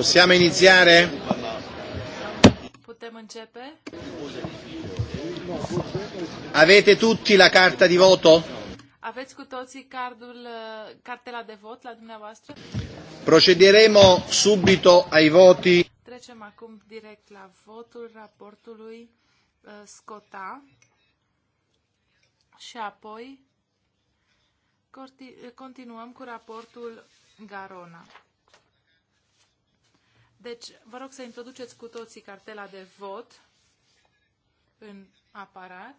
Possiamo iniziare? Putem începe? Avete tutti la carta di voto? Aveți cu toții cardul, uh, cartela de vot la dumneavoastră? Procederemo subito ai voti. Trecem acum direct la votul raportului uh, Scota și apoi continuăm cu raportul Garona. Deci, vă rog să introduceți cu toții cartela de vot în aparat.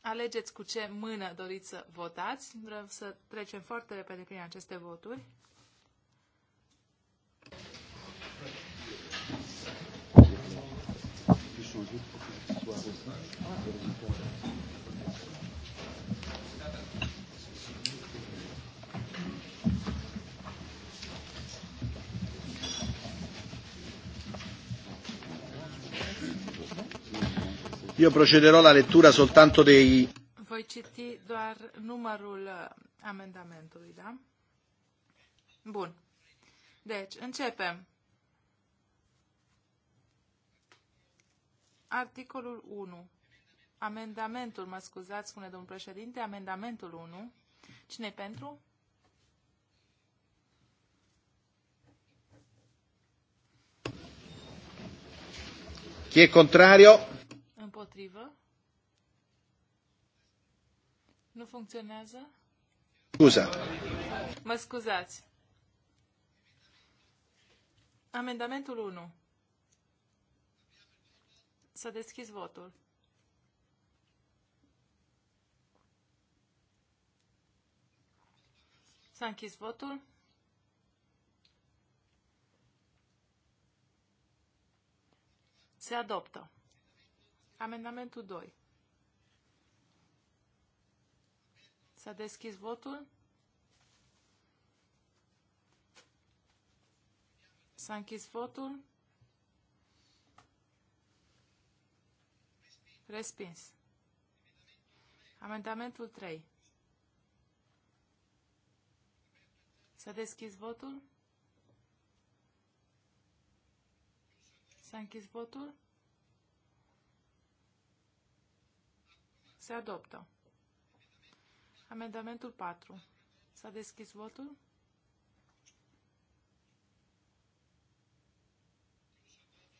Alegeți cu ce mână doriți să votați. Vreau să trecem foarte repede prin aceste voturi. Thank you. Io procederò alla lettura soltanto dei... Voi citi doar numărul uh, amendamentului, da? Bun. Deci, începem. Articolul 1. Amendamentul, mă scuzați, spune domnul președinte, amendamentul 1. cine pentru? Chi e contrario? Împotrivă. Nu funcționează? Scuza. Mă scuzați. Amendamentul 1. Să deschis votul. S-a închis votul. Se adoptă. Amendamentul 2. S-a deschis votul. S-a închis votul. Respins. Amendamentul 3. S-a deschis votul. S-a închis votul. Se adoptă. Amendamentul 4. S-a deschis votul?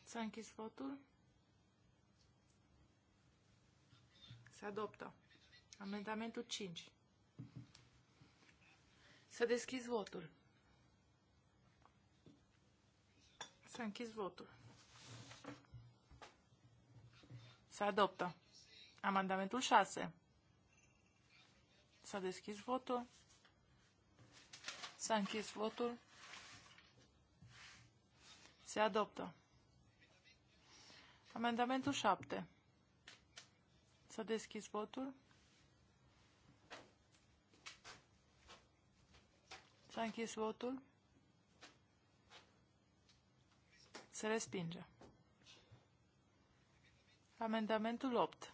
S-a închis votul? Se adoptă. Amendamentul 5. S-a deschis votul. S-a închis votul. Se adoptă. Amendamentul 6. S-a deschis votul. S-a închis votul. Se adoptă. Amendamentul 7. S-a deschis votul. S-a închis votul. Se respinge. Amendamentul 8.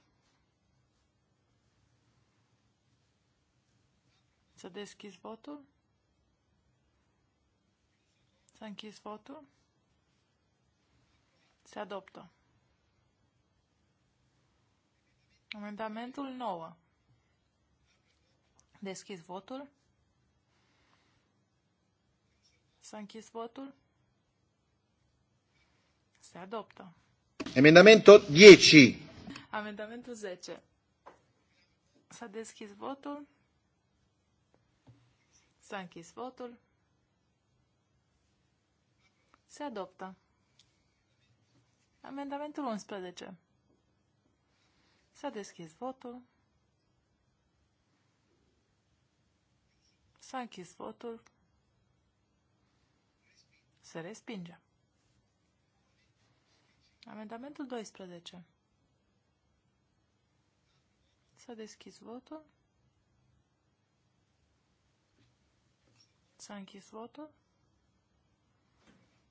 Să deschis votul. Să închis votul. Se adoptă. Amendamentul 9. Deschis votul. S-a închis votul. Se adoptă. Amendamentul 10. Amendamentul 10. S-a deschis votul. S-a închis votul. Se adoptă. Amendamentul 11. S-a deschis votul. S-a închis votul. Se respinge. Amendamentul 12. S-a deschis votul. S-a închis votul.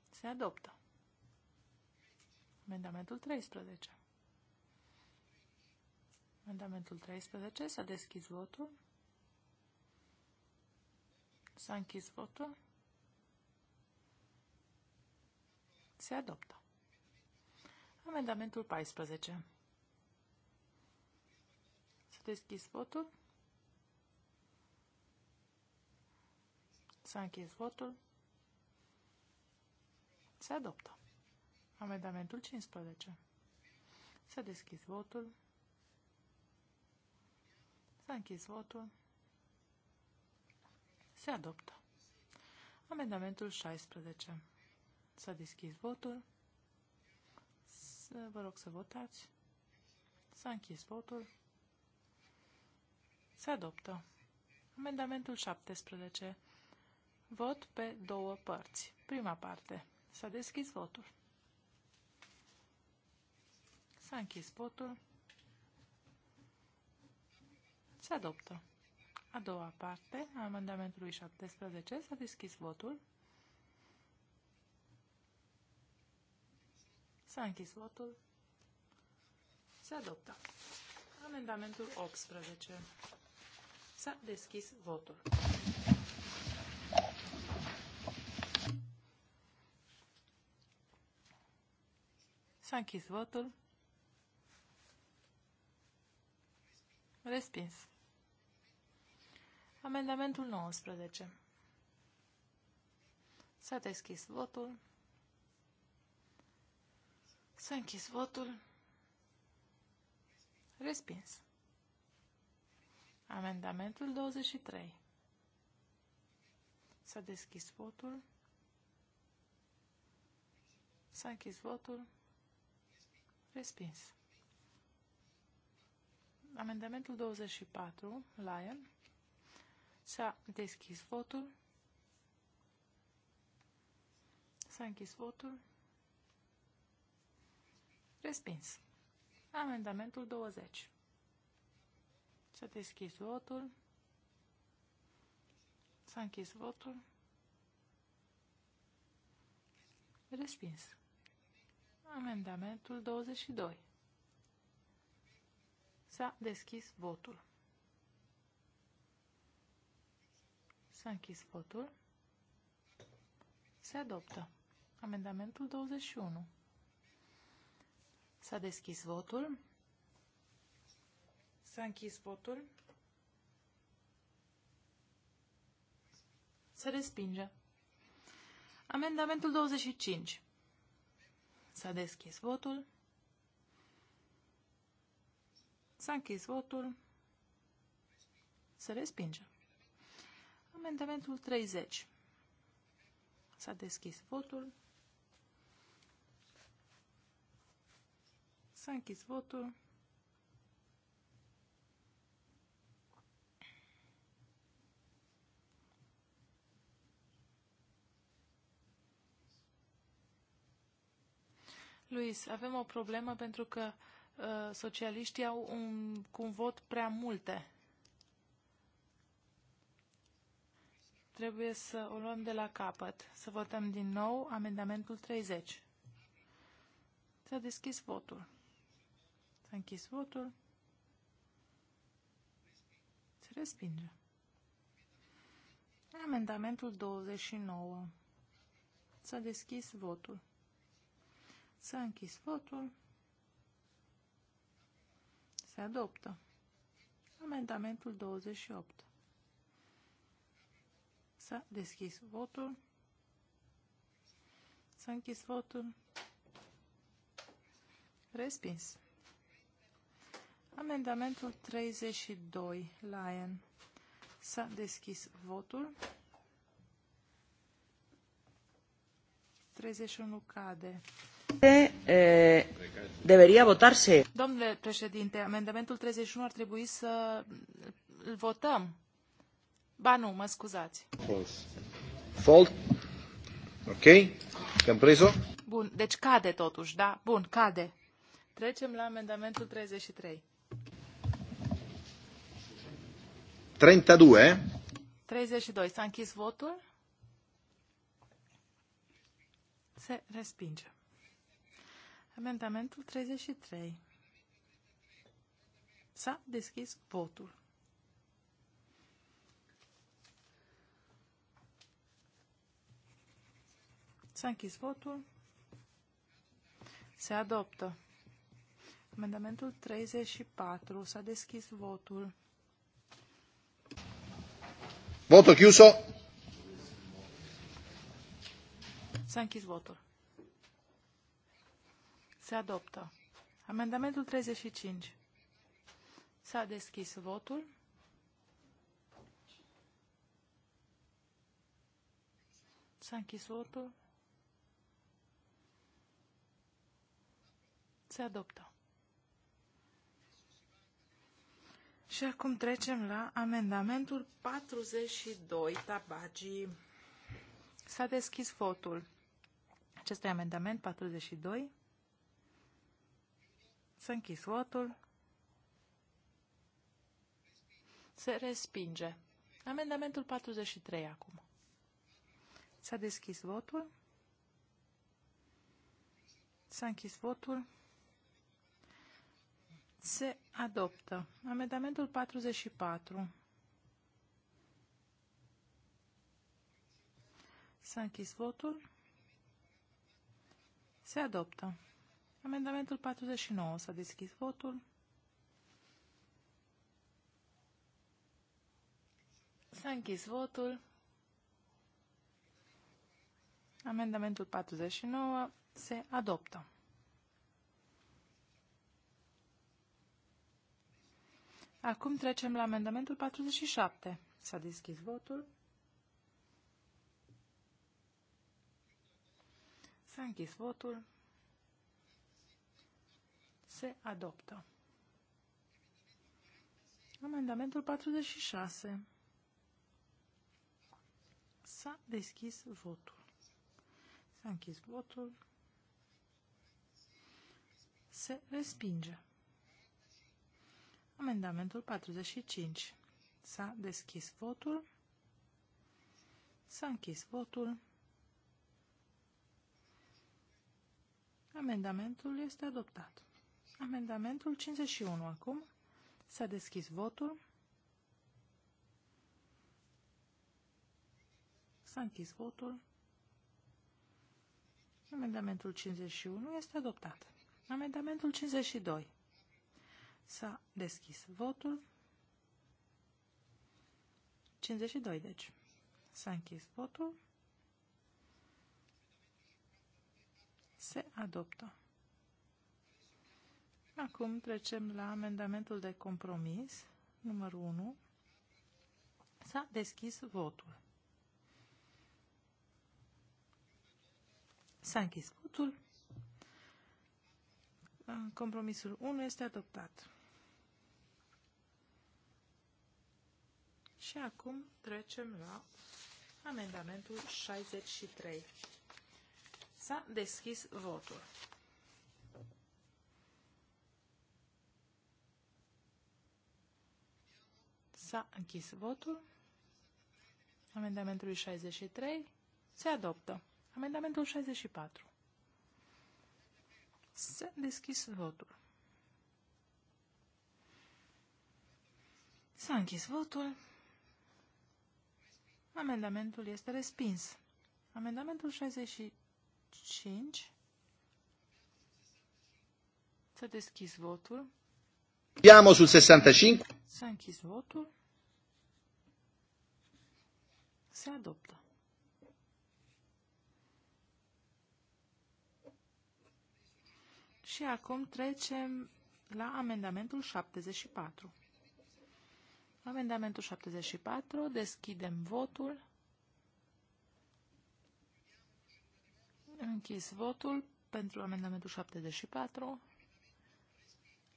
Se adoptă. Amendamentul 13. Amendamentul 13. S-a deschis votul. S-a închis votul. Se adoptă. Amendamentul 14. S-a deschis votul. S-a închis votul. Se adoptă. Amendamentul 15. S-a deschis votul. S-a închis votul. Se adoptă. Amendamentul 16. S-a deschis votul. Să vă rog să votați. S-a închis votul. Se adoptă. Amendamentul 17. Vot pe două părți. Prima parte. S-a deschis votul. S-a închis votul. Se adoptă. A doua parte a amendamentului 17 s-a deschis votul. S-a închis votul. Se adoptă. Amendamentul 18. S-a deschis votul. S-a închis votul. Respins. Amendamentul 19. S-a deschis votul. S-a închis votul. Respins. Amendamentul 23. S-a deschis votul. S-a închis votul. Respins. Amendamentul 24, lion. S-a deschis votul. S-a închis votul. Respins. Amendamentul 20. S-a deschis votul. S-a închis votul. Respins. Amendamentul 22. S-a deschis votul. S-a închis votul. Se adoptă. Amendamentul 21. S-a deschis votul. S-a închis votul. Se respinge. Amendamentul 25. S-a deschis votul. S-a închis votul. Se respinge. Amendamentul 30. S-a deschis votul. S-a închis votul. Luis, avem o problemă pentru că uh, socialiștii au un, cu un vot prea multe. Trebuie să o luăm de la capăt. Să votăm din nou amendamentul 30. S-a deschis votul. S-a închis votul. Se respinge. Amendamentul 29. S-a deschis votul. S-a închis votul. Se adoptă. Amendamentul 28. S-a deschis votul. S-a închis votul. Respins. Amendamentul 32, Lion. S-a deschis votul. 31 cade. Eh, Deveria votarse. Domnule președinte, amendamentul 31 ar trebui să îl votăm. Ba nu, mă scuzați. False. Fault. Ok. Compreso? Bun, deci cade totuși, da? Bun, cade. Trecem la amendamentul 33. 32. 32. S-a închis votul? Se respinge. Amendamentul 33. S-a deschis votul. S-a închis votul. Se adoptă. Amendamentul 34. S-a deschis votul. Votul chiuso. S-a închis votul. Se adoptă. Amendamentul 35. S-a deschis votul. S-a închis votul. Se adoptă. Și acum trecem la amendamentul 42, tabagii. S-a deschis votul. Acestui amendament 42 să închis votul. Se respinge. Amendamentul 43 acum. S-a deschis votul. S-a închis votul. Se adoptă. Amendamentul 44. S-a închis votul. Se adoptă. Amendamentul 49. S-a deschis votul. S-a închis votul. Amendamentul 49 se adoptă. Acum trecem la amendamentul 47. S-a deschis votul. S-a închis votul se adoptă. Amendamentul 46. S-a deschis votul. S-a închis votul. Se respinge. Amendamentul 45. S-a deschis votul. S-a închis votul. Amendamentul este adoptat. Amendamentul 51 acum. S-a deschis votul. S-a închis votul. Amendamentul 51 este adoptat. Amendamentul 52. S-a deschis votul. 52, deci. S-a închis votul. Se adoptă. Acum trecem la amendamentul de compromis, numărul 1. S-a deschis votul. S-a închis votul. Compromisul 1 este adoptat. Și acum trecem la amendamentul 63. S-a deschis votul. S-a închis votul. Amendamentul 63 se adoptă. Amendamentul 64. S-a deschis votul. S-a închis votul. Amendamentul este respins. Amendamentul 65. S-a deschis votul. Andiamo sul 65. S-a închis votul se adoptă. Și acum trecem la amendamentul 74. Amendamentul 74, deschidem votul. Închis votul pentru amendamentul 74.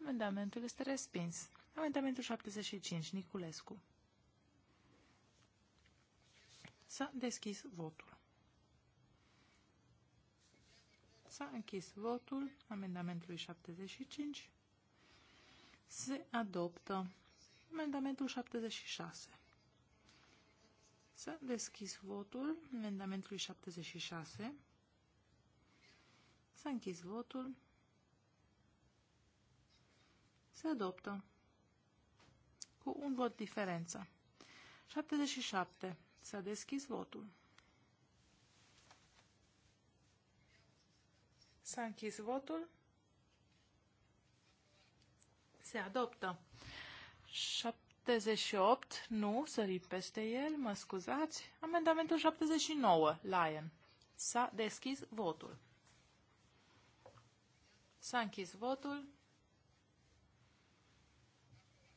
Amendamentul este respins. Amendamentul 75, Niculescu. S-a deschis votul. S-a închis votul amendamentului 75. Se adoptă amendamentul 76. S-a deschis votul amendamentului 76. S-a închis votul. Se adoptă. Cu un vot diferență. 77. S-a deschis votul. S-a închis votul. Se adoptă. 78, nu, sărit peste el, mă scuzați. Amendamentul 79, Lion. S-a deschis votul. S-a închis votul.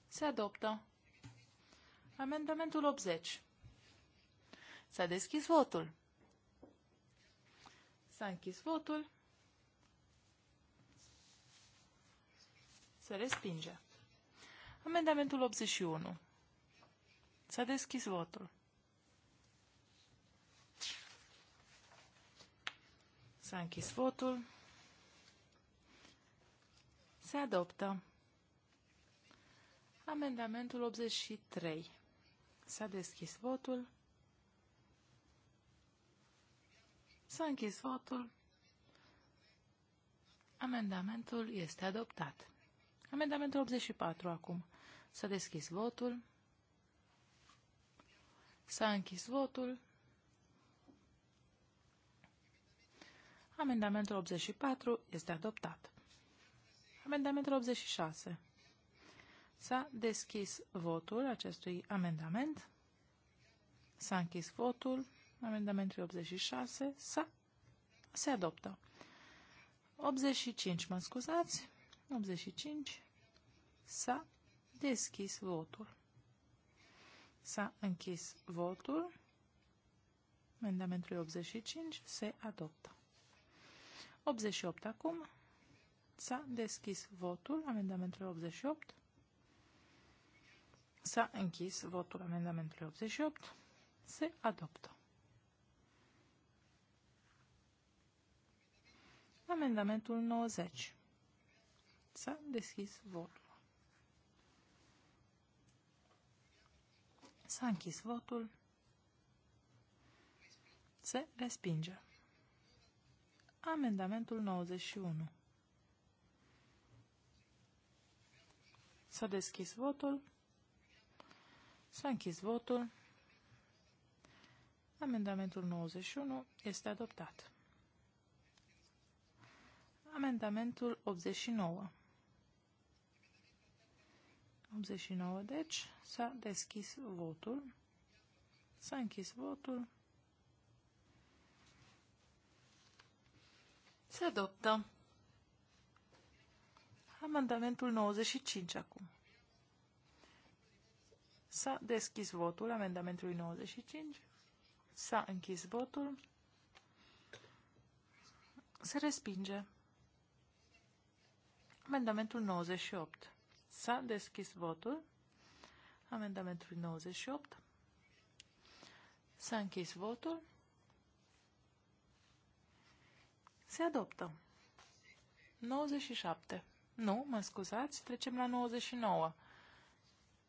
Se adoptă. Amendamentul 80. S-a deschis votul. S-a închis votul. Se respinge. Amendamentul 81. S-a deschis votul. S-a închis votul. Se adoptă. Amendamentul 83. S-a deschis votul. S-a închis votul. Amendamentul este adoptat. Amendamentul 84 acum. S-a deschis votul. S-a închis votul. Amendamentul 84 este adoptat. Amendamentul 86. S-a deschis votul acestui amendament. S-a închis votul. Amendamentul 86 să se adoptă. 85, mă scuzați, 85 s-a deschis votul. S-a închis votul. Amendamentul 85 se adoptă. 88 acum. S-a deschis votul. Amendamentul 88. S-a închis votul Amendamentul 88. Se adoptă. amendamentul 90. S-a deschis votul. S-a închis votul. Se respinge. Amendamentul 91. S-a deschis votul. S-a închis votul. Amendamentul 91 este adoptat amendamentul 89. 89, deci s-a deschis votul, s-a închis votul, se adoptă amendamentul 95 acum. S-a deschis votul amendamentului 95, s-a închis votul, se respinge. Amendamentul 98. S-a deschis votul. Amendamentul 98. S-a închis votul. Se adoptă. 97. Nu, mă scuzați, trecem la 99.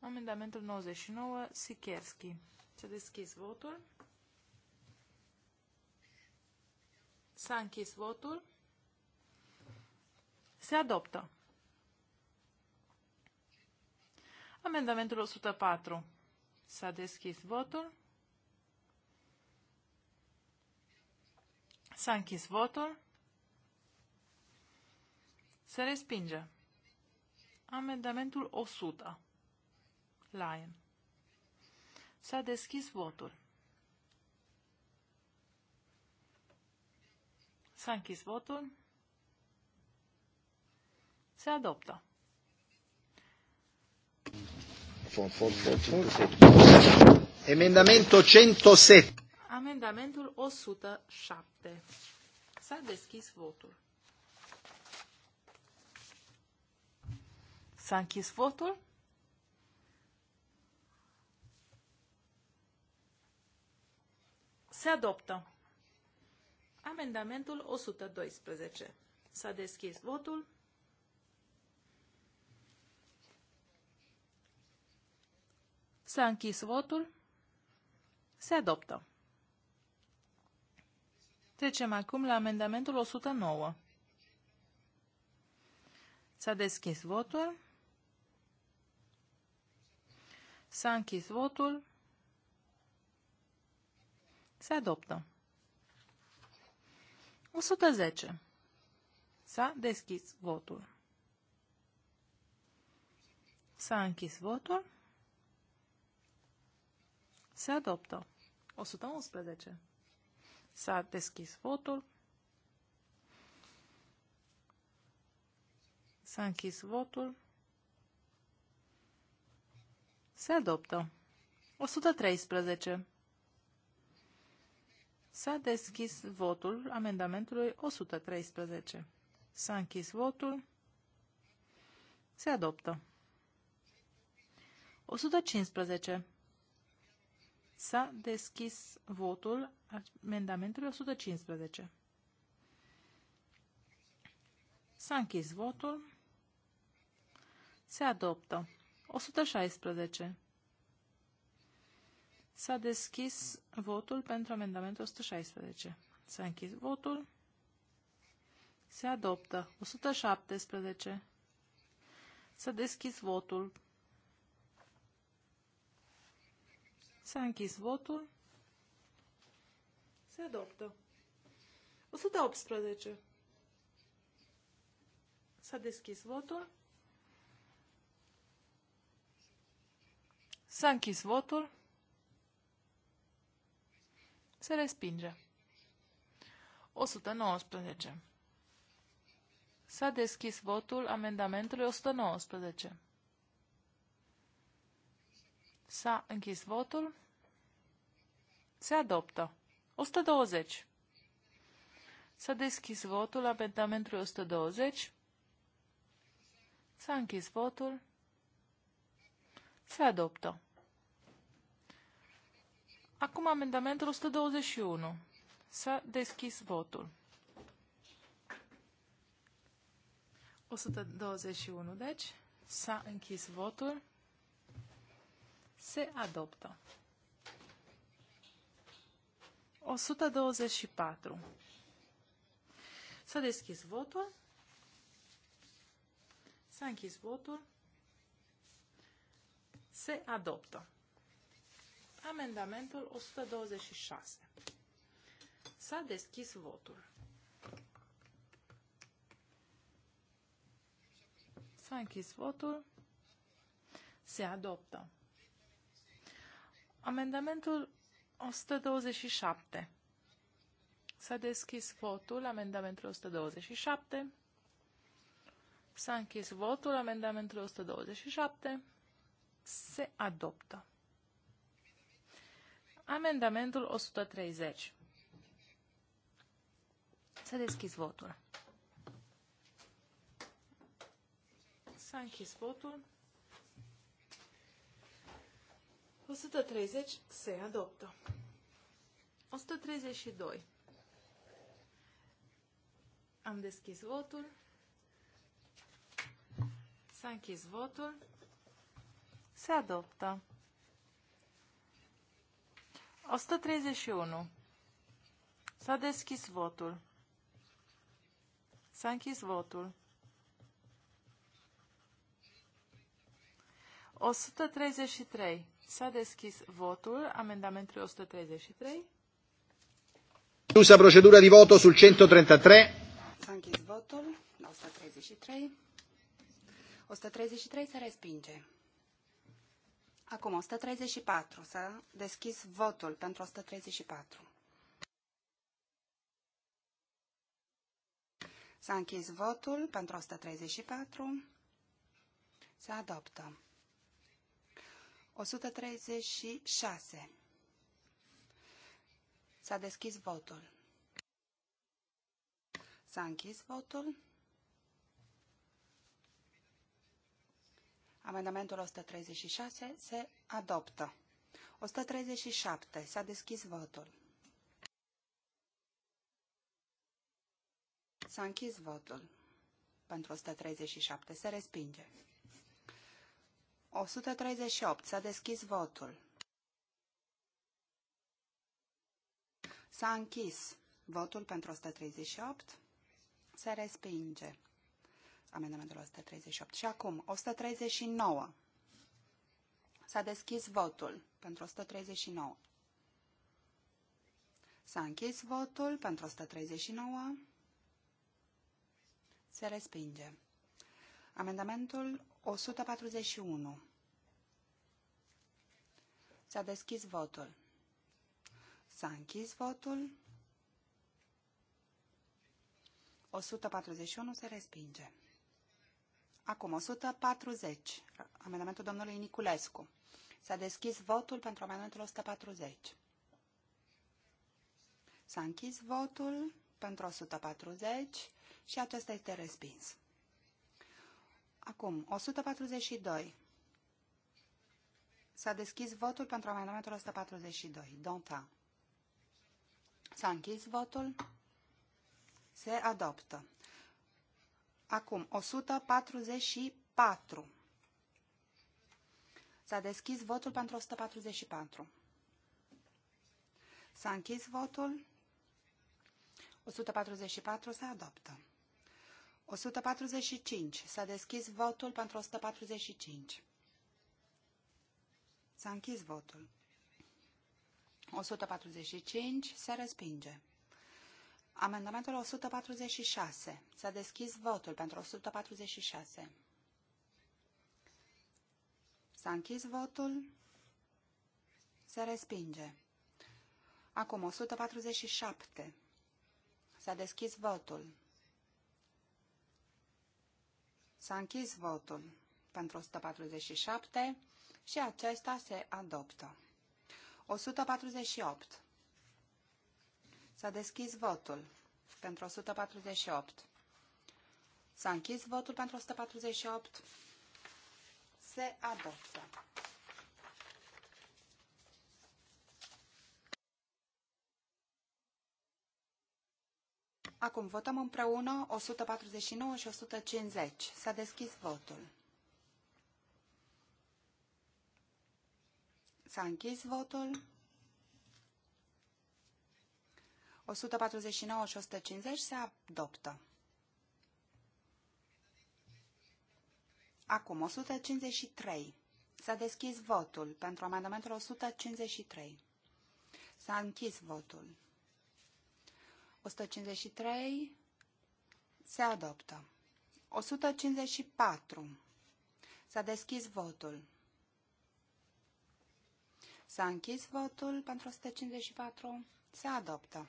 Amendamentul 99, Sikerski. S-a deschis votul. S-a închis votul. Se adoptă. Amendamentul 104. S-a deschis votul. S-a închis votul. Se respinge. Amendamentul 100. Lion. S-a deschis votul. S-a închis votul. Se adoptă. Emendamentul 107. Amendamentul 107. S-a deschis votul. S-a închis votul. Se adoptă. Amendamentul 112. S-a deschis votul. S-a închis votul. Se adoptă. Trecem acum la amendamentul 109. S-a deschis votul. S-a închis votul. Se adoptă. 110. S-a deschis votul. S-a închis votul. Se adoptă. 111. S-a deschis votul. S-a închis votul. Se adoptă. 113. S-a deschis votul amendamentului 113. S-a închis votul. Se adoptă. 115. S-a deschis votul amendamentului 115. S-a închis votul. Se adoptă. 116. S-a deschis votul pentru amendamentul 116. S-a închis votul. Se adoptă. 117. S-a deschis votul S-a închis votul. Se adoptă. 118. S-a deschis votul. S-a închis votul. Se respinge. 119. S-a deschis votul amendamentului 119. S-a închis votul. Se adoptă. 120. S-a deschis votul Amendamentul 120. S-a închis votul. Se adoptă. Acum amendamentul 121. S-a deschis votul. 121, deci. S-a închis votul. Se adoptă. 124. S-a deschis votul. S-a închis votul. Se adoptă. Amendamentul 126. S-a deschis votul. S-a închis votul. Se adoptă. Amendamentul 127. S-a deschis votul, amendamentul 127. S-a închis votul, amendamentul 127. Se adoptă. Amendamentul 130. S-a deschis votul. S-a închis votul. 130 se adoptă. 132. Am deschis votul. S-a închis votul. Se adoptă. 131. S-a deschis votul. S-a închis votul. 133. S-a deschis votul. Amendamentul 133. Chiusa procedura di voto sul 133. S-a închis votul la 133. 133 se respinge. Acum 134. S-a deschis votul pentru 134. S-a închis votul pentru 134. Se adoptă. 136. S-a deschis votul. S-a închis votul. Amendamentul 136 se adoptă. 137. S-a deschis votul. S-a închis votul. Pentru 137 se respinge. 138. S-a deschis votul. S-a închis votul pentru 138. Se respinge amendamentul 138. Și acum, 139. S-a deschis votul pentru 139. S-a închis votul pentru 139. Se respinge. Amendamentul 141. S-a deschis votul. S-a închis votul. 141 se respinge. Acum 140. Amendamentul domnului Niculescu. S-a deschis votul pentru amendamentul 140. S-a închis votul pentru 140 și acesta este respins. Acum, 142. S-a deschis votul pentru amendamentul 142. Donta. S-a închis votul. Se adoptă. Acum, 144. S-a deschis votul pentru 144. S-a închis votul. 144 se adoptă. 145. S-a deschis votul pentru 145. S-a închis votul. 145 se respinge. Amendamentul 146. S-a deschis votul pentru 146. S-a închis votul. Se respinge. Acum 147. S-a deschis votul. S-a închis votul pentru 147 și acesta se adoptă. 148. S-a deschis votul pentru 148. S-a închis votul pentru 148. Se adoptă. Acum votăm împreună 149 și 150. S-a deschis votul. S-a închis votul. 149 și 150 se adoptă. Acum, 153. S-a deschis votul pentru amendamentul 153. S-a închis votul. 153 se adoptă. 154. S-a deschis votul. S-a închis votul pentru 154. Se adoptă.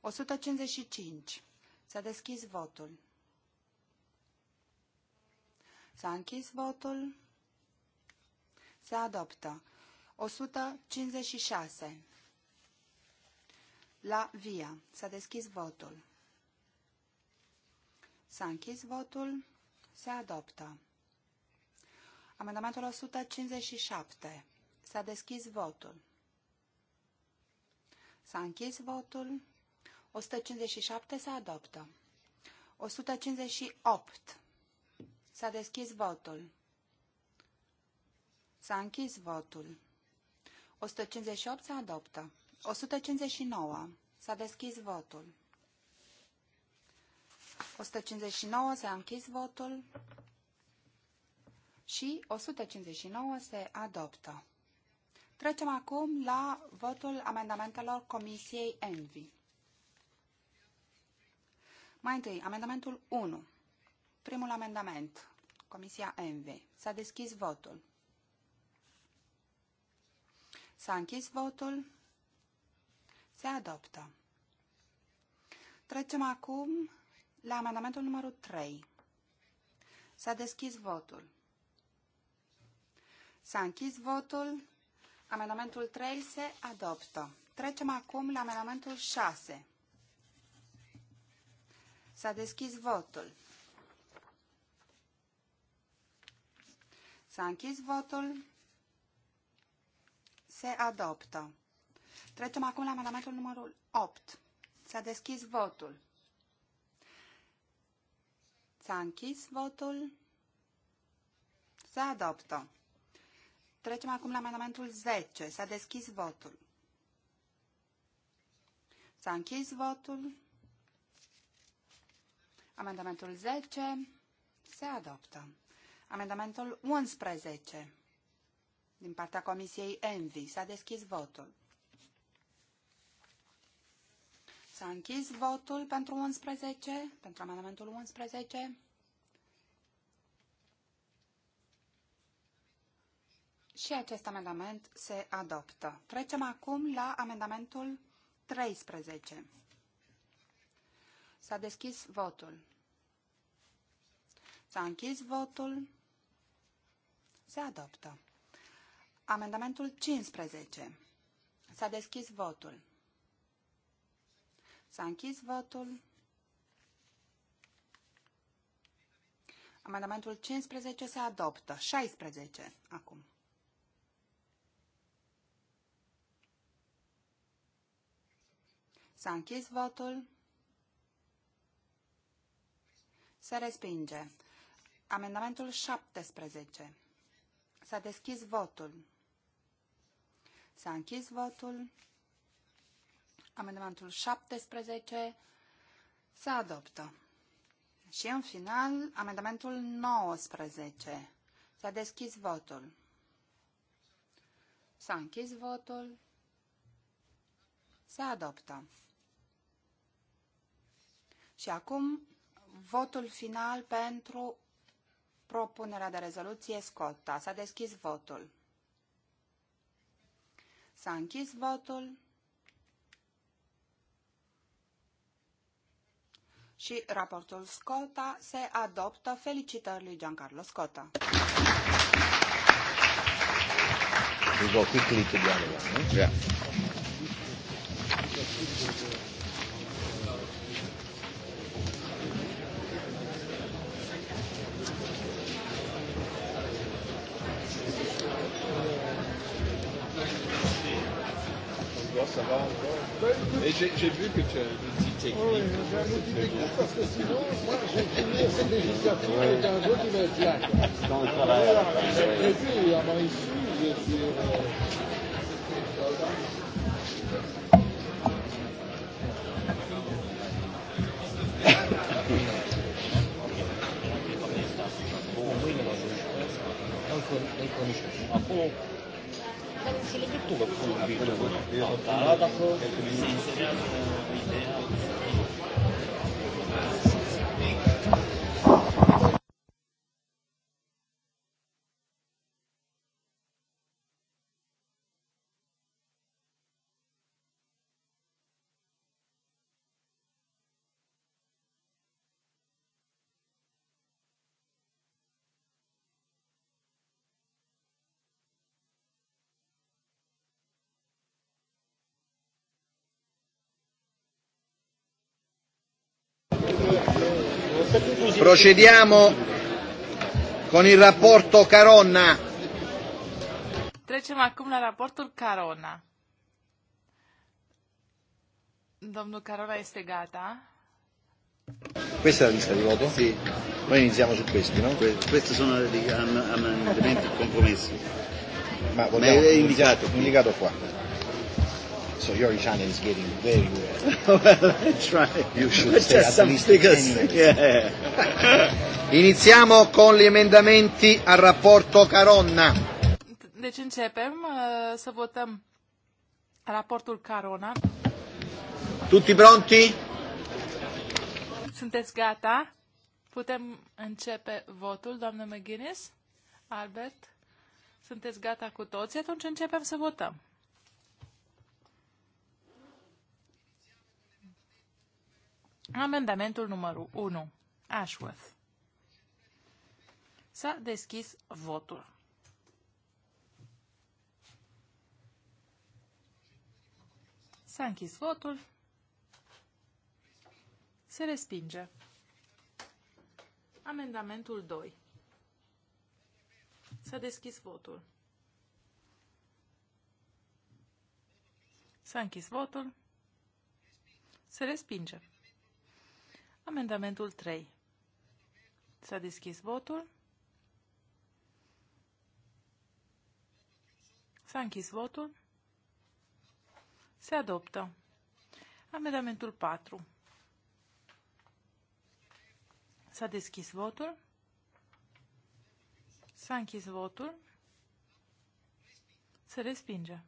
155. S-a deschis votul. S-a închis votul. Se adoptă. 156. La via. S-a deschis votul. S-a închis votul. Se adoptă. Amendamentul 157. S-a deschis votul. S-a închis votul. 157 se adoptă. 158. S-a deschis votul. S-a închis votul. 158 se adoptă. 159. S-a deschis votul. 159 s-a închis votul și 159 se adoptă. Trecem acum la votul amendamentelor Comisiei Envi. Mai întâi, amendamentul 1. Primul amendament. Comisia Envi. S-a deschis votul. S-a închis votul. Se adoptă. Trecem acum la amendamentul numărul 3. S-a deschis votul. S-a închis votul. Amendamentul 3 se adoptă. Trecem acum la amendamentul 6. S-a deschis votul. S-a închis votul. Se adoptă. Trecem acum la amendamentul numărul 8. S-a deschis votul. S-a închis votul. Se adoptă. Trecem acum la amendamentul 10. S-a deschis votul. S-a închis votul. Amendamentul 10 se adoptă. Amendamentul 11 din partea Comisiei Envi. S-a deschis votul. S-a închis votul pentru 11, pentru amendamentul 11. Și acest amendament se adoptă. Trecem acum la amendamentul 13. S-a deschis votul. S-a închis votul. Se adoptă. Amendamentul 15. S-a deschis votul. S-a închis votul. Amendamentul 15 se adoptă. 16 acum. S-a închis votul. Se respinge. Amendamentul 17. S-a deschis votul. S-a închis votul. Amendamentul 17 se adoptă. Și în final, amendamentul 19. S-a deschis votul. S-a închis votul. Se adoptă. Și acum votul final pentru propunerea de rezoluție Scotta. S-a deschis votul. S-a închis votul. și raportul Scotta se adoptă. Felicitări lui Giancarlo Scotta. yeah. J'ai vu que tu as des outils Oui, j'ai un outil technique parce que sinon, moi, j'ai fini cette législature ouais. avec un qui va être là. Dans le travail. J'ai prévu, je suis selectată cu viitorul. Dar arată, se Procediamo con il rapporto Caronna. Trecem acum la raportul Carona. Domnul Carona este gata. Questa è la lista di voto? Sì. Noi iniziamo su questi, no? Que questi sono gli amendamenti compromessi. Ma Ma è indicato. Indicato qua. So your Italian is getting very well. well that's right. You should But say at some least figures. yeah. Iniziamo con gli emendamenti al rapporto Caronna. Deci începem uh, să votăm raportul Carona. Tutti pronti? Sunteți gata? Putem începe votul, doamnă McGuinness? Albert? Sunteți gata cu toți? Atunci începem să votăm. Amendamentul numărul 1. Ashworth. S-a deschis votul. S-a închis votul. Se respinge. Amendamentul 2. S-a deschis votul. S-a închis votul. Se respinge. Amendamentul 3. S-a deschis votul. S-a închis votul. Se adoptă. Amendamentul 4. S-a deschis votul. S-a închis votul. Se respinge.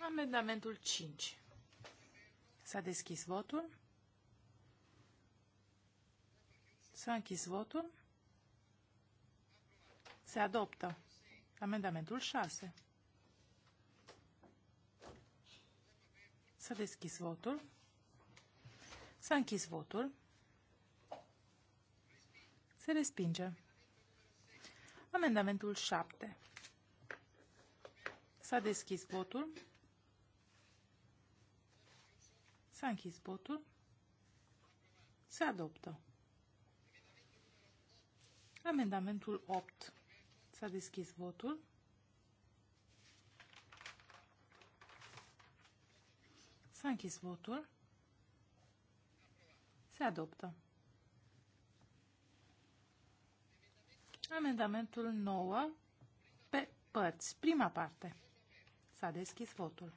Amendamentul 5. S-a deschis votul. S-a închis votul. Se adoptă amendamentul 6. S-a deschis votul. S-a închis votul. Se respinge. Amendamentul 7. S-a deschis votul. S-a închis votul. Se adoptă. Amendamentul 8. S-a deschis votul. S-a închis votul. Se adoptă. Amendamentul 9 pe părți. Prima parte. S-a deschis votul.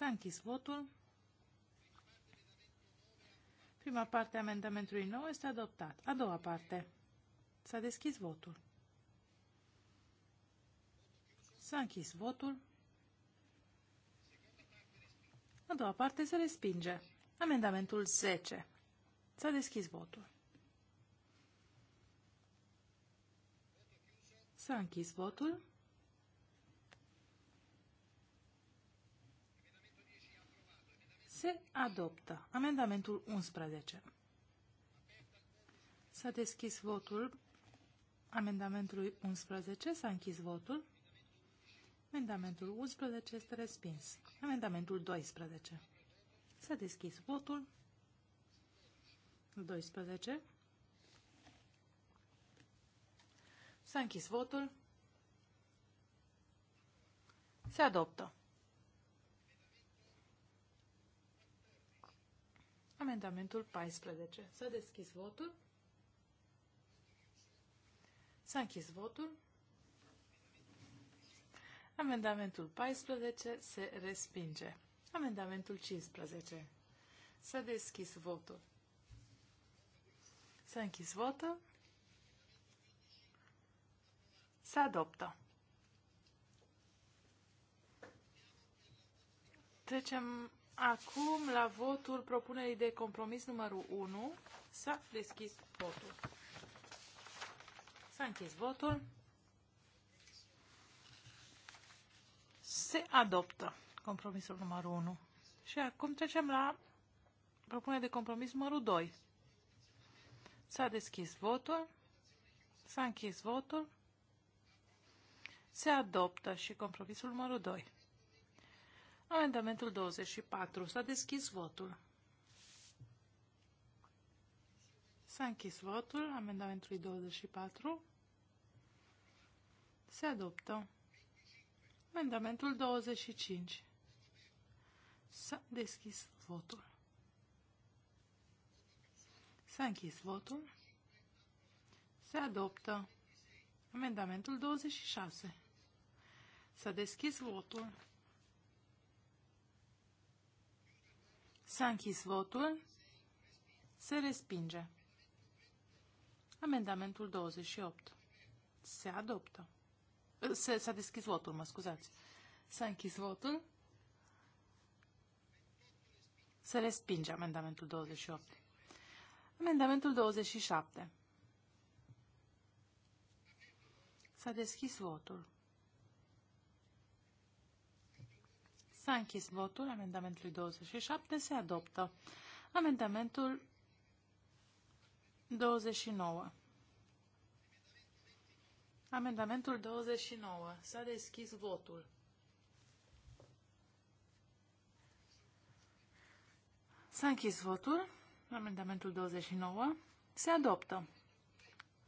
S-a închis votul. Prima parte a amendamentului nou este adoptat. A doua parte. S-a deschis votul. S-a închis votul. A doua parte se respinge. Amendamentul 10. S-a deschis votul. S-a închis votul. Se adoptă. Amendamentul 11. S-a deschis votul amendamentului 11. S-a închis votul. Amendamentul 11 este respins. Amendamentul 12. S-a deschis votul. 12. S-a închis votul. Se adoptă. Amendamentul 14. S-a deschis votul. S-a închis votul. Amendamentul 14 se respinge. Amendamentul 15. S-a deschis votul. S-a închis votul. Se adoptă. Trecem Acum, la votul propunerii de compromis numărul 1, s-a deschis votul. S-a închis votul. Se adoptă compromisul numărul 1. Și acum trecem la propunerea de compromis numărul 2. S-a deschis votul. S-a închis votul. Se adoptă și compromisul numărul 2. Amendamentul 24. S-a deschis votul. S-a închis votul amendamentului 24. Se adoptă. Amendamentul 25. S-a deschis votul. S-a închis votul. Se adoptă. Amendamentul 26. S-a deschis votul. S-a închis votul. Se respinge. Amendamentul 28. Se adoptă. Uh, s-a deschis votul, mă scuzați. S-a închis votul. Se respinge amendamentul 28. Amendamentul 27. S-a deschis votul. S-a închis votul Amendamentul 27, se adoptă. Amendamentul 29. Amendamentul 29. S-a deschis votul. S-a închis votul. Amendamentul 29. Se adoptă.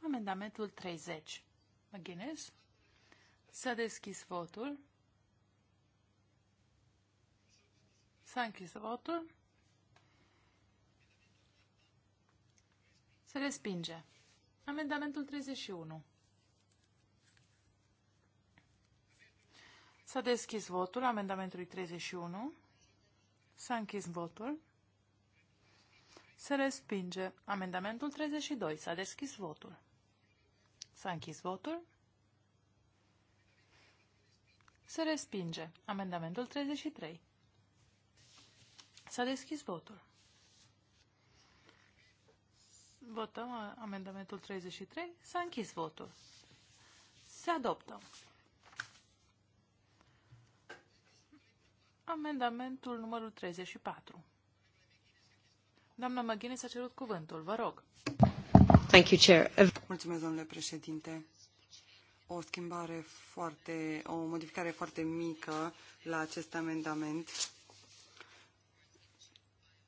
Amendamentul 30. McGuinness. S-a deschis votul. S-a închis votul. Se respinge. Amendamentul 31. S-a deschis votul amendamentului 31. S-a închis votul. Se respinge. Amendamentul 32. S-a deschis votul. S-a închis votul. Se respinge. Amendamentul 33. S-a deschis votul. Votăm amendamentul 33. S-a închis votul. Se adoptă. Amendamentul numărul 34. Doamna Maghine s-a cerut cuvântul. Vă rog. Thank you, Chair. Mulțumesc, domnule președinte. O schimbare foarte, o modificare foarte mică la acest amendament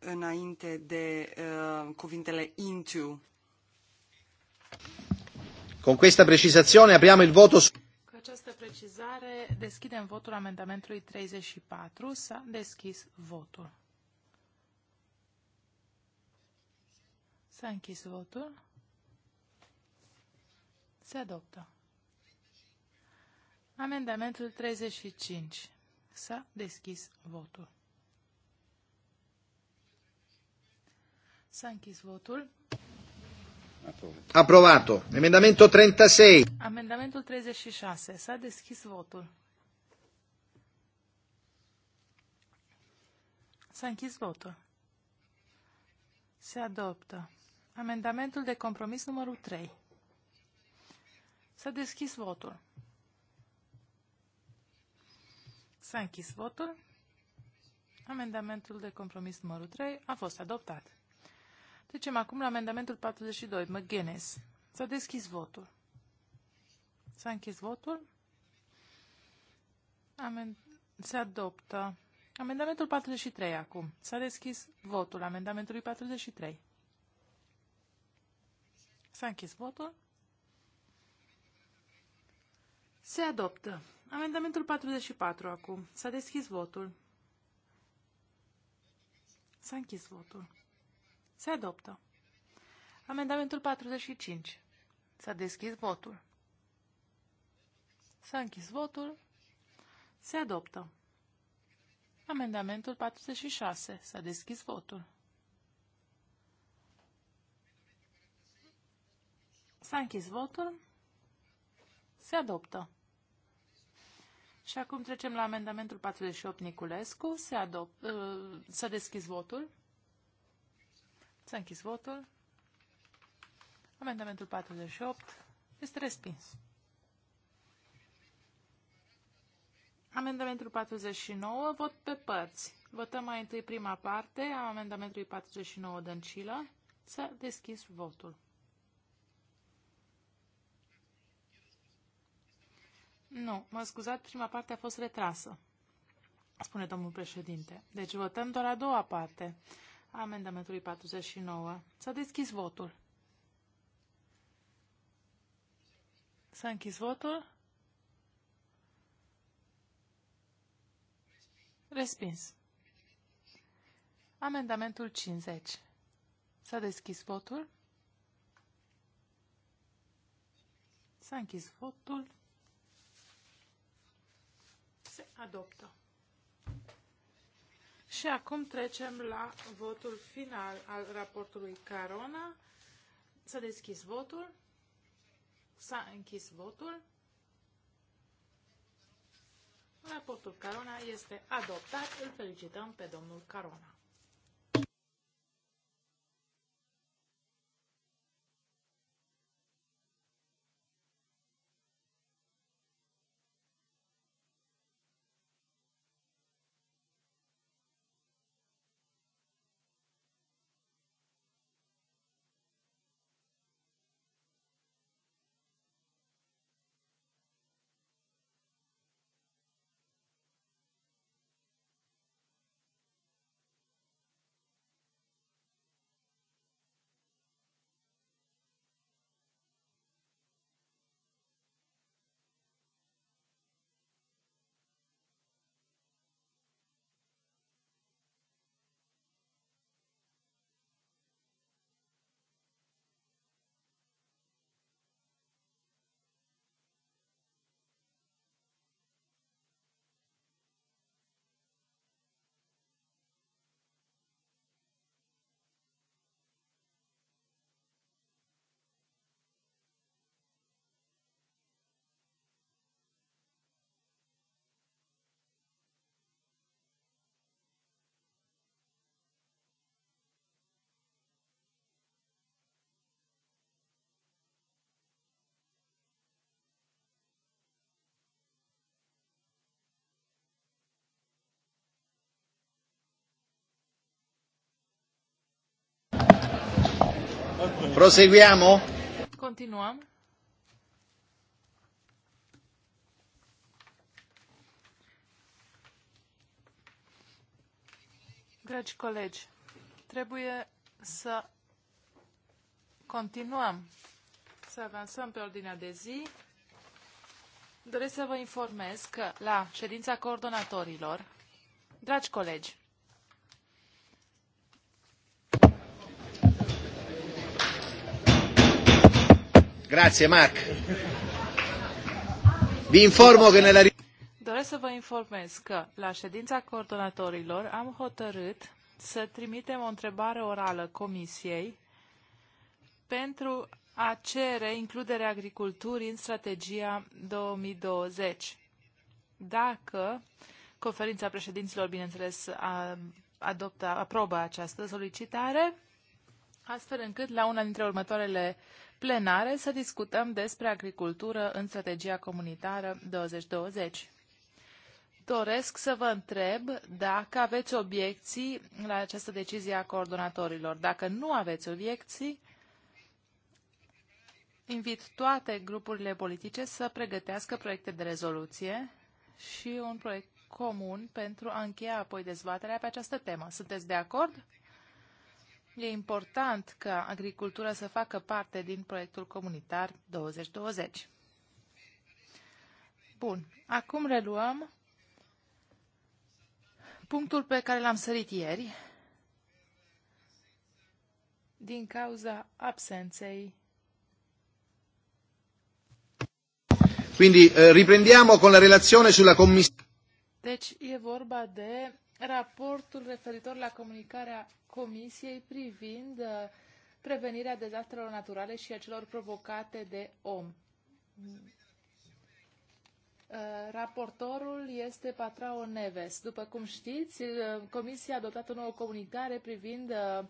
înainte de uh, cuvintele into. Con questa precisazione apriamo il voto su... Cu această precizare deschidem votul amendamentului 34. S-a deschis votul. S-a închis votul. Se adoptă. Amendamentul 35. S-a deschis votul. S-a închis votul. Approvato. Emendamento 36. Amendamentul 36. S-a deschis votul. S-a închis votul. Se adoptă. Amendamentul de compromis numărul 3. S-a deschis votul. S-a închis votul. Amendamentul de compromis numărul 3 a fost adoptat. Trecem acum la amendamentul 42, McGuinness. S-a deschis votul. S-a închis votul. Amen... Se adoptă. Amendamentul 43 acum. S-a deschis votul amendamentului 43. S-a închis votul. Se adoptă. Amendamentul 44 acum. S-a deschis votul. S-a închis votul. Se adoptă. Amendamentul 45. S-a deschis votul. S-a închis votul. Se adoptă. Amendamentul 46. S-a deschis votul. S-a închis votul. Se adoptă. Și acum trecem la amendamentul 48 Niculescu. Se uh, S-a deschis votul. S-a închis votul. Amendamentul 48 este respins. Amendamentul 49, vot pe părți. Votăm mai întâi prima parte a amendamentului 49 Dăncilă. S-a deschis votul. Nu, mă scuzat prima parte a fost retrasă, spune domnul președinte. Deci votăm doar a doua parte amendamentului 49. S-a deschis votul. S-a închis votul. Respins. Amendamentul 50. S-a deschis votul. S-a închis votul. Se adoptă. Și acum trecem la votul final al raportului Carona. Să deschis votul. S-a închis votul. Raportul Carona este adoptat. Îl felicităm pe domnul Carona. Proseguiamo? Continuăm. Dragi colegi, trebuie să continuăm, să avansăm pe ordinea de zi. Doresc să vă informez că la ședința coordonatorilor, dragi colegi, Grazie Mark. Vi informo nella Doresc să vă informez că la ședința coordonatorilor am hotărât să trimitem o întrebare orală comisiei pentru a cere includerea agriculturii în strategia 2020. Dacă conferința președinților, bineînțeles, a, adoptă, aprobă această solicitare, astfel încât la una dintre următoarele plenare să discutăm despre agricultură în strategia comunitară 2020. Doresc să vă întreb dacă aveți obiecții la această decizie a coordonatorilor. Dacă nu aveți obiecții, invit toate grupurile politice să pregătească proiecte de rezoluție și un proiect comun pentru a încheia apoi dezbaterea pe această temă. Sunteți de acord? e important ca agricultura să facă parte din proiectul comunitar 2020. Bun, acum reluăm punctul pe care l-am sărit ieri din cauza absenței. Quindi eh, riprendiamo con la relazione sulla commissione. Deci e vorba de raportul referitor la comunicarea Comisiei privind uh, prevenirea dezastrelor naturale și a celor provocate de om. Uh, raportorul este Patrao Neves. După cum știți, uh, Comisia a adoptat o nouă comunicare privind uh,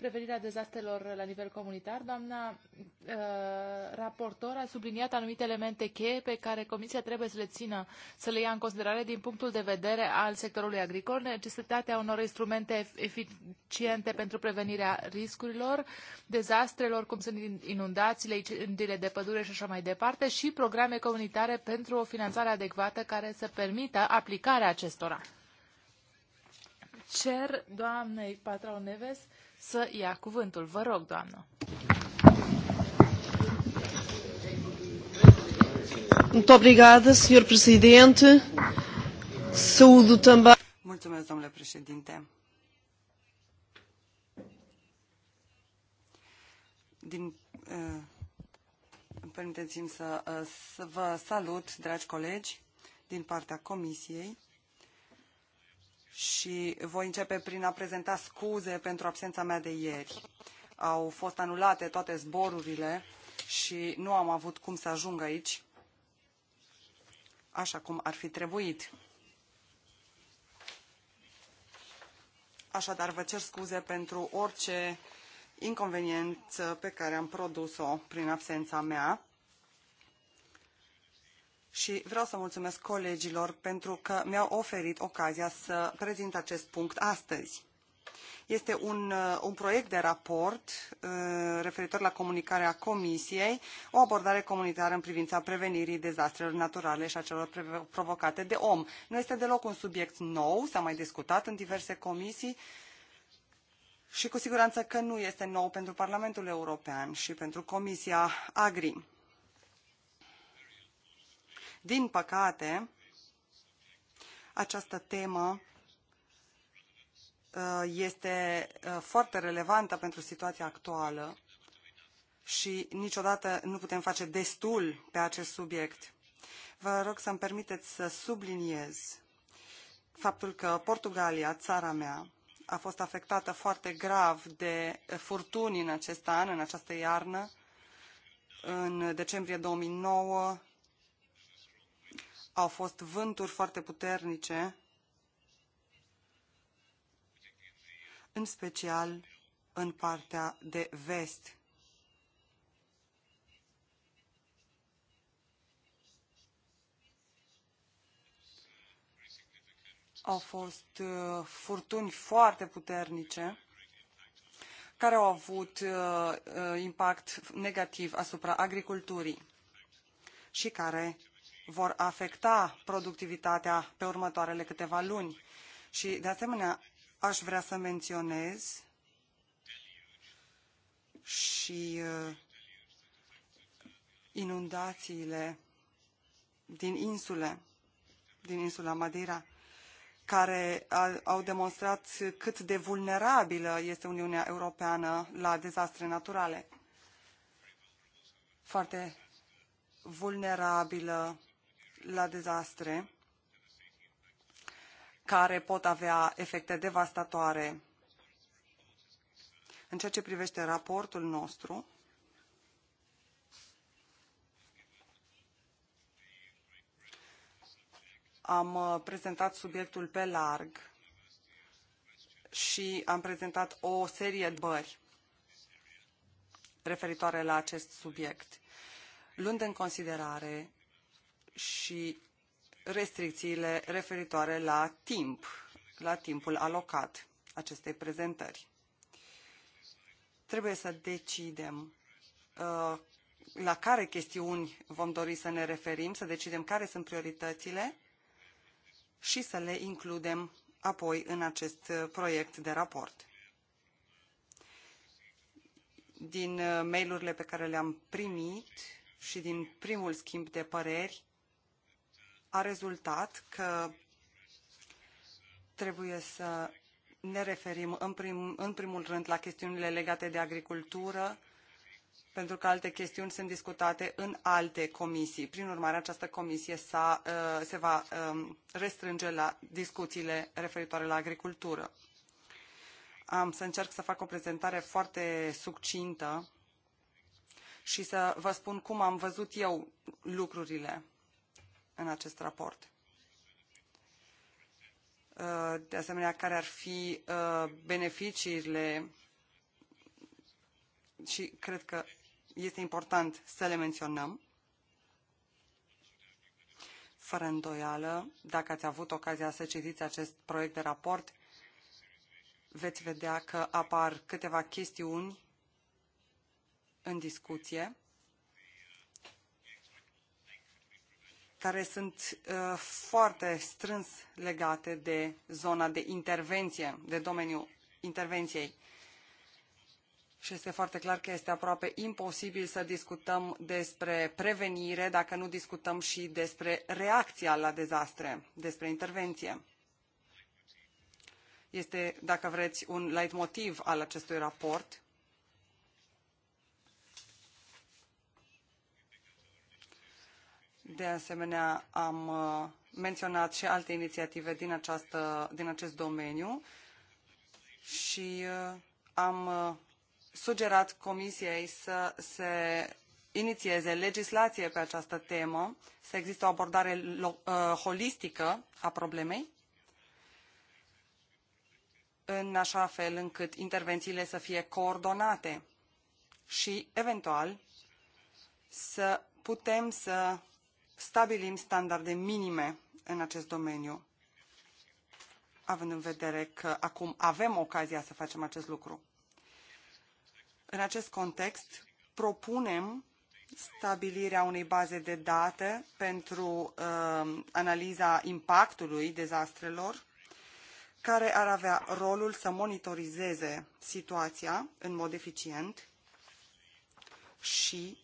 prevenirea dezastrelor la nivel comunitar. Doamna uh, raportor a subliniat anumite elemente cheie pe care Comisia trebuie să le țină, să le ia în considerare din punctul de vedere al sectorului agricol, necesitatea unor instrumente eficiente pentru prevenirea riscurilor, dezastrelor, cum sunt inundațiile, incendiile de pădure și așa mai departe, și programe comunitare pentru o finanțare adecvată care să permită aplicarea acestora cer doamnei Patrau Neves să ia cuvântul. Vă rog, doamnă. Muito obrigada, Sr. Presidente. Saúdo também. Mulțumesc, domnule președinte. Din, uh, permiteți-mi să, uh, să vă salut, dragi colegi, din partea Comisiei și voi începe prin a prezenta scuze pentru absența mea de ieri. Au fost anulate toate zborurile și nu am avut cum să ajung aici, așa cum ar fi trebuit. Așadar, vă cer scuze pentru orice inconveniență pe care am produs-o prin absența mea și vreau să mulțumesc colegilor pentru că mi-au oferit ocazia să prezint acest punct astăzi. Este un, uh, un proiect de raport uh, referitor la comunicarea Comisiei, o abordare comunitară în privința prevenirii dezastrelor naturale și a celor provocate de om. Nu este deloc un subiect nou, s-a mai discutat în diverse comisii și cu siguranță că nu este nou pentru Parlamentul European și pentru Comisia Agri. Din păcate, această temă uh, este uh, foarte relevantă pentru situația actuală și niciodată nu putem face destul pe acest subiect. Vă rog să-mi permiteți să subliniez faptul că Portugalia, țara mea, a fost afectată foarte grav de furtuni în acest an, în această iarnă. În decembrie 2009 au fost vânturi foarte puternice, în special în partea de vest. Au fost uh, furtuni foarte puternice care au avut uh, uh, impact negativ asupra agriculturii și care vor afecta productivitatea pe următoarele câteva luni. Și, de asemenea, aș vrea să menționez și uh, inundațiile din insule, din insula Madeira, care au demonstrat cât de vulnerabilă este Uniunea Europeană la dezastre naturale. Foarte vulnerabilă la dezastre care pot avea efecte devastatoare. În ceea ce privește raportul nostru, am uh, prezentat subiectul pe larg și am prezentat o serie de bări referitoare la acest subiect, luând în considerare și restricțiile referitoare la timp, la timpul alocat acestei prezentări. Trebuie să decidem uh, la care chestiuni vom dori să ne referim, să decidem care sunt prioritățile și să le includem apoi în acest uh, proiect de raport. Din uh, mailurile pe care le-am primit și din primul schimb de păreri, a rezultat că trebuie să ne referim în, prim, în primul rând la chestiunile legate de agricultură, pentru că alte chestiuni sunt discutate în alte comisii. Prin urmare, această comisie uh, se va um, restrânge la discuțiile referitoare la agricultură. Am să încerc să fac o prezentare foarte succintă și să vă spun cum am văzut eu lucrurile în acest raport. Uh, de asemenea, care ar fi uh, beneficiile și cred că este important să le menționăm. Fără îndoială, dacă ați avut ocazia să citiți acest proiect de raport, veți vedea că apar câteva chestiuni în discuție care sunt uh, foarte strâns legate de zona de intervenție, de domeniul intervenției. Și este foarte clar că este aproape imposibil să discutăm despre prevenire dacă nu discutăm și despre reacția la dezastre, despre intervenție. Este, dacă vreți, un leitmotiv al acestui raport De asemenea, am uh, menționat și alte inițiative din, această, din acest domeniu și uh, am uh, sugerat Comisiei să se inițieze legislație pe această temă, să existe o abordare holistică a problemei, în așa fel încât intervențiile să fie coordonate și, eventual, să putem să stabilim standarde minime în acest domeniu, având în vedere că acum avem ocazia să facem acest lucru. În acest context, propunem stabilirea unei baze de date pentru uh, analiza impactului dezastrelor, care ar avea rolul să monitorizeze situația în mod eficient și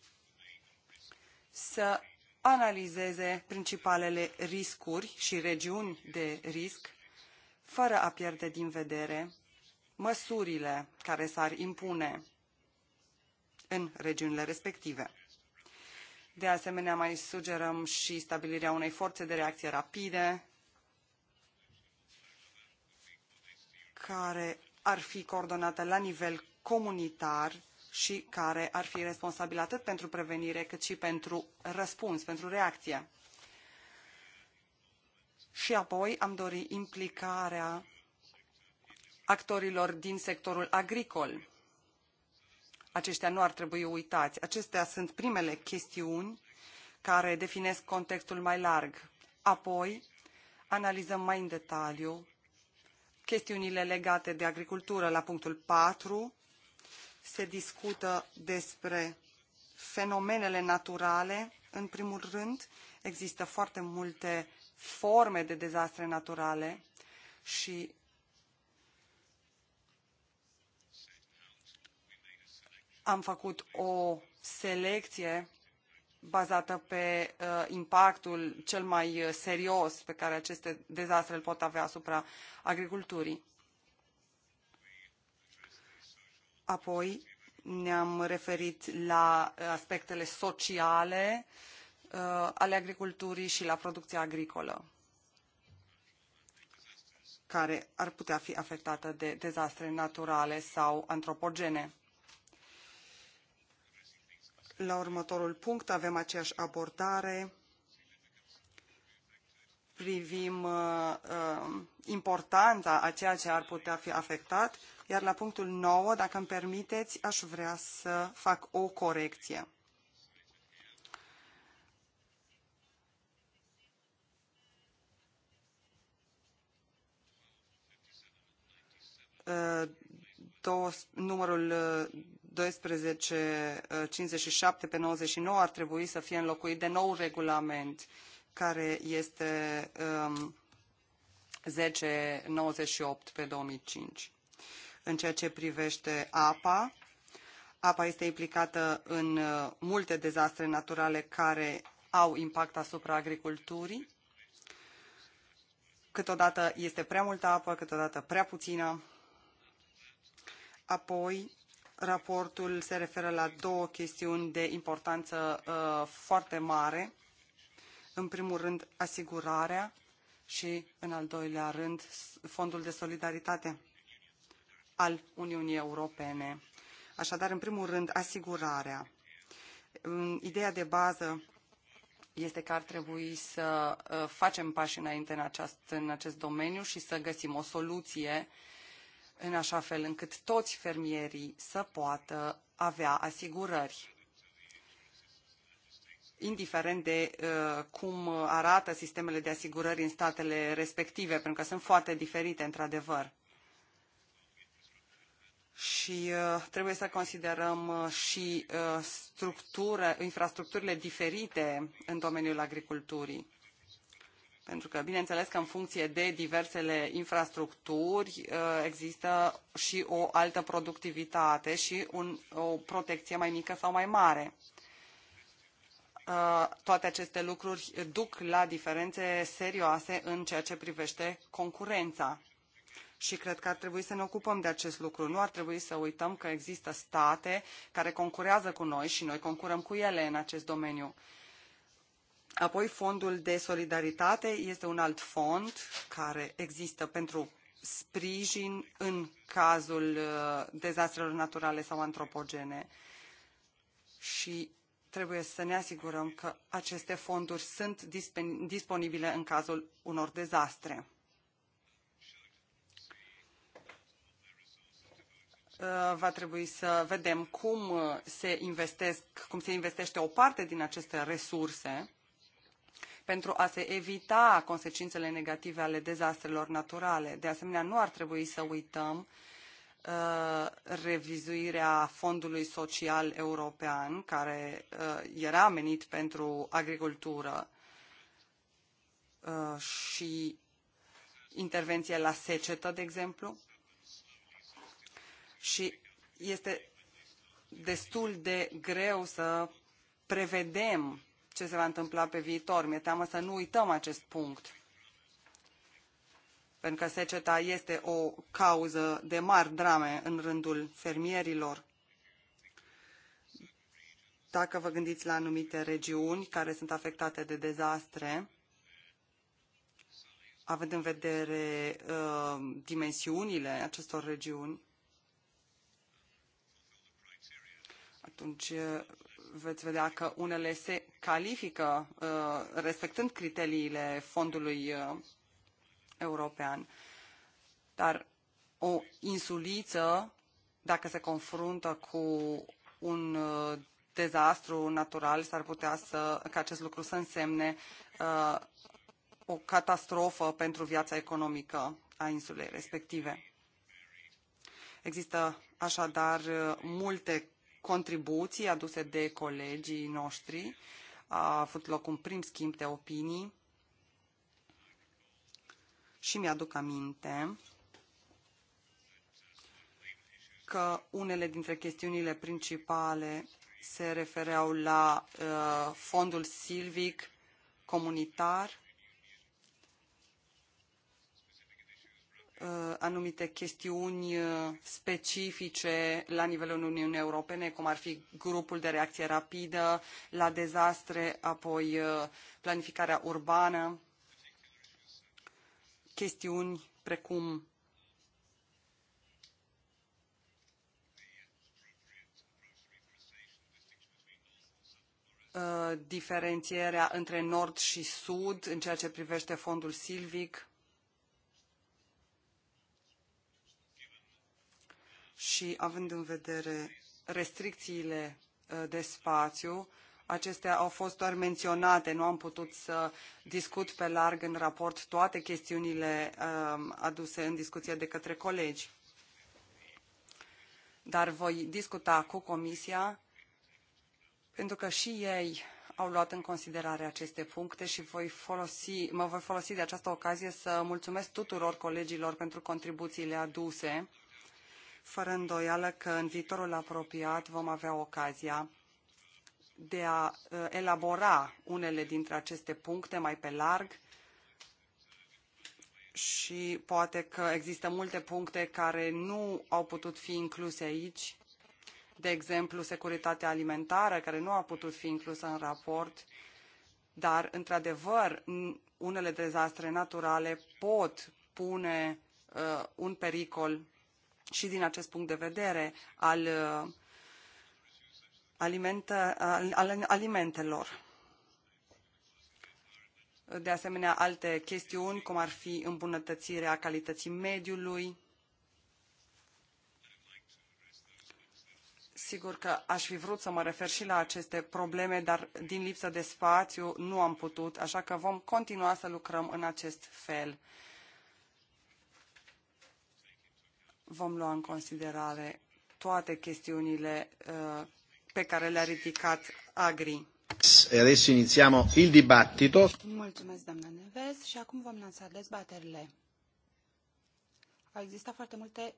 să analizeze principalele riscuri și regiuni de risc, fără a pierde din vedere măsurile care s-ar impune în regiunile respective. De asemenea, mai sugerăm și stabilirea unei forțe de reacție rapide care ar fi coordonată la nivel comunitar și care ar fi responsabil atât pentru prevenire cât și pentru răspuns, pentru reacție. Și apoi am dori implicarea actorilor din sectorul agricol. Aceștia nu ar trebui uitați. Acestea sunt primele chestiuni care definesc contextul mai larg. Apoi analizăm mai în detaliu chestiunile legate de agricultură la punctul 4, se discută despre fenomenele naturale, în primul rând. Există foarte multe forme de dezastre naturale și am făcut o selecție bazată pe uh, impactul cel mai uh, serios pe care aceste dezastre îl pot avea asupra agriculturii. Apoi ne-am referit la uh, aspectele sociale uh, ale agriculturii și la producția agricolă care ar putea fi afectată de dezastre naturale sau antropogene. La următorul punct avem aceeași abordare. Privim uh, uh importanța a ceea ce ar putea fi afectat iar la punctul 9, dacă îmi permiteți, aș vrea să fac o corecție. numărul 1257 pe 99 ar trebui să fie înlocuit de nou regulament care este um, 1098 pe 2005 în ceea ce privește apa. Apa este implicată în uh, multe dezastre naturale care au impact asupra agriculturii. Câteodată este prea multă apă, câteodată prea puțină. Apoi, raportul se referă la două chestiuni de importanță uh, foarte mare. În primul rând, asigurarea și, în al doilea rând, fondul de solidaritate al Uniunii Europene. Așadar, în primul rând, asigurarea. Ideea de bază este că ar trebui să uh, facem pași înainte în acest, în acest domeniu și să găsim o soluție în așa fel încât toți fermierii să poată avea asigurări. Indiferent de uh, cum arată sistemele de asigurări în statele respective, pentru că sunt foarte diferite, într-adevăr și uh, trebuie să considerăm uh, și uh, structură, infrastructurile diferite în domeniul agriculturii. Pentru că, bineînțeles că în funcție de diversele infrastructuri uh, există și o altă productivitate și un, o protecție mai mică sau mai mare. Uh, toate aceste lucruri duc la diferențe serioase în ceea ce privește concurența și cred că ar trebui să ne ocupăm de acest lucru. Nu ar trebui să uităm că există state care concurează cu noi și noi concurăm cu ele în acest domeniu. Apoi, fondul de solidaritate este un alt fond care există pentru sprijin în cazul uh, dezastrelor naturale sau antropogene. Și trebuie să ne asigurăm că aceste fonduri sunt disponibile în cazul unor dezastre. Uh, va trebui să vedem cum uh, se, investesc, cum se investește o parte din aceste resurse pentru a se evita consecințele negative ale dezastrelor naturale. De asemenea, nu ar trebui să uităm uh, revizuirea Fondului Social European, care uh, era menit pentru agricultură uh, și intervenție la secetă, de exemplu și este destul de greu să prevedem ce se va întâmpla pe viitor. Mi-e teamă să nu uităm acest punct. Pentru că seceta este o cauză de mari drame în rândul fermierilor. Dacă vă gândiți la anumite regiuni care sunt afectate de dezastre, având în vedere uh, dimensiunile acestor regiuni, atunci eh, veți vedea că unele se califică eh, respectând criteriile fondului eh, european. Dar o insuliță, dacă se confruntă cu un dezastru natural, s-ar putea să, ca acest lucru să însemne uh, o catastrofă pentru viața economică a insulei respective. Există așadar multe contribuții aduse de colegii noștri. A avut loc un prim schimb de opinii și mi-aduc aminte că unele dintre chestiunile principale se refereau la uh, fondul silvic comunitar Uh, anumite chestiuni uh, specifice la nivelul Uniunii Europene, cum ar fi grupul de reacție rapidă la dezastre, apoi uh, planificarea urbană, chestiuni precum diferențierea între nord și sud în ceea ce privește fondul silvic, și având în vedere restricțiile uh, de spațiu, acestea au fost doar menționate, nu am putut să discut pe larg în raport toate chestiunile um, aduse în discuție de către colegi. Dar voi discuta cu Comisia, pentru că și ei au luat în considerare aceste puncte și voi folosi, mă voi folosi de această ocazie să mulțumesc tuturor colegilor pentru contribuțiile aduse fără îndoială că în viitorul apropiat vom avea ocazia de a uh, elabora unele dintre aceste puncte mai pe larg și poate că există multe puncte care nu au putut fi incluse aici, de exemplu securitatea alimentară, care nu a putut fi inclusă în raport, dar, într-adevăr, unele dezastre naturale pot pune uh, un pericol și din acest punct de vedere al, uh, alimente, al, al alimentelor. De asemenea, alte chestiuni, cum ar fi îmbunătățirea calității mediului, Sigur că aș fi vrut să mă refer și la aceste probleme, dar din lipsă de spațiu nu am putut, așa că vom continua să lucrăm în acest fel. vom lua în considerare toate chestiunile uh, pe care le-a ridicat Agri. adesso iniziamo il dibattito. Mulțumesc, doamna Neves, și acum vom lansa dezbaterile. Au existat foarte multe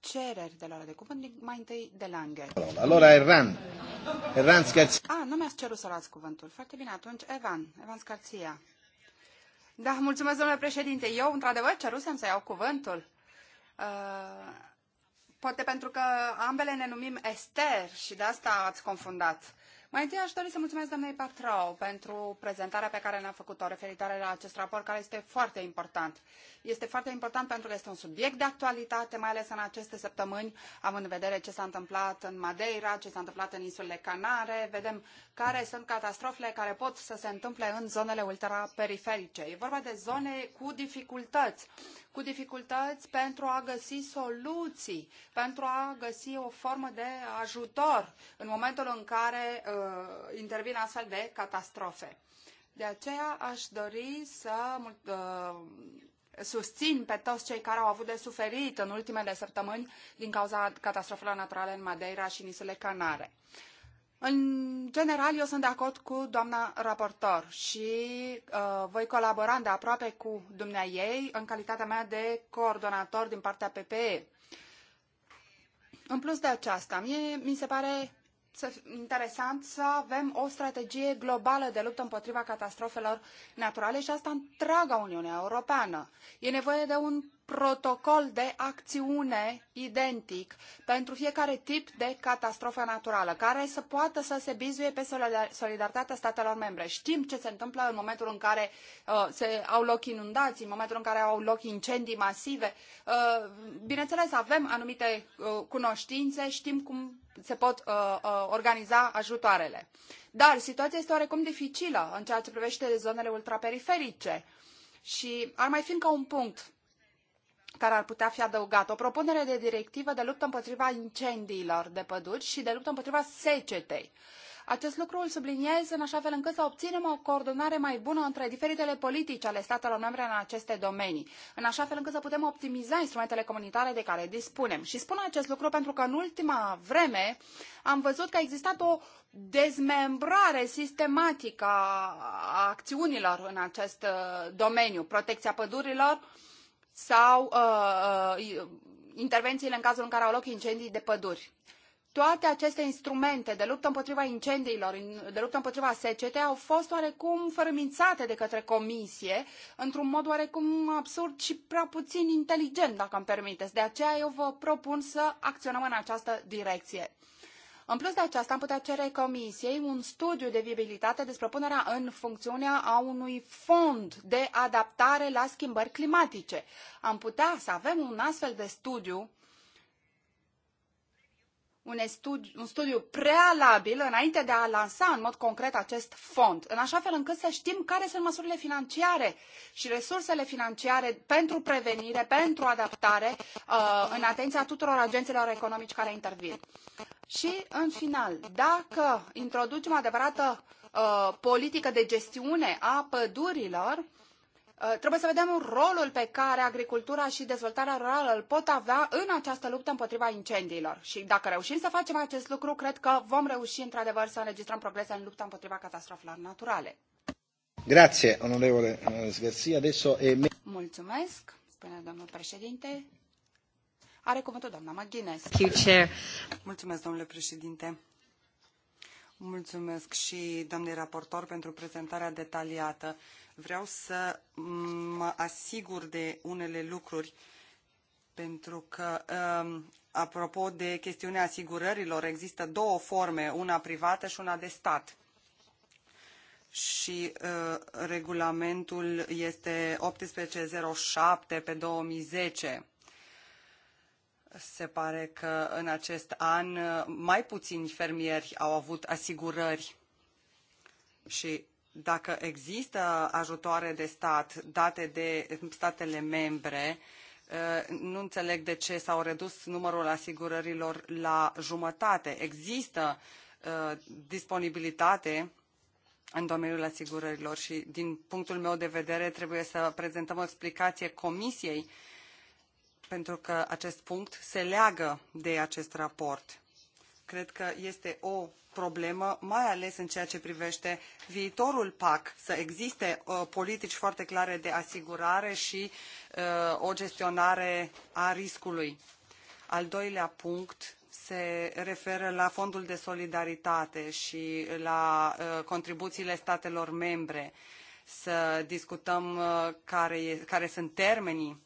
cereri de la de cuvânt, mai întâi de Lange. Allora, Erran. Erran Scarția. Ah, nu mi-ați cerut să luați cuvântul. Foarte bine, atunci Evan, Evan Scarția. Da, mulțumesc, domnule președinte. Eu, într-adevăr, cerusem să iau cuvântul. Uh, poate pentru că ambele ne numim Ester și de asta ați confundat. Mai întâi aș dori să mulțumesc doamnei Patrau pentru prezentarea pe care ne-a făcut-o referitoare la acest raport, care este foarte important. Este foarte important pentru că este un subiect de actualitate, mai ales în aceste săptămâni, având în vedere ce s-a întâmplat în Madeira, ce s-a întâmplat în insulele Canare, vedem care sunt catastrofele care pot să se întâmple în zonele ultraperiferice. E vorba de zone cu dificultăți, cu dificultăți pentru a găsi soluții, pentru a găsi o formă de ajutor în momentul în care uh, Uh, intervin astfel de catastrofe. De aceea aș dori să uh, susțin pe toți cei care au avut de suferit în ultimele săptămâni din cauza catastrofelor naturale în Madeira și în insulele Canare. În general, eu sunt de acord cu doamna raportor și uh, voi colabora de aproape cu dumnea ei în calitatea mea de coordonator din partea PPE. În plus de aceasta, mie mi se pare să, interesant să avem o strategie globală de luptă împotriva catastrofelor naturale și asta întreaga Uniune Europeană. E nevoie de un protocol de acțiune identic pentru fiecare tip de catastrofă naturală, care să poată să se bizuie pe solidaritatea statelor membre. Știm ce se întâmplă în momentul în care uh, se, au loc inundații, în momentul în care au loc incendii masive. Uh, bineînțeles, avem anumite uh, cunoștințe, știm cum se pot uh, uh, organiza ajutoarele. Dar situația este oarecum dificilă în ceea ce privește zonele ultraperiferice. Și ar mai fi încă un punct care ar putea fi adăugată. O propunere de directivă de luptă împotriva incendiilor de păduri și de luptă împotriva secetei. Acest lucru îl subliniez în așa fel încât să obținem o coordonare mai bună între diferitele politici ale statelor membre în aceste domenii, în așa fel încât să putem optimiza instrumentele comunitare de care dispunem. Și spun acest lucru pentru că în ultima vreme am văzut că a existat o dezmembrare sistematică a acțiunilor în acest uh, domeniu, protecția pădurilor, sau uh, uh intervențiile în cazul în care au loc incendii de păduri. Toate aceste instrumente de luptă împotriva incendiilor, de luptă împotriva secetei, au fost oarecum fărâmințate de către comisie, într-un mod oarecum absurd și prea puțin inteligent, dacă îmi permiteți. De aceea eu vă propun să acționăm în această direcție. În plus de aceasta, am putea cere Comisiei un studiu de viabilitate despre punerea în funcțiunea a unui fond de adaptare la schimbări climatice. Am putea să avem un astfel de studiu un studiu, un studiu prealabil înainte de a lansa în mod concret acest fond, în așa fel încât să știm care sunt măsurile financiare și resursele financiare pentru prevenire, pentru adaptare, uh, în atenția tuturor agențiilor economici care intervin. Și, în final, dacă introducem adevărată uh, politică de gestiune a pădurilor, Uh, trebuie să vedem rolul pe care agricultura și dezvoltarea rurală îl pot avea în această luptă împotriva incendiilor. Și dacă reușim să facem acest lucru, cred că vom reuși într-adevăr să înregistrăm progrese în lupta împotriva catastrofelor naturale. Grazie, onorevole eh, Garcia. Adesso e... Mulțumesc, spune domnul președinte. Are cuvântul doamna McGuinness. Mulțumesc, domnule președinte. Mulțumesc și doamnei raportor pentru prezentarea detaliată. Vreau să mă asigur de unele lucruri, pentru că, um, apropo de chestiunea asigurărilor, există două forme, una privată și una de stat și uh, regulamentul este 1807 pe 2010. Se pare că în acest an uh, mai puțini fermieri au avut asigurări și dacă există ajutoare de stat date de statele membre, uh, nu înțeleg de ce s-au redus numărul asigurărilor la jumătate. Există uh, disponibilitate în domeniul asigurărilor și din punctul meu de vedere trebuie să prezentăm o explicație comisiei pentru că acest punct se leagă de acest raport cred că este o problemă, mai ales în ceea ce privește viitorul PAC, să existe uh, politici foarte clare de asigurare și uh, o gestionare a riscului. Al doilea punct se referă la fondul de solidaritate și la uh, contribuțiile statelor membre. Să discutăm uh, care, e, care sunt termenii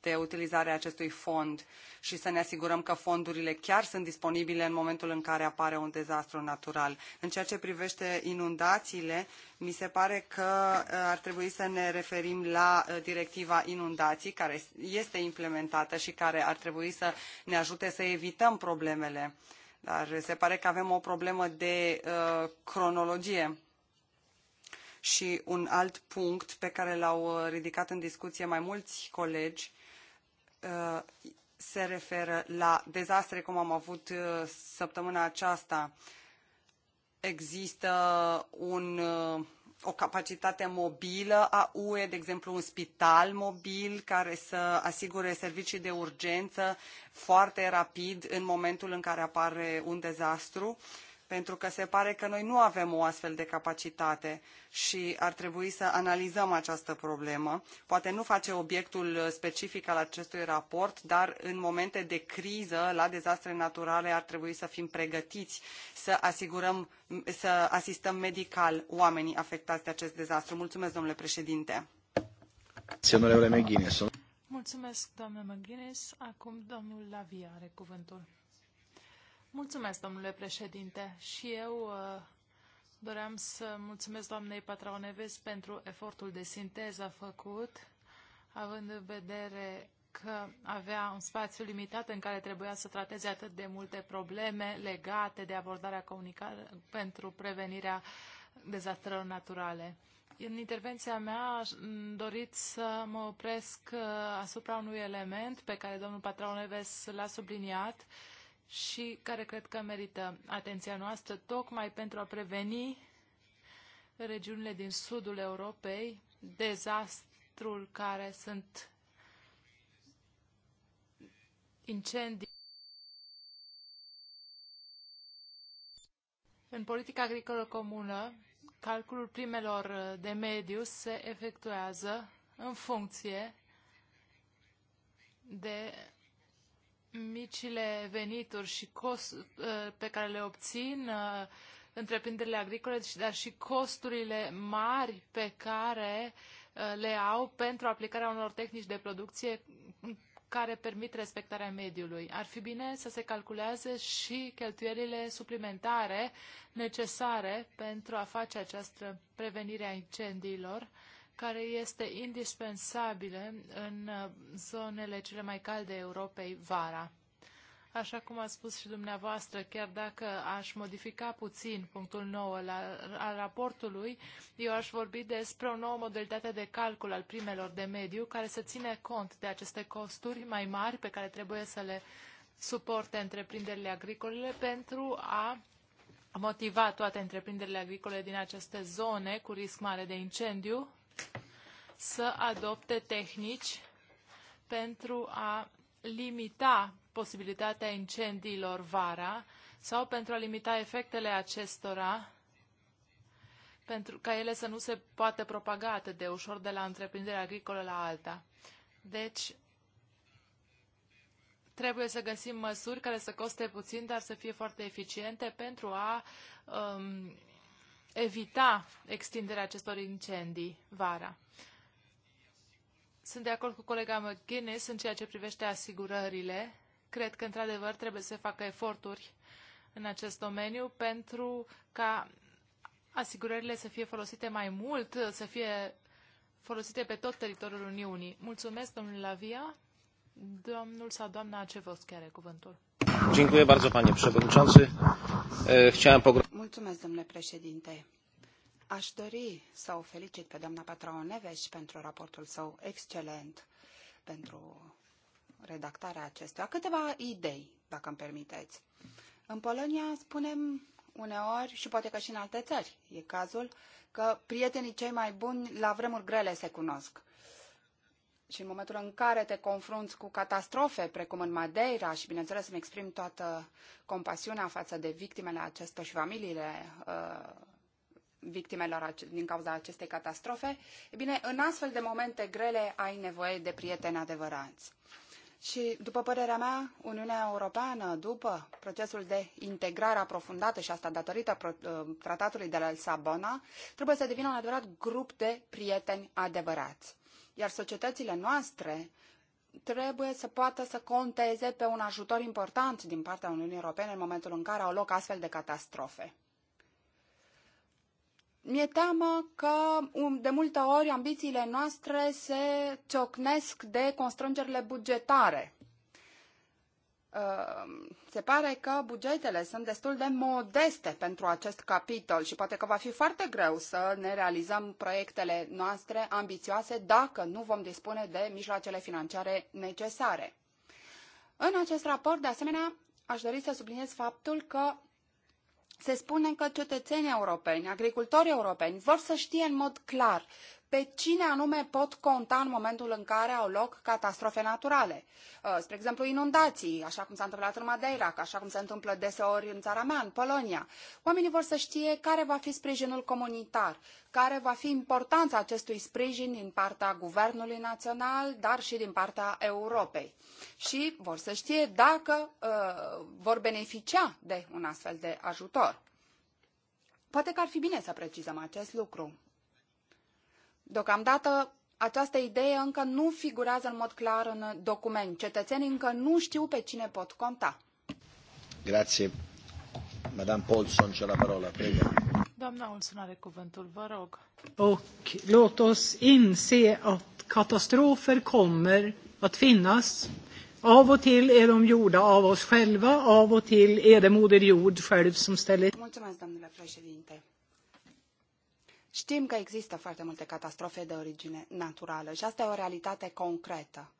de utilizare a acestui fond și să ne asigurăm că fondurile chiar sunt disponibile în momentul în care apare un dezastru natural. În ceea ce privește inundațiile, mi se pare că uh, ar trebui să ne referim la uh, directiva inundații, care este implementată și care ar trebui să ne ajute să evităm problemele. Dar se pare că avem o problemă de uh, cronologie și un alt punct pe care l-au uh, ridicat în discuție mai mulți colegi uh, se referă la dezastre cum am avut uh, săptămâna aceasta. Există un, o capacitate mobilă a UE, de exemplu un spital mobil care să asigure servicii de urgență foarte rapid în momentul în care apare un dezastru. Uh, pentru că se pare că noi nu avem o astfel de capacitate și ar trebui să analizăm această problemă. Poate nu face obiectul specific al acestui raport, dar în momente de criză, la dezastre naturale, ar trebui să fim pregătiți să asigurăm, să asistăm medical oamenii afectați de acest dezastru. Mulțumesc, domnule președinte. Mulțumesc, doamnă McGuinness. Acum domnul Lavia are cuvântul. Mulțumesc, domnule președinte. Și eu uh, doream să mulțumesc doamnei Patraoneves pentru efortul de sinteză făcut, având în vedere că avea un spațiu limitat în care trebuia să trateze atât de multe probleme legate de abordarea comunicare pentru prevenirea dezastrelor naturale. În intervenția mea aș dorit să mă opresc uh, asupra unui element pe care domnul Patraoneves l-a subliniat, uh, și care cred că merită atenția noastră tocmai pentru a preveni regiunile din sudul Europei dezastrul care sunt incendii. În politica agricolă comună, calculul primelor de mediu se efectuează în funcție de micile venituri și cost uh, pe care le obțin uh, întreprinderile agricole, dar și costurile mari pe care uh, le au pentru aplicarea unor tehnici de producție care permit respectarea mediului. Ar fi bine să se calculeze și cheltuielile suplimentare necesare pentru a face această prevenire a incendiilor care este indispensabilă în uh, zonele cele mai calde Europei vara. Așa cum a spus și dumneavoastră, chiar dacă aș modifica puțin punctul 9 la, al raportului, eu aș vorbi despre o nouă modalitate de calcul al primelor de mediu care să ține cont de aceste costuri mai mari pe care trebuie să le suporte întreprinderile agricole pentru a motiva toate întreprinderile agricole din aceste zone cu risc mare de incendiu să adopte tehnici pentru a limita posibilitatea incendiilor vara sau pentru a limita efectele acestora pentru ca ele să nu se poată propaga atât de ușor de la întreprindere agricolă la alta. Deci, trebuie să găsim măsuri care să coste puțin, dar să fie foarte eficiente pentru a um, evita extinderea acestor incendii vara. Sunt de acord cu colega McGuinness în ceea ce privește asigurările. Cred că, într-adevăr, trebuie să se facă eforturi în acest domeniu pentru ca asigurările să fie folosite mai mult, să fie folosite pe tot teritoriul Uniunii. Mulțumesc, domnul Lavia. Domnul sau doamna Acevos are cuvântul. Dziękuję bardzo, panie przewodniczący. Chciałem pogratulować. Mulțumesc, domnule președinte. Aș dori să o felicit pe doamna Patrao Neves pentru raportul său excelent, pentru redactarea acestuia. Câteva idei, dacă îmi permiteți. În Polonia spunem uneori și poate că și în alte țări e cazul că prietenii cei mai buni la vremuri grele se cunosc. Și în momentul în care te confrunți cu catastrofe, precum în Madeira, și bineînțeles îmi exprim toată compasiunea față de victimele acestor și familiile uh, victimelor din cauza acestei catastrofe, e bine, în astfel de momente grele ai nevoie de prieteni adevărați. Și, după părerea mea, Uniunea Europeană, după procesul de integrare aprofundată și asta datorită uh, tratatului de la Lisabona, trebuie să devină un adevărat grup de prieteni adevărați. Iar societățile noastre trebuie să poată să conteze pe un ajutor important din partea Uniunii Europene în momentul în care au loc astfel de catastrofe. Mi-e teamă că de multe ori ambițiile noastre se ciocnesc de constrângerile bugetare Ehm, se pare că bugetele sunt destul de modeste pentru acest capitol și poate că va fi foarte greu să ne realizăm proiectele noastre ambițioase dacă nu vom dispune de mijloacele financiare necesare. În acest raport, de asemenea, aș dori să subliniez faptul că se spune că cetățenii europeni, agricultorii europeni vor să știe în mod clar pe cine anume pot conta în momentul în care au loc catastrofe naturale. Uh, spre exemplu, inundații, așa cum s-a întâmplat în Madeira, așa cum se întâmplă deseori în țara mea, în Polonia. Oamenii vor să știe care va fi sprijinul comunitar, care va fi importanța acestui sprijin din partea Guvernului Național, dar și din partea Europei. Și vor să știe dacă uh, vor beneficia de un astfel de ajutor. Poate că ar fi bine să precizăm acest lucru. Deocamdată această idee încă nu figurează în mod clar în document. Cetățenii încă nu știu pe cine pot conta. Grazie. Madame Paulson, ce la parola, prego. Doamna Olson are cuvântul, vă rog. Och låt oss inse att katastrofer kommer att finnas. Av och till är de gjorda av oss själva, av och till är det Moder Jord själv som ställer... Mulțumesc, domnule președinte. Știm că există foarte multe catastrofe de origine naturală și asta e o realitate concretă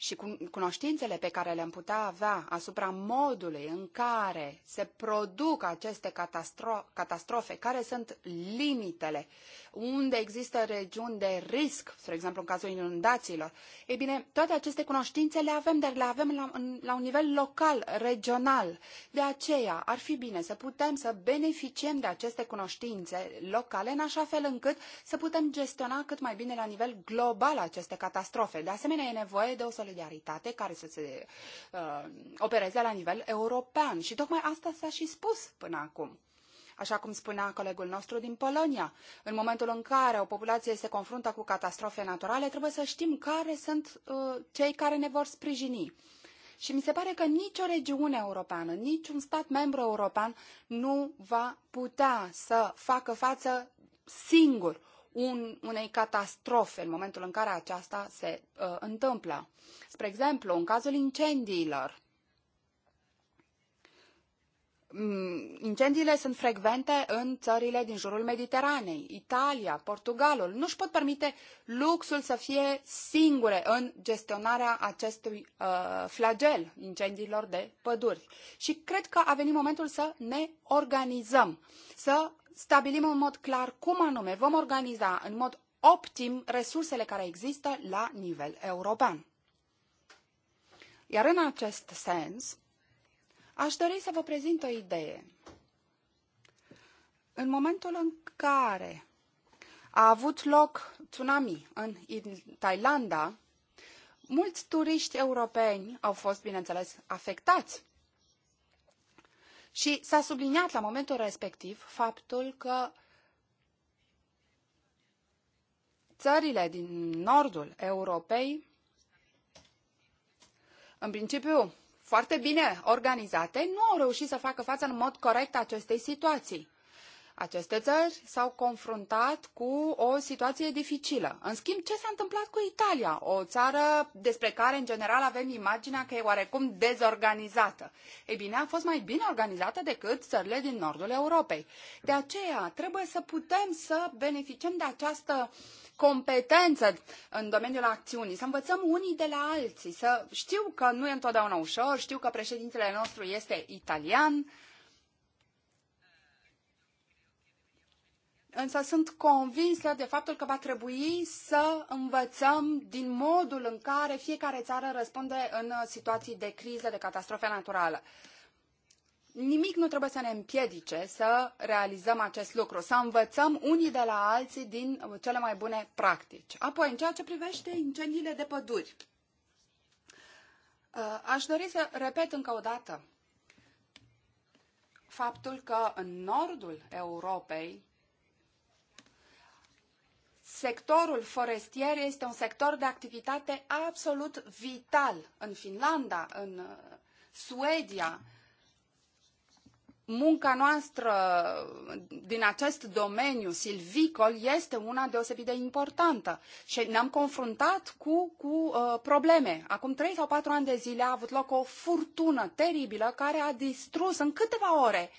și cu cunoștințele pe care le-am putea avea asupra modului în care se produc aceste catastro catastrofe, care sunt limitele, unde există regiuni de risc, spre exemplu în cazul inundațiilor, e bine, toate aceste cunoștințe le avem, dar le avem la, la un nivel local, regional. De aceea ar fi bine să putem să beneficiem de aceste cunoștințe locale în așa fel încât să putem gestiona cât mai bine la nivel global aceste catastrofe. De asemenea, e nevoie de o solidaritate care să se uh, opereze la nivel european. Și tocmai asta s-a și spus până acum. Așa cum spunea colegul nostru din Polonia, în momentul în care o populație se confruntă cu catastrofe naturale, trebuie să știm care sunt uh, cei care ne vor sprijini. Și mi se pare că nicio regiune europeană, niciun stat membru european nu va putea să facă față singur un, unei catastrofe în momentul în care aceasta se uh, întâmplă. Spre exemplu, în cazul incendiilor, mm, Incendiile sunt frecvente în țările din jurul Mediteranei, Italia, Portugalul. Nu își pot permite luxul să fie singure în gestionarea acestui uh, flagel incendiilor de păduri. Și cred că a venit momentul să ne organizăm, să stabilim în mod clar cum anume vom organiza în mod optim resursele care există la nivel european. Iar în acest sens, aș dori să vă prezint o idee. În momentul în care a avut loc tsunami în Thailanda, mulți turiști europeni au fost, bineînțeles, afectați și s-a subliniat la momentul respectiv faptul că țările din nordul Europei, în principiu foarte bine organizate, nu au reușit să facă față în mod corect acestei situații. Aceste țări s-au confruntat cu o situație dificilă. În schimb, ce s-a întâmplat cu Italia, o țară despre care, în general, avem imaginea că e oarecum dezorganizată? Ei bine, a fost mai bine organizată decât țările din nordul Europei. De aceea, trebuie să putem să beneficiem de această competență în domeniul acțiunii, să învățăm unii de la alții, să știu că nu e întotdeauna ușor, știu că președintele nostru este italian, însă sunt convinsă de faptul că va trebui să învățăm din modul în care fiecare țară răspunde în situații de criză, de catastrofe naturală. Nimic nu trebuie să ne împiedice să realizăm acest lucru, să învățăm unii de la alții din cele mai bune practici. Apoi, în ceea ce privește incendiile de păduri, uh, aș dori să repet încă o dată faptul că în nordul Europei sectorul forestier este un sector de activitate absolut vital în Finlanda, în uh, Suedia. Munca noastră din acest domeniu silvicol este una deosebit de importantă și ne-am confruntat cu, cu uh, probleme. Acum trei sau patru ani de zile a avut loc o furtună teribilă care a distrus în câteva ore uh,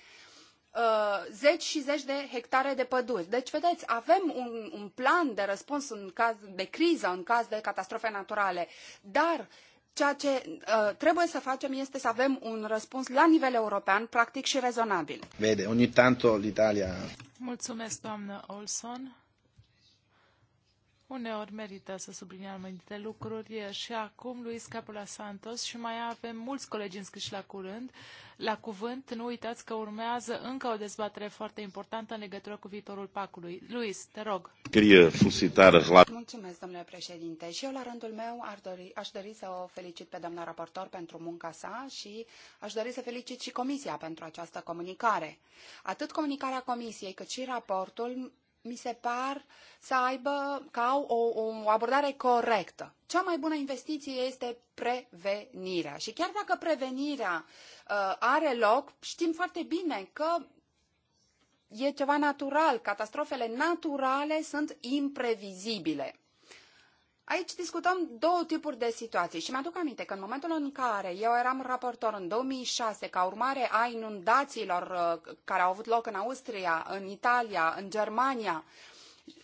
Uh, zeci și zeci de hectare de păduri. Deci, vedeți, avem un, un plan de răspuns în caz de criză, în caz de catastrofe naturale, dar ceea ce uh, trebuie să facem este să avem un răspuns la nivel european, practic și rezonabil. Vede, ogni tanto l'Italia... Mulțumesc, doamnă Olson. Uneori merită să subliniem anumite lucruri și acum Luis Capula Santos și mai avem mulți colegi înscriși la curând. La cuvânt, nu uitați că urmează încă o dezbatere foarte importantă în legătură cu viitorul pacului. Luis, te rog. Mulțumesc, domnule președinte. Și eu, la rândul meu, ar dori, aș dori să o felicit pe doamna raportor pentru munca sa și aș dori să felicit și Comisia pentru această comunicare. Atât comunicarea Comisiei cât și raportul mi se par să aibă, ca au o, o abordare corectă. Cea mai bună investiție este prevenirea. Și chiar dacă prevenirea uh, are loc, știm foarte bine că e ceva natural. Catastrofele naturale sunt imprevizibile. Aici discutăm două tipuri de situații și mi-aduc aminte că în momentul în care eu eram raportor în 2006 ca urmare a inundațiilor uh, care au avut loc în Austria, în Italia, în Germania,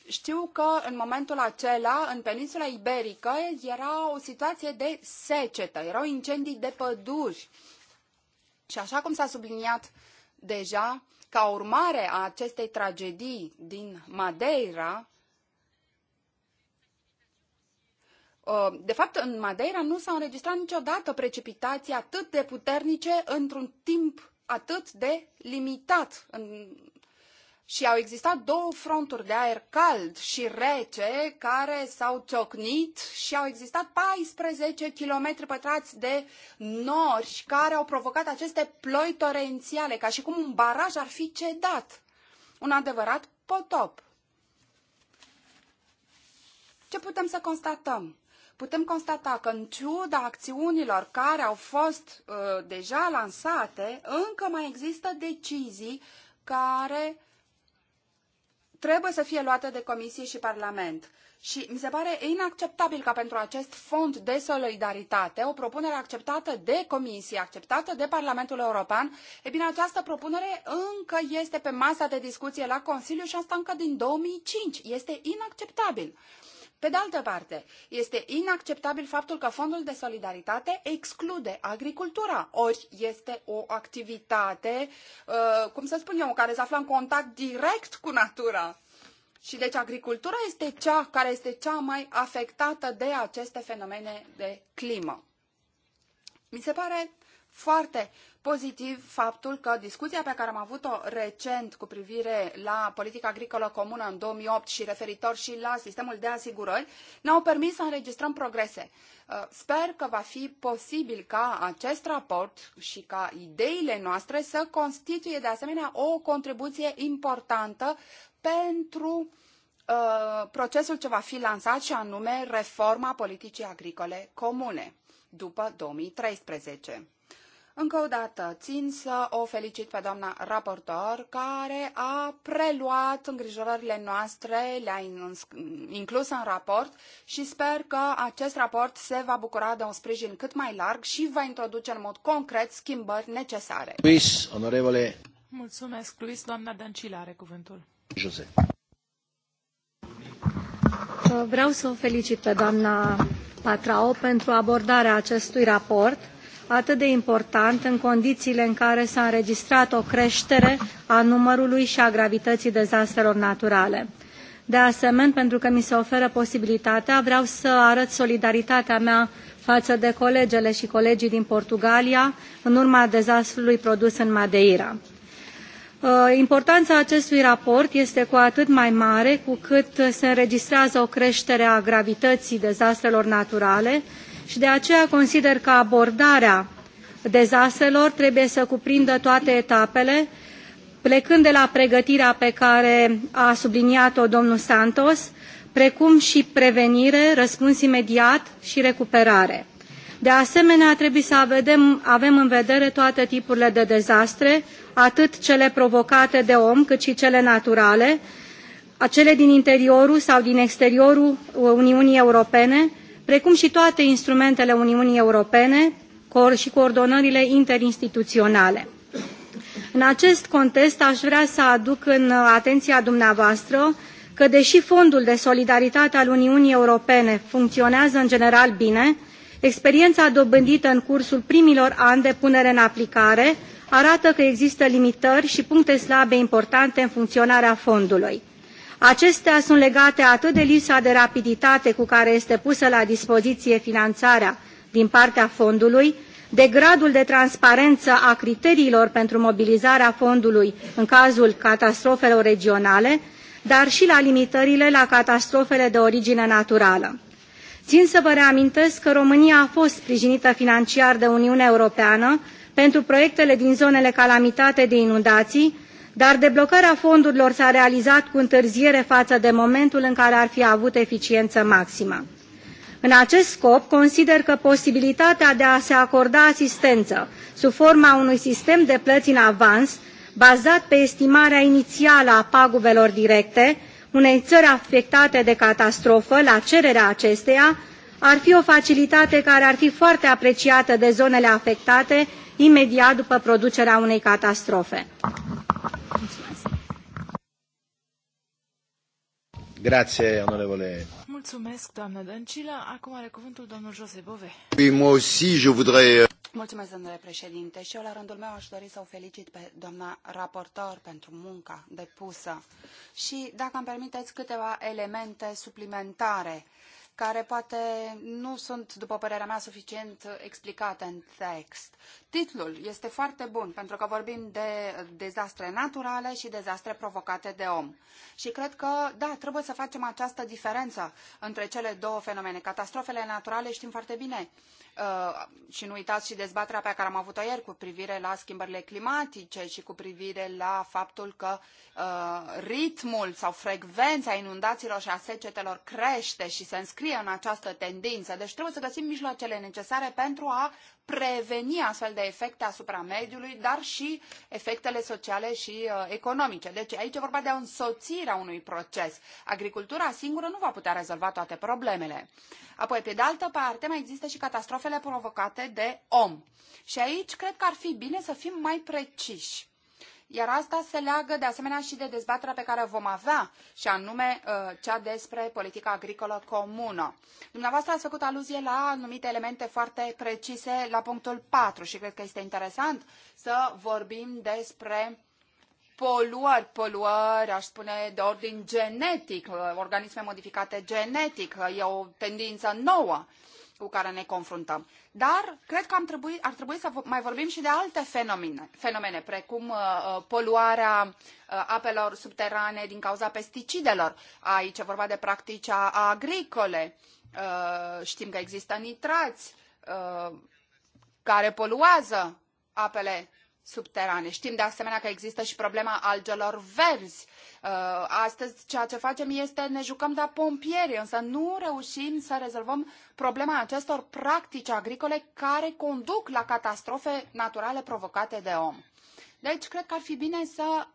știu că în momentul acela, în peninsula iberică, era o situație de secetă, erau incendii de păduri. Și așa cum s-a subliniat deja, ca urmare a acestei tragedii din Madeira, Uh, de fapt, în Madeira nu s-au înregistrat niciodată precipitații atât de puternice într-un timp atât de limitat. În... Și au existat două fronturi de aer cald și rece care s-au ciocnit și au existat 14 km pătrați de nori care au provocat aceste ploi torențiale, ca și cum un baraj ar fi cedat. Un adevărat potop. Ce putem să constatăm? putem constata că în ciuda acțiunilor care au fost uh, deja lansate, încă mai există decizii care trebuie să fie luate de Comisie și Parlament. Și mi se pare inacceptabil ca pentru acest fond de solidaritate, o propunere acceptată de Comisie, acceptată de Parlamentul European, e bine, această propunere încă este pe masa de discuție la Consiliu și asta încă din 2005. Este inacceptabil. Uh, pe de altă parte, este inacceptabil faptul că Fondul de Solidaritate exclude agricultura, ori este o activitate, uh, cum să spun eu, care se află în contact direct cu natura. Și deci agricultura este cea care este cea mai afectată de aceste fenomene de climă. Mi se pare foarte pozitiv faptul că discuția pe care am avut-o recent cu privire la politica agricolă comună în 2008 și referitor și la sistemul de asigurări ne-au permis să înregistrăm progrese. Uh, sper că va fi posibil ca acest raport și ca ideile noastre să constituie de asemenea o contribuție importantă pentru uh, procesul ce va fi lansat și anume reforma politicii agricole comune după 2013 încă o dată, țin să o felicit pe doamna raportor, care a preluat îngrijorările noastre, le-a inclus în raport și sper că acest raport se va bucura de un sprijin cât mai larg și va introduce în mod concret schimbări necesare. Luis, onorevole. Mulțumesc, Luis. Doamna Dăncilă are cuvântul. Jose. Vreau să o felicit pe doamna Patrao pentru abordarea acestui raport atât de important în condițiile în care s-a înregistrat o creștere a numărului și a gravității dezastrelor naturale. De asemenea, pentru că mi se oferă posibilitatea, vreau să arăt solidaritatea mea față de colegele și colegii din Portugalia în urma dezastrului produs în Madeira. Uh, importanța acestui raport este cu atât mai mare cu cât se înregistrează o creștere a gravității dezastrelor naturale și de aceea consider că abordarea dezastrelor trebuie să cuprindă toate etapele, plecând de la pregătirea pe care a subliniat-o domnul Santos, precum și prevenire, răspuns imediat și recuperare. De asemenea, trebuie să avem, avem în vedere toate tipurile de dezastre, atât cele provocate de om, cât și cele naturale, acele din interiorul sau din exteriorul Uniunii Europene, precum și toate instrumentele Uniunii Europene și coordonările interinstituționale. În acest context aș vrea să aduc în atenția dumneavoastră că, deși Fondul de Solidaritate al Uniunii Europene funcționează în general bine, experiența dobândită în cursul primilor ani de punere în aplicare arată că există limitări și puncte slabe importante în funcționarea fondului. Acestea sunt legate atât de lipsa de rapiditate cu care este pusă la dispoziție finanțarea din partea fondului, de gradul de transparență a criteriilor pentru mobilizarea fondului în cazul catastrofelor regionale, dar și la limitările la catastrofele de origine naturală. Țin să vă reamintesc că România a fost sprijinită financiar de Uniunea Europeană pentru proiectele din zonele calamitate de inundații, dar deblocarea fondurilor s-a realizat cu întârziere față de momentul în care ar fi avut eficiență maximă. În acest scop, consider că posibilitatea de a se acorda asistență sub forma unui sistem de plăți în avans, bazat pe estimarea inițială a pagubelor directe unei țări afectate de catastrofă la cererea acesteia, ar fi o facilitate care ar fi foarte apreciată de zonele afectate imediat după producerea unei catastrofe. Grazie, onorevole. Mulțumesc, doamnă Dăncilă. Acum are cuvântul domnul Jose Bove. Oui, moi aussi, je voudrais... Euh, Mulțumesc, domnule președinte. Și eu, la rândul meu, aș dori să o felicit pe doamna raportor pentru munca depusă. Și, dacă îmi permiteți, câteva elemente suplimentare care poate nu sunt, după părerea mea, suficient explicate în text. Titlul este foarte bun pentru că vorbim de dezastre naturale și dezastre provocate de om. Și cred că, da, trebuie să facem această diferență între cele două fenomene. Catastrofele naturale știm foarte bine uh, și nu uitați și dezbaterea pe care am avut-o ieri cu privire la schimbările climatice și cu privire la faptul că uh, ritmul sau frecvența inundațiilor și a secetelor crește și se înscrie în această tendință. Deci trebuie să găsim mijloacele necesare pentru a preveni astfel de efecte asupra mediului, dar și efectele sociale și uh, economice. Deci aici e vorba de o însoțire a unui proces. Agricultura singură nu va putea rezolva toate problemele. Apoi, pe de altă parte, mai există și catastrofele provocate de om. Și aici cred că ar fi bine să fim mai preciși. Iar asta se leagă de asemenea și de dezbaterea pe care o vom avea, și anume uh, cea despre politica agricolă comună. Dumneavoastră ați făcut aluzie la anumite elemente foarte precise la punctul 4 și cred că este interesant să vorbim despre poluări, poluări, aș spune, de ordin genetic, uh, organisme modificate genetic, uh, e o tendință nouă. Uh, cu care ne confruntăm. Dar cred că am trebui, ar trebui să mai vorbim și de alte fenomene, fenomene precum uh, uh poluarea uh, apelor subterane din cauza pesticidelor. Aici e vorba de practici agricole. Uh, știm că există nitrați uh, care poluează apele subterane. Știm de asemenea că există și problema algelor verzi. Uh, astăzi ceea ce facem este ne jucăm de pompieri, însă nu reușim să rezolvăm problema acestor practici agricole care conduc la catastrofe naturale provocate de om. Deci cred că ar fi bine să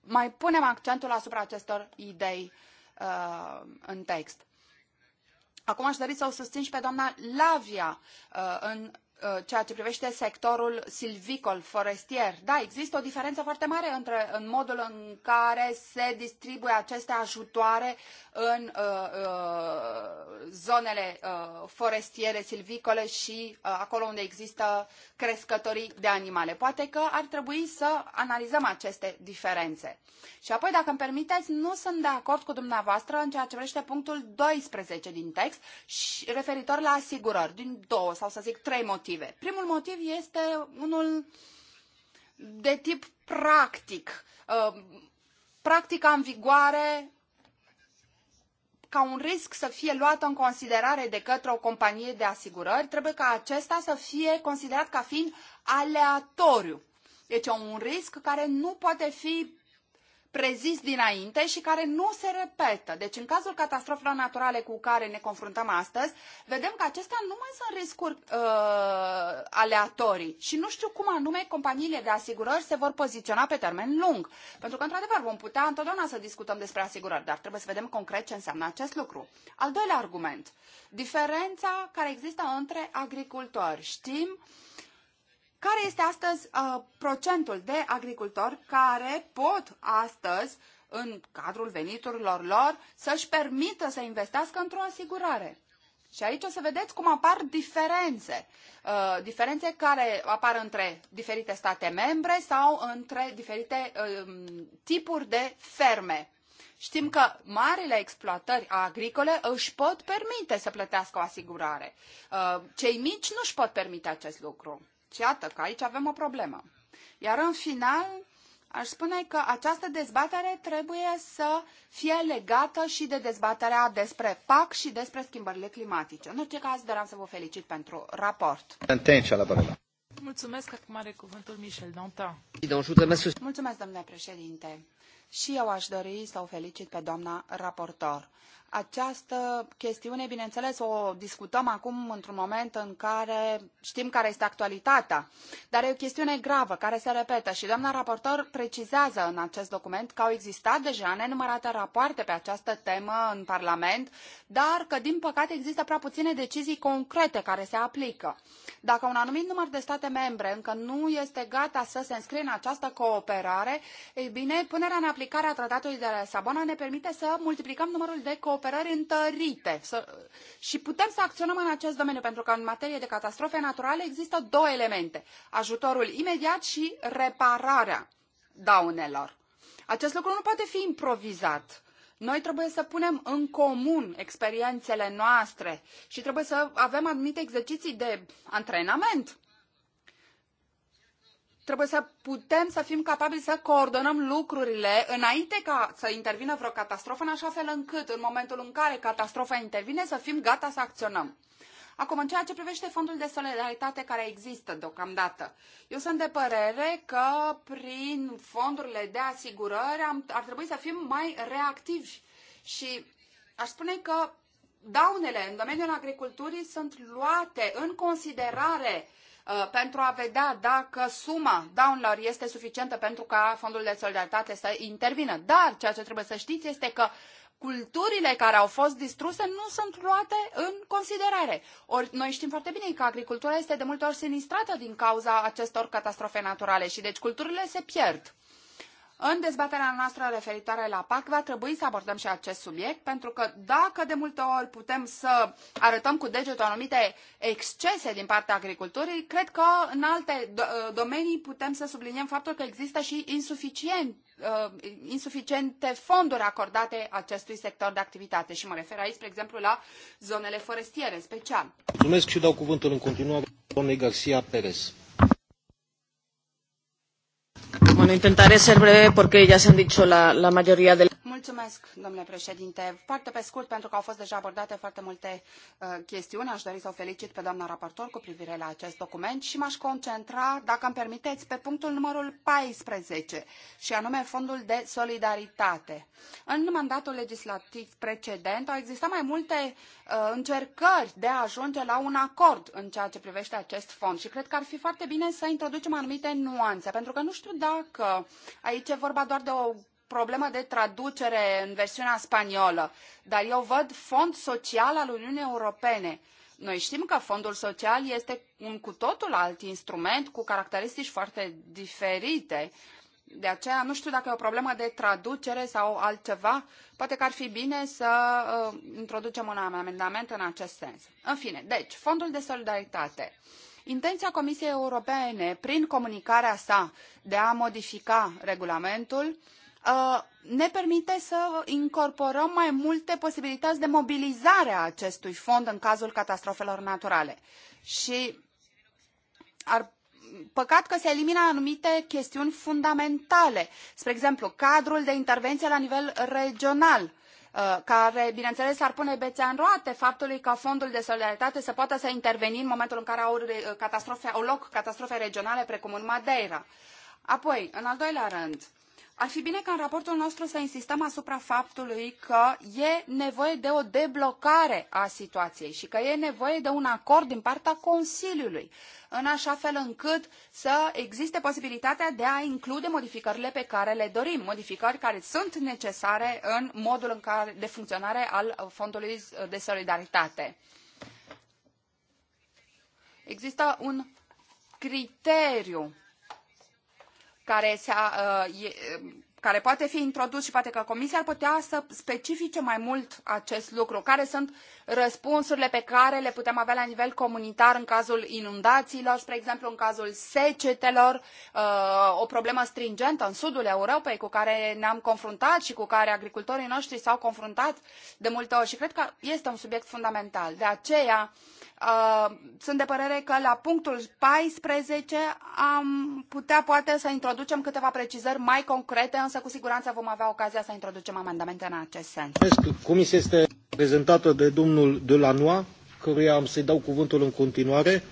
mai punem accentul asupra acestor idei uh, în text. Acum aș dori să o susțin și pe doamna Lavia uh, în Uh, ceea ce privește sectorul silvicol, forestier. Da, există o diferență foarte mare între în modul în care se distribuie aceste ajutoare în uh, uh, zonele uh, forestiere, silvicole și uh, acolo unde există crescătorii de animale. Poate că ar trebui să analizăm aceste diferențe. Și apoi, dacă îmi permiteți, nu sunt de acord cu dumneavoastră în ceea ce privește punctul 12 din text și referitor la asigurări, din două sau să zic trei motive motive. Primul motiv este unul de tip practic. Uh, practica în vigoare ca un risc să fie luat în considerare de către o companie de asigurări, trebuie ca acesta să fie considerat ca fiind aleatoriu. Deci un risc care nu poate fi prezis dinainte și care nu se repetă. Deci, în cazul catastrofelor naturale cu care ne confruntăm astăzi, vedem că acestea nu mai sunt riscuri uh, aleatorii și nu știu cum anume companiile de asigurări se vor poziționa pe termen lung. Pentru că, într-adevăr, vom putea întotdeauna să discutăm despre asigurări, dar trebuie să vedem concret ce înseamnă acest lucru. Al doilea argument, diferența care există între agricultori. Știm uh, care este astăzi uh, procentul de agricultori care pot astăzi, în cadrul veniturilor lor, să-și permită să investească într-o asigurare? Și aici o să vedeți cum apar diferențe. Uh, diferențe care apar între diferite state membre sau între diferite uh, tipuri de ferme. Știm că marile exploatări agricole își pot permite să plătească o asigurare. Uh, cei mici nu își pot permite acest lucru. Și iată că aici avem o problemă. Iar în final, aș spune că această dezbatere trebuie să fie legată și de dezbaterea despre PAC și despre schimbările climatice. În orice caz, doream să vă felicit pentru raport. la Mulțumesc, acum are cuvântul Michel Dantin. Mulțumesc, domnule președinte. Și eu aș dori să o felicit pe doamna raportor. Această chestiune, bineînțeles, o discutăm acum într-un moment în care știm care este actualitatea, dar e o chestiune gravă care se repetă și doamna raportor precizează în acest document că au existat deja nenumărate rapoarte pe această temă în Parlament, dar că, din păcate, există prea puține decizii concrete care se aplică. Dacă un anumit număr de state membre încă nu este gata să se înscrie în această cooperare, ei bine, punerea în aplicare a Tratatului de la Sabona ne permite să multiplicăm numărul de cooperare cooperare întărite să, și putem să acționăm în acest domeniu, pentru că în materie de catastrofe naturale există două elemente, ajutorul imediat și repararea daunelor. Acest lucru nu poate fi improvizat. Noi trebuie să punem în comun experiențele noastre și trebuie să avem anumite exerciții de antrenament trebuie să putem să fim capabili să coordonăm lucrurile înainte ca să intervină vreo catastrofă, în așa fel încât, în momentul în care catastrofa intervine, să fim gata să acționăm. Acum, în ceea ce privește fondul de solidaritate care există deocamdată, eu sunt de părere că prin fondurile de asigurări am, ar trebui să fim mai reactivi și aș spune că daunele în domeniul agriculturii sunt luate în considerare uh, Uh, pentru a vedea dacă suma download este suficientă pentru ca fondul de solidaritate să intervină. Dar ceea ce trebuie să știți este că culturile care au fost distruse nu sunt luate în considerare. Ori noi știm foarte bine că agricultura este de multe ori sinistrată din cauza acestor catastrofe naturale și deci culturile se pierd. În dezbaterea noastră referitoare la PAC va trebui să abordăm și acest subiect, pentru că dacă de multe ori putem să arătăm cu degetul anumite excese din partea agriculturii, cred că în alte domenii putem să subliniem faptul că există și insuficient, uh, insuficiente fonduri acordate acestui sector de activitate. Și mă refer aici, spre exemplu, la zonele forestiere special. Mulțumesc și dau cuvântul în continuare doamnei Garcia Perez. Bueno, intentaré ser breve porque ya se han dicho la, la mayoría de Mulțumesc, domnule președinte. Foarte pe scurt, pentru că au fost deja abordate foarte multe uh, chestiuni, aș dori să o felicit pe doamna raportor cu privire la acest document și m-aș concentra, dacă îmi permiteți, pe punctul numărul 14, și anume Fondul de Solidaritate. În mandatul legislativ precedent au existat mai multe uh, încercări de a ajunge la un acord în ceea ce privește acest fond și cred că ar fi foarte bine să introducem anumite nuanțe, pentru că nu știu dacă aici e vorba doar de o problema de traducere în versiunea spaniolă, dar eu văd fond social al Uniunii Europene. Noi știm că fondul social este un cu totul alt instrument cu caracteristici foarte diferite. De aceea nu știu dacă e o problemă de traducere sau altceva. Poate că ar fi bine să uh, introducem un amendament în acest sens. În fine, deci, fondul de solidaritate. Intenția Comisiei Europene, prin comunicarea sa de a modifica regulamentul, Uh, ne permite să incorporăm mai multe posibilități de mobilizare a acestui fond în cazul catastrofelor naturale. Și ar păcat că se elimină anumite chestiuni fundamentale, spre exemplu, cadrul de intervenție la nivel regional uh, care, bineînțeles, ar pune bețea în roate faptului că fondul de solidaritate să poată să interveni în momentul în care au, catastrofe, au loc catastrofe regionale, precum în Madeira. Apoi, în al doilea rând, ar fi bine ca în raportul nostru să insistăm asupra faptului că e nevoie de o deblocare a situației și că e nevoie de un acord din partea Consiliului, în așa fel încât să existe posibilitatea de a include modificările pe care le dorim, modificări care sunt necesare în modul în care, de funcționare al Fondului de Solidaritate. Există un criteriu care, se, ă, care poate fi introdus și poate că Comisia ar putea să specifice mai mult acest lucru. Care sunt răspunsurile pe care le putem avea la nivel comunitar în cazul inundațiilor, spre exemplu în cazul secetelor, ă, o problemă stringentă în sudul Europei cu care ne-am confruntat și cu care agricultorii noștri s-au confruntat de multe ori și cred că este un subiect fundamental. De aceea, Uh, sunt de părere că la punctul 14 am putea poate să introducem câteva precizări mai concrete, însă cu siguranță vom avea ocazia să introducem amendamente în acest sens. Comisia este prezentată de domnul Delanoa, căruia am să-i dau cuvântul în continuare,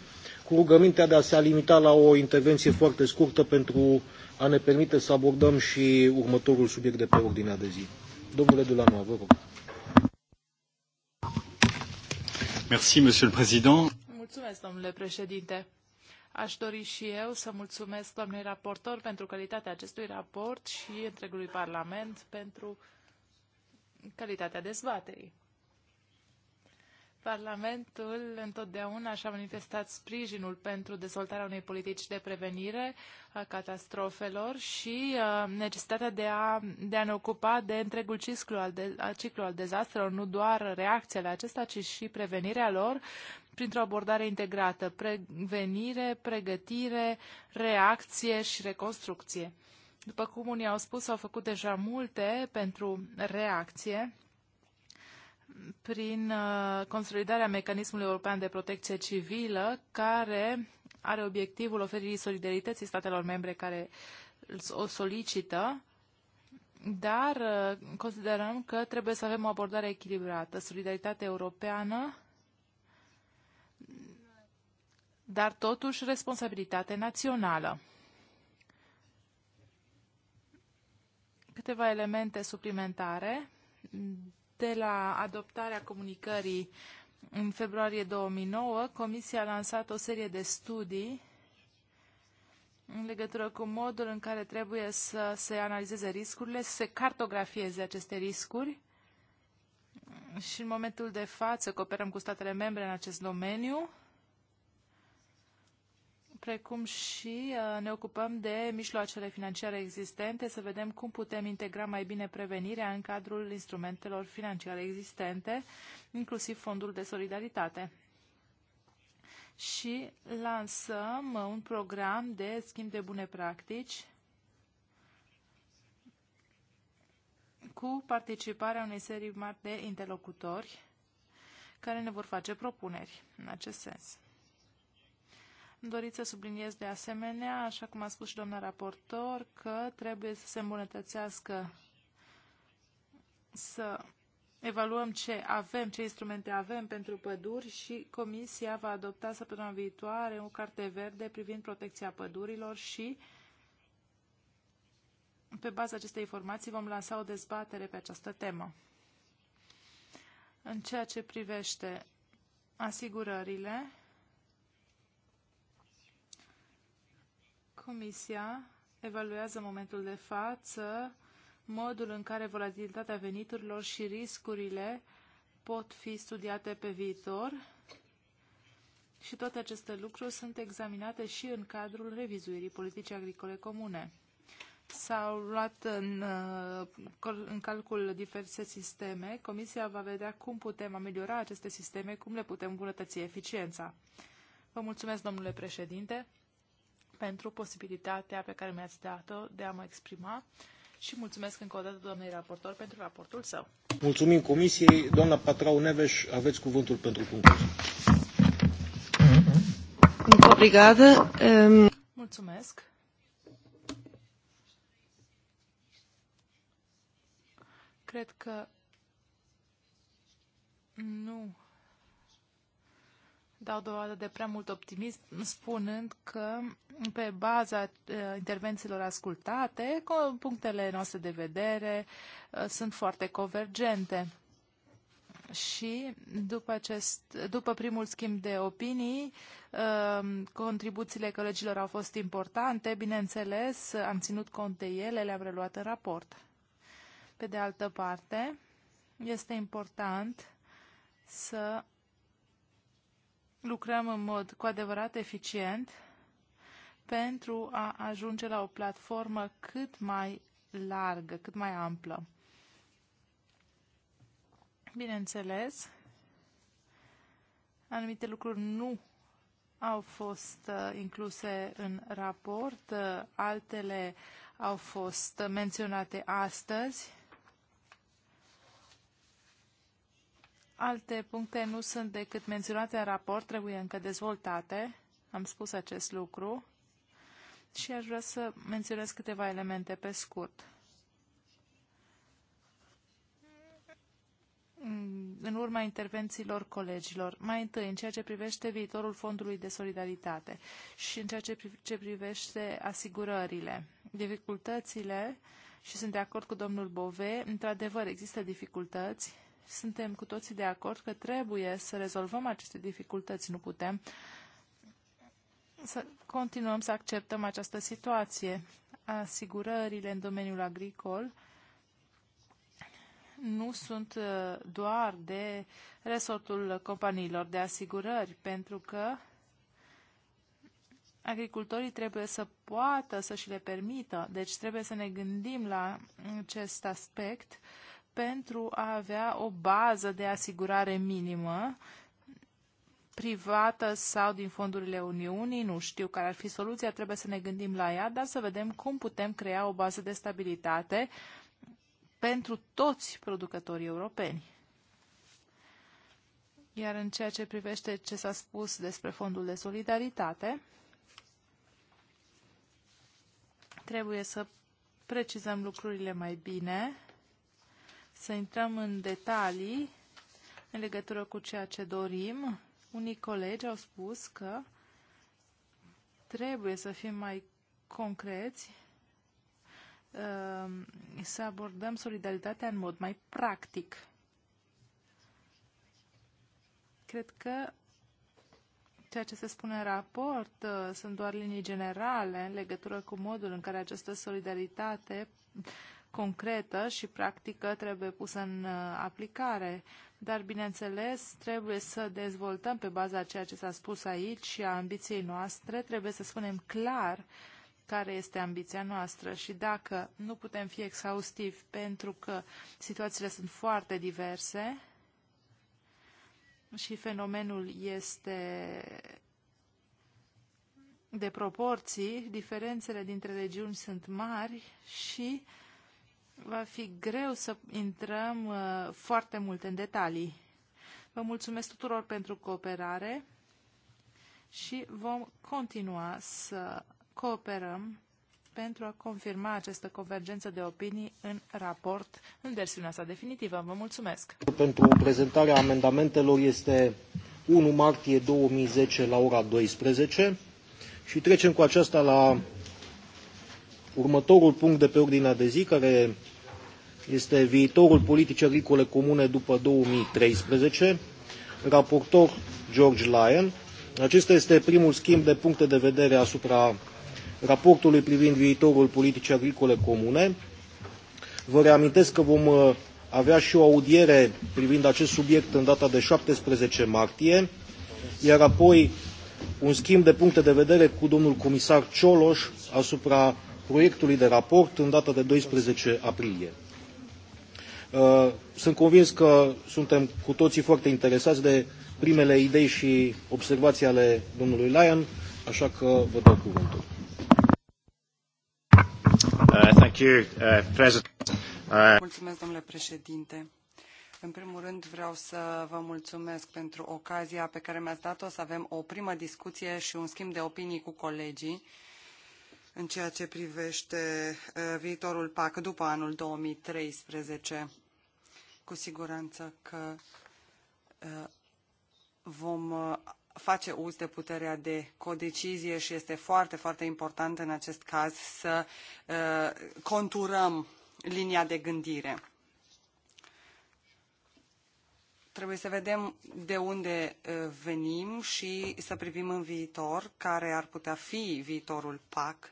cu rugămintea de a se limita la o intervenție foarte scurtă pentru a ne permite să abordăm și următorul subiect de pe ordinea de zi. Domnule Delanoa, vă rog. Merci, Monsieur le Président. Mulțumesc, domnule președinte. Aș dori și eu să mulțumesc doamnei raportor pentru calitatea acestui raport și întregului Parlament pentru calitatea dezbaterii. Parlamentul întotdeauna și-a manifestat sprijinul pentru dezvoltarea unei politici de prevenire a catastrofelor și uh, necesitatea de a, de a ne ocupa de întregul ciclu al, de, al ciclu al dezastrelor, nu doar reacția la acesta, ci și prevenirea lor printr-o abordare integrată, prevenire, pregătire, reacție și reconstrucție. După cum unii au spus, au făcut deja multe pentru reacție prin uh, consolidarea mecanismului european de protecție civilă, care are obiectivul oferirii solidarității statelor membre care o solicită, dar uh, considerăm că trebuie să avem o abordare echilibrată. Solidaritatea europeană, dar totuși responsabilitate națională. Câteva elemente suplimentare de la adoptarea comunicării în februarie 2009, Comisia a lansat o serie de studii în legătură cu modul în care trebuie să se analizeze riscurile, să se cartografieze aceste riscuri și în momentul de față cooperăm cu statele membre în acest domeniu precum și uh, ne ocupăm de mijloacele financiare existente, să vedem cum putem integra mai bine prevenirea în cadrul instrumentelor financiare existente, inclusiv fondul de solidaritate. Și lansăm uh, un program de schimb de bune practici cu participarea unei serii mari de interlocutori care ne vor face propuneri în acest sens. Am dorit să subliniez de asemenea, așa cum a spus și doamna raportor, că trebuie să se îmbunătățească, să evaluăm ce avem, ce instrumente avem pentru păduri și Comisia va adopta săptămâna viitoare o carte verde privind protecția pădurilor și pe baza acestei informații vom lansa o dezbatere pe această temă. În ceea ce privește asigurările, Comisia evaluează în momentul de față modul în care volatilitatea veniturilor și riscurile pot fi studiate pe viitor și toate aceste lucruri sunt examinate și în cadrul revizuirii politicii agricole comune. S-au luat în, uh, în calcul diverse sisteme. Comisia va vedea cum putem ameliora aceste sisteme, cum le putem îmbunătăți eficiența. Vă mulțumesc, domnule președinte pentru posibilitatea pe care mi-ați dat-o de a mă exprima și mulțumesc încă o dată doamnei raportor pentru raportul său. Mulțumim Comisiei. Doamna Patrau Neveș, aveți cuvântul pentru concluzie. Obrigada. Ehm, mulțumesc. Cred că nu dau dovadă de prea mult optimism, spunând că pe baza uh, intervențiilor ascultate, punctele noastre de vedere uh, sunt foarte convergente. Și după, acest, după primul schimb de opinii, uh, contribuțiile colegilor au fost importante, bineînțeles, am ținut cont de ele, le-am reluat în raport. Pe de altă parte, este important să lucrăm în mod cu adevărat eficient pentru a ajunge la o platformă cât mai largă, cât mai amplă. Bineînțeles, anumite lucruri nu au fost uh, incluse în raport, uh, altele au fost menționate astăzi Alte puncte nu sunt decât menționate în raport, trebuie încă dezvoltate. Am spus acest lucru și aș vrea să menționez câteva elemente pe scurt. în urma intervențiilor colegilor. Mai întâi, în ceea ce privește viitorul Fondului de Solidaritate și în ceea ce, ce privește asigurările, dificultățile, și sunt de acord cu domnul Bove, într-adevăr există dificultăți suntem cu toții de acord că trebuie să rezolvăm aceste dificultăți. Nu putem să continuăm să acceptăm această situație. Asigurările în domeniul agricol nu sunt uh, doar de resortul companiilor de asigurări, pentru că agricultorii trebuie să poată să și le permită. Deci trebuie să ne gândim la acest aspect pentru a avea o bază de asigurare minimă privată sau din fondurile Uniunii, nu știu care ar fi soluția, trebuie să ne gândim la ea, dar să vedem cum putem crea o bază de stabilitate pentru toți producătorii europeni. Iar în ceea ce privește ce s-a spus despre fondul de solidaritate, trebuie să precizăm lucrurile mai bine să intrăm în detalii în legătură cu ceea ce dorim. Unii colegi au spus că trebuie să fim mai concreți, uh, să abordăm solidaritatea în mod mai practic. Cred că ceea ce se spune în raport uh, sunt doar linii generale în legătură cu modul în care această solidaritate concretă și practică trebuie pusă în uh, aplicare. Dar, bineînțeles, trebuie să dezvoltăm pe baza ceea ce s-a spus aici și a ambiției noastre, trebuie să spunem clar care este ambiția noastră și dacă nu putem fi exhaustivi pentru că situațiile sunt foarte diverse și fenomenul este de proporții, diferențele dintre regiuni sunt mari și uh, va fi greu să intrăm uh, foarte mult în detalii. Vă mulțumesc tuturor pentru cooperare și vom continua să cooperăm pentru a confirma această convergență de opinii în raport, în versiunea sa definitivă. Vă mulțumesc! Pentru prezentarea amendamentelor este 1 martie 2010 la ora 12 și trecem cu aceasta la Următorul punct de pe ordinea de zi, care este viitorul politicii agricole comune după 2013, raportor George Lyon. Acesta este primul schimb de puncte de vedere asupra raportului privind viitorul politicii agricole comune. Vă reamintesc că vom uh, avea și o audiere privind acest subiect în data de 17 martie, iar apoi un schimb de puncte de vedere cu domnul comisar Cioloș asupra proiectului de raport în data de 12 aprilie. Uh, sunt convins că suntem cu toții foarte interesați de primele idei și observații ale domnului Lyon, așa că vă dau cuvântul. Uh, uh, mulțumesc, domnule președinte. În primul rând vreau să vă mulțumesc pentru ocazia pe care mi-ați dat-o să avem o primă discuție și un schimb de opinii cu colegii în ceea ce privește uh, viitorul PAC după anul 2013. Cu siguranță că uh, vom uh, face uz de puterea de codecizie și este foarte, foarte important în acest caz să conturăm linia de gândire. Trebuie să vedem de unde venim și să privim în viitor care ar putea fi viitorul PAC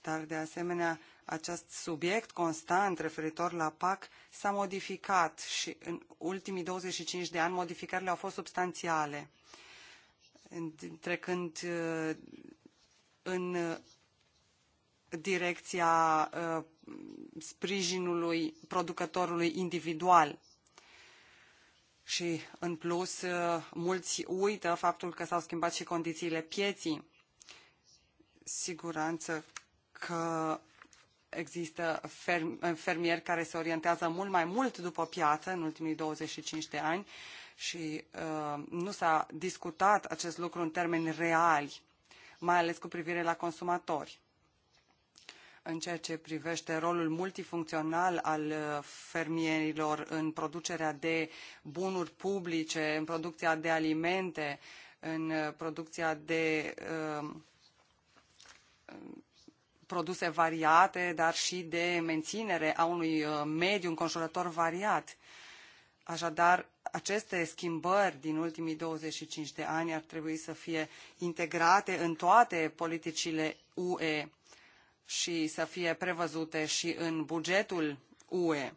dar de asemenea acest subiect constant referitor la PAC s-a modificat și în ultimii 25 de ani modificările au fost substanțiale. Trecând uh, în uh, direcția uh, sprijinului producătorului individual. Și, în plus, mulți uită faptul că s-au schimbat și condițiile pieții. Siguranță că există fermieri care se orientează mult mai mult după piață în ultimii 25 de ani și uh, nu s-a discutat acest lucru în termeni reali, mai ales cu privire la consumatori. În ceea ce privește rolul multifuncțional al uh, fermierilor în producerea de bunuri publice, în producția de alimente, în uh, producția de uh, produse variate, dar și de menținere a unui uh, mediu înconjurător variat. Așadar, aceste schimbări din ultimii 25 de ani ar trebui să fie integrate în toate politicile UE și să fie prevăzute și în bugetul UE.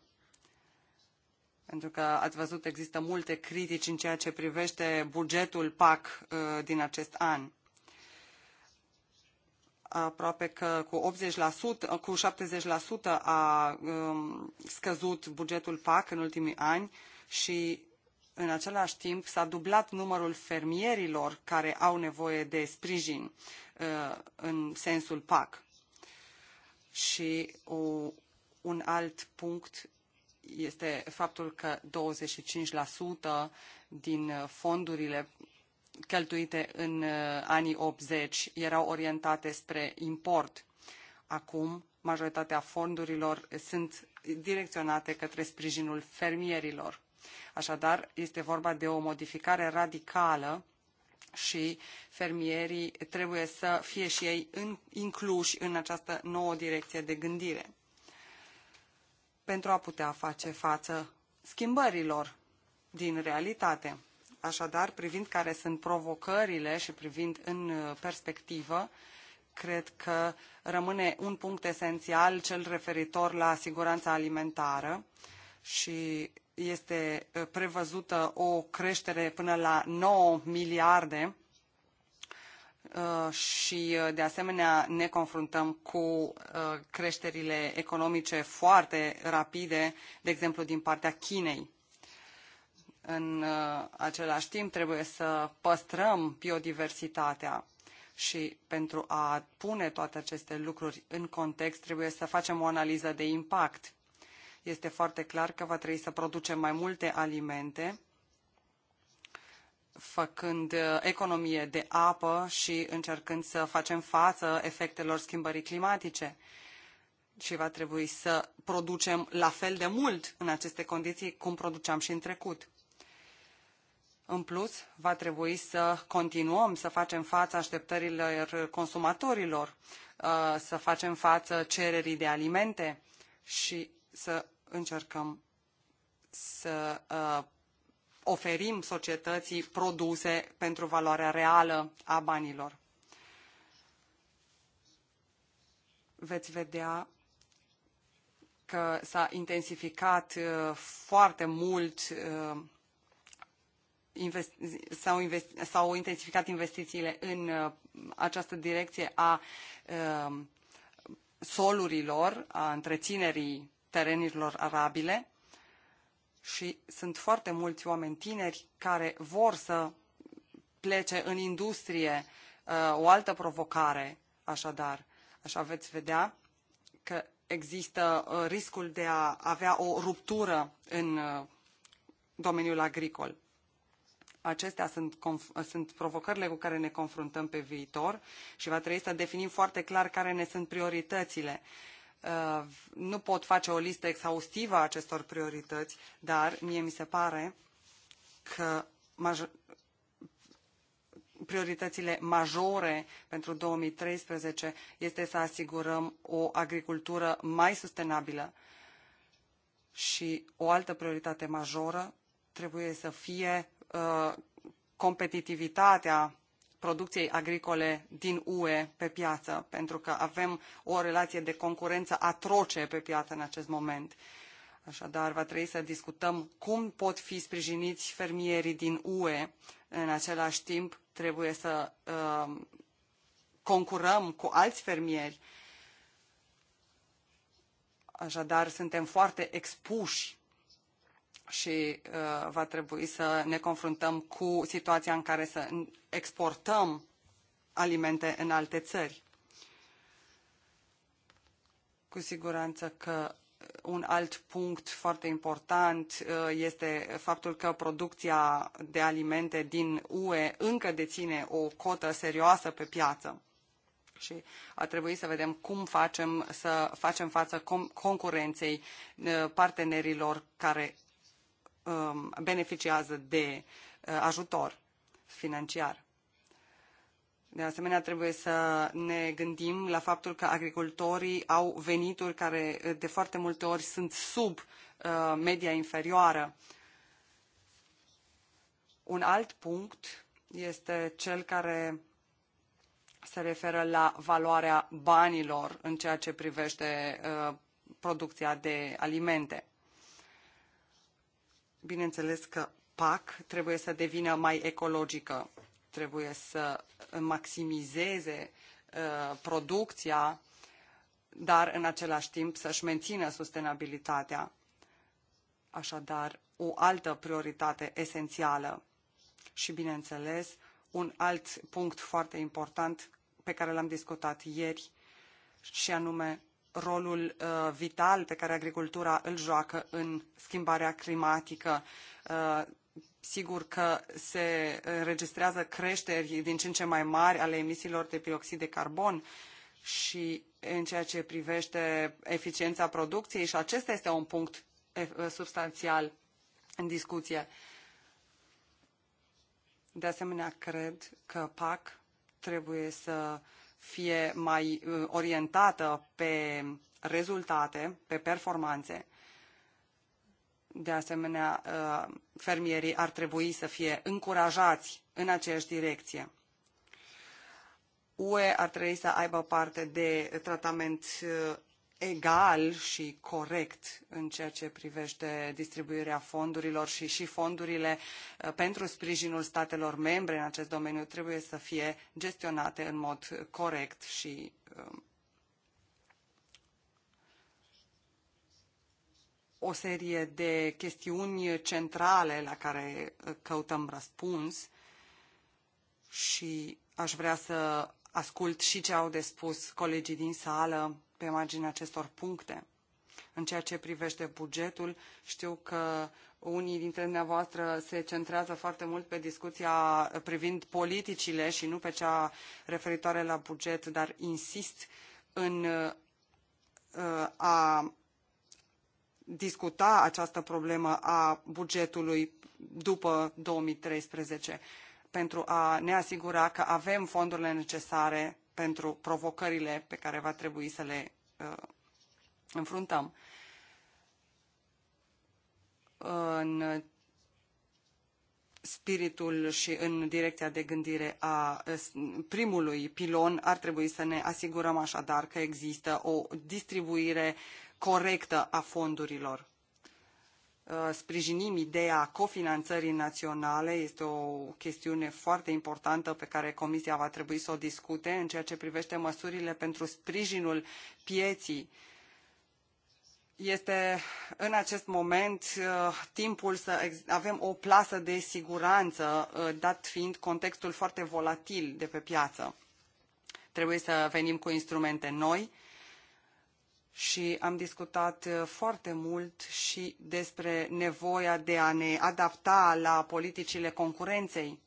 Pentru că, ați văzut, există multe critici în ceea ce privește bugetul PAC uh, din acest an aproape că cu 80%, cu 70% a um, scăzut bugetul PAC în ultimii ani și în același timp s-a dublat numărul fermierilor care au nevoie de sprijin uh, în sensul PAC. Și un alt punct este faptul că 25% din uh, fondurile cheltuite în uh, anii 80 erau orientate spre import. Acum, majoritatea fondurilor sunt direcționate către sprijinul fermierilor. Așadar, este vorba de o modificare radicală și fermierii trebuie să fie și ei incluși în această nouă direcție de gândire pentru a putea face față schimbărilor din realitate. Așadar, privind care sunt provocările și privind în uh, perspectivă, cred că rămâne un punct esențial cel referitor la siguranța alimentară și este uh, prevăzută o creștere până la 9 miliarde uh, și de asemenea ne confruntăm cu creșterile economice foarte rapide, de exemplu din partea Chinei. În uh, același timp trebuie să păstrăm biodiversitatea și pentru a pune toate aceste lucruri în context trebuie să facem o analiză de impact. Este foarte clar că va trebui să producem mai multe alimente făcând uh, economie de apă și încercând să facem față efectelor schimbării climatice. Și va trebui să producem la fel de mult în aceste condiții cum produceam și în trecut. În plus, va trebui să continuăm să facem față așteptărilor consumatorilor, uh, să facem față cererii de alimente și să încercăm să uh, oferim societății produse pentru valoarea reală a banilor. Veți vedea că s-a intensificat uh, foarte mult s-au, investi- au intensificat investițiile în uh, această direcție a uh, solurilor, a întreținerii terenurilor arabile și sunt foarte mulți oameni tineri care vor să plece în industrie, uh, o altă provocare, așadar. Așa veți vedea că există uh, riscul de a avea o ruptură în uh, domeniul agricol acestea sunt, sunt provocările cu care ne confruntăm pe viitor și va trebui să definim foarte clar care ne sunt prioritățile. Uh, nu pot face o listă exhaustivă a acestor priorități, dar mie mi se pare că major... prioritățile majore pentru 2013 este să asigurăm o agricultură mai sustenabilă și o altă prioritate majoră trebuie să fie Uh, competitivitatea producției agricole din UE pe piață, pentru că avem o relație de concurență atroce pe piață în acest moment. Așadar, va trebui să discutăm cum pot fi sprijiniți fermierii din UE. În același timp, trebuie să uh, concurăm cu alți fermieri. Așadar, suntem foarte expuși și uh, va trebui să ne confruntăm cu situația în care să exportăm alimente în alte țări. Cu siguranță că uh, un alt punct foarte important uh, este faptul că producția de alimente din UE încă deține o cotă serioasă pe piață. Și a trebuit să vedem cum facem să facem față concurenței uh, partenerilor care Um, beneficiază de uh, ajutor financiar. De asemenea, trebuie să ne gândim la faptul că agricultorii au venituri care de foarte multe ori sunt sub uh, media inferioară. Un alt punct este cel care se referă la valoarea banilor în ceea ce privește uh, producția de alimente. Bineînțeles că PAC trebuie să devină mai ecologică, trebuie să maximizeze uh, producția, dar în același timp să-și mențină sustenabilitatea. Așadar, o altă prioritate esențială și, bineînțeles, un alt punct foarte important pe care l-am discutat ieri și anume rolul uh, vital pe care agricultura îl joacă în schimbarea climatică. Uh, sigur că se înregistrează creșteri din ce în ce mai mari ale emisiilor de dioxid de carbon și în ceea ce privește eficiența producției și acesta este un punct eh, eh, substanțial în discuție. De asemenea, cred că PAC trebuie să uh, fie mai uh, orientată pe rezultate, pe performanțe. De asemenea, uh, fermierii ar trebui să fie încurajați în aceeași direcție. UE ar trebui să aibă parte de tratament uh, egal și corect în ceea ce privește distribuirea fondurilor și și fondurile uh, pentru sprijinul statelor membre în acest domeniu trebuie să fie gestionate în mod corect și um, o serie de chestiuni centrale la care uh, căutăm răspuns și aș vrea să ascult și ce au de spus colegii din sală pe marginea acestor puncte. În ceea ce privește bugetul, știu că unii dintre dumneavoastră se centrează foarte mult pe discuția privind politicile și nu pe cea referitoare la buget, dar insist în uh, a discuta această problemă a bugetului după 2013 pentru a ne asigura că avem fondurile necesare pentru provocările pe care va trebui să le uh, înfruntăm. În spiritul și în direcția de gândire a primului pilon ar trebui să ne asigurăm așadar că există o distribuire corectă a fondurilor Uh, sprijinim ideea cofinanțării naționale. Este o chestiune foarte importantă pe care Comisia va trebui să o discute în ceea ce privește măsurile pentru sprijinul pieții. Este în acest moment uh, timpul să avem o plasă de siguranță, uh, dat fiind contextul foarte volatil de pe piață. Trebuie să venim cu instrumente noi, și am discutat uh, foarte mult și despre nevoia de a ne adapta la politicile concurenței.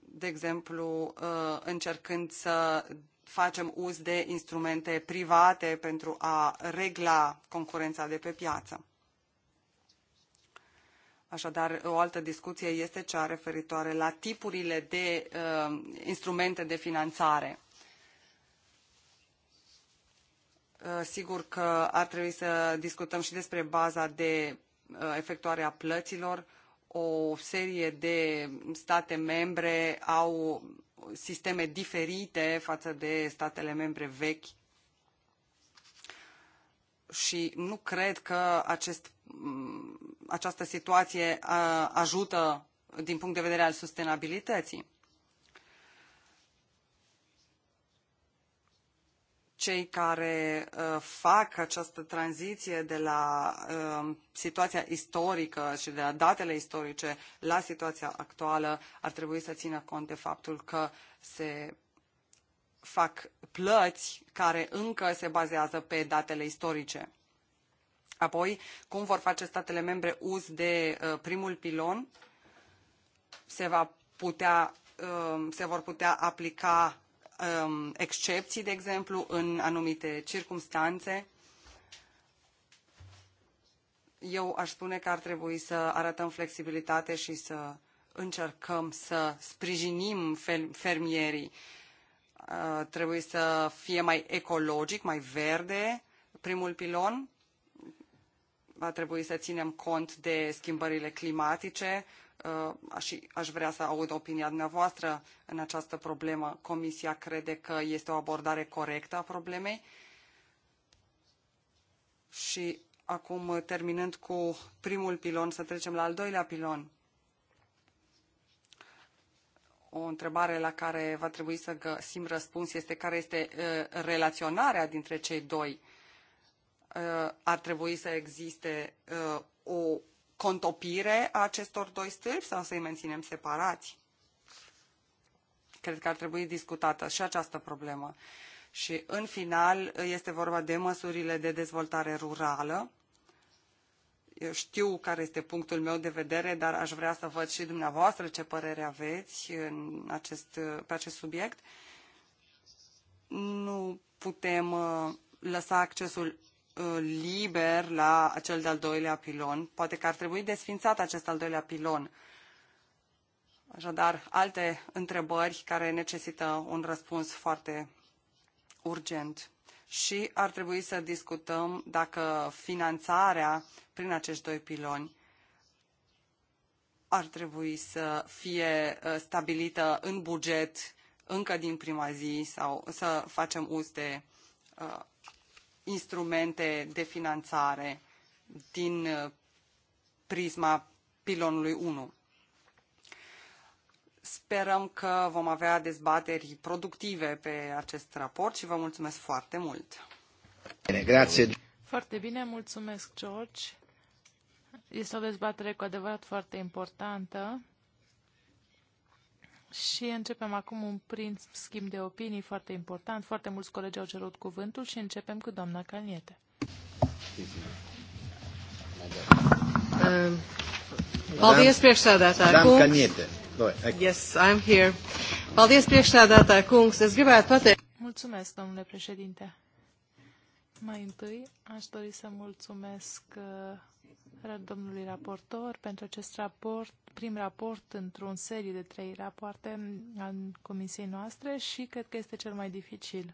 De exemplu, uh, încercând să facem uz de instrumente private pentru a regla concurența de pe piață. Așadar, o altă discuție este cea referitoare la tipurile de uh, instrumente de finanțare. Uh, sigur că ar trebui să discutăm și despre baza de uh, efectuare a plăților. O serie de state membre au sisteme diferite față de statele membre vechi și nu cred că acest, mm, această situație uh, ajută din punct de vedere al sustenabilității. cei care uh, fac această tranziție de la uh, situația istorică și de la datele istorice la situația actuală ar trebui să țină cont de faptul că se fac plăți care încă se bazează pe datele istorice. Apoi, cum vor face statele membre uz de uh, primul pilon? Se, va putea, uh, se vor putea aplica um, excepții, de exemplu, în anumite circumstanțe. Eu aș spune că ar trebui să arătăm flexibilitate și să încercăm să sprijinim fermierii. Uh, trebuie să fie mai ecologic, mai verde primul pilon. Va trebui să ținem cont de schimbările climatice, Uh, și aș vrea să aud opinia dumneavoastră în această problemă. Comisia crede că este o abordare corectă a problemei și acum, terminând cu primul pilon, să trecem la al doilea pilon. O întrebare la care va trebui să găsim răspuns este care este uh, relaționarea dintre cei doi. Uh, ar trebui să existe o contopire a acestor doi stâlpi sau să-i menținem separați? Cred că ar trebui discutată și această problemă. Și în final este vorba de măsurile de dezvoltare rurală. Eu știu care este punctul meu de vedere, dar aș vrea să văd și dumneavoastră ce părere aveți în acest, pe acest subiect. Nu putem uh, lăsa accesul Uh, liber la acel de-al doilea pilon. Poate că ar trebui desfințat acest al doilea pilon. Așadar, alte întrebări care necesită un răspuns foarte urgent. Și ar trebui să discutăm dacă finanțarea prin acești doi piloni ar trebui să fie uh, stabilită în buget încă din prima zi sau să facem uz de instrumente de finanțare din uh, prisma pilonului 1. Sperăm că vom avea dezbateri productive pe acest raport și vă mulțumesc foarte mult. Bine, grație. Foarte bine, mulțumesc, George. Este o dezbatere cu adevărat foarte importantă și începem acum un prim schimb de opinii foarte important. Foarte mulți colegi au cerut cuvântul și începem cu doamna Caniete. Um, yes, I'm here. Mulțumesc, domnule președinte. Mai întâi aș dori să mulțumesc uh, domnului raportor pentru acest raport, prim raport într-un serie de trei rapoarte al comisiei noastre și cred că este cel mai dificil.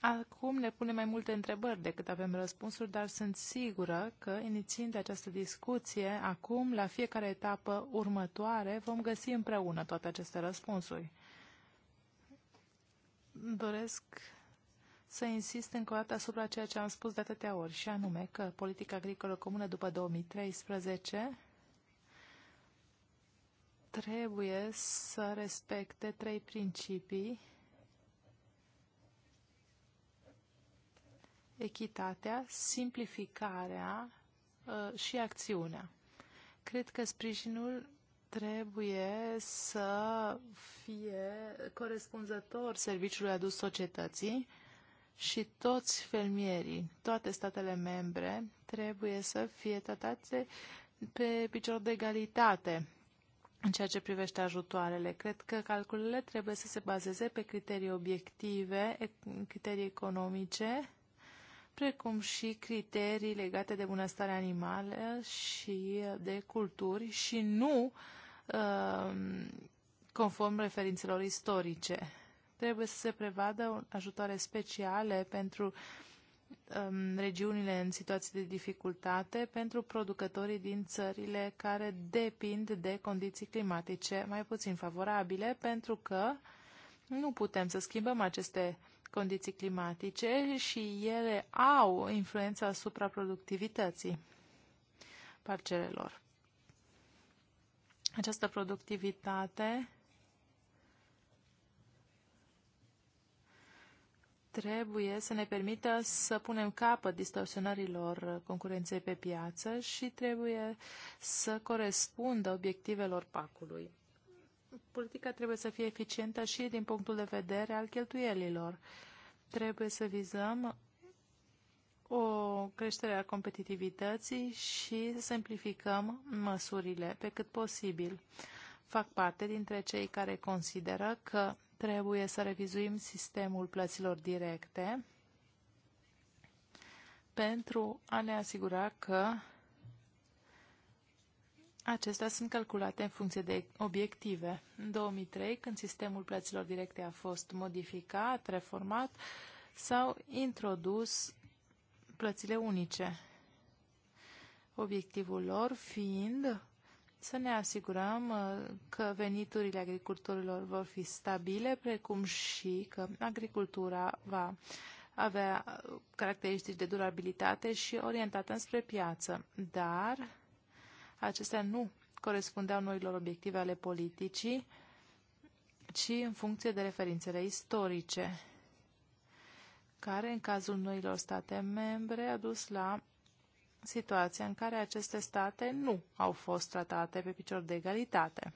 Acum ne pune mai multe întrebări decât avem răspunsuri, dar sunt sigură că, inițiind această discuție, acum, la fiecare etapă următoare, vom găsi împreună toate aceste răspunsuri. Doresc să insist încă o dată asupra ceea ce am spus de atâtea ori, și anume că politica agricolă comună după 2013 trebuie să respecte trei principii. Echitatea, simplificarea uh, și acțiunea. Cred că sprijinul trebuie să fie corespunzător serviciului adus societății și toți fermierii, toate statele membre, trebuie să fie tratate pe picior de egalitate în ceea ce privește ajutoarele. Cred că calculele trebuie să se bazeze pe criterii obiective, criterii economice, precum și criterii legate de bunăstare animală și de culturi și nu uh, conform referințelor istorice trebuie să se prevadă ajutoare speciale pentru um, regiunile în situații de dificultate, pentru producătorii din țările care depind de condiții climatice mai puțin favorabile, pentru că nu putem să schimbăm aceste condiții climatice și ele au influența asupra productivității parcelelor. Această productivitate trebuie să ne permită să punem capăt distorsionărilor concurenței pe piață și trebuie să corespundă obiectivelor pacului. Politica trebuie să fie eficientă și din punctul de vedere al cheltuielilor. Trebuie să vizăm o creștere a competitivității și să simplificăm măsurile pe cât posibil. Fac parte dintre cei care consideră că trebuie să revizuim sistemul plăților directe pentru a ne asigura că acestea sunt calculate în funcție de obiective. În 2003, când sistemul plăților directe a fost modificat, reformat, s-au introdus plățile unice, obiectivul lor fiind să ne asigurăm uh, că veniturile agricultorilor vor fi stabile, precum și că agricultura va avea caracteristici de durabilitate și orientată spre piață. Dar acestea nu corespundeau noilor obiective ale politicii, ci în funcție de referințele istorice, care în cazul noilor state membre a dus la situația în care aceste state nu au fost tratate pe picior de egalitate.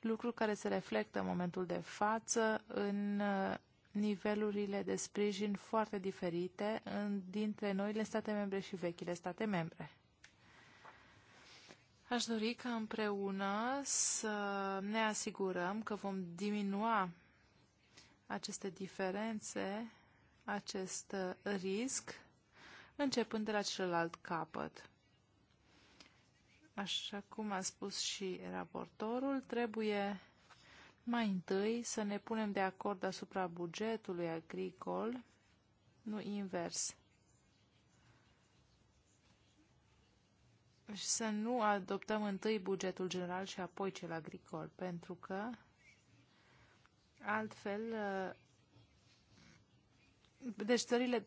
Lucru care se reflectă în momentul de față în uh, nivelurile de sprijin foarte diferite în, dintre noile state membre și vechile state membre. Aș dori ca împreună să ne asigurăm că vom diminua aceste diferențe, acest uh, risc începând de la celălalt capăt. Așa cum a spus și raportorul, trebuie mai întâi să ne punem de acord asupra bugetului agricol, nu invers. Și să nu adoptăm întâi bugetul general și apoi cel agricol, pentru că altfel deci țările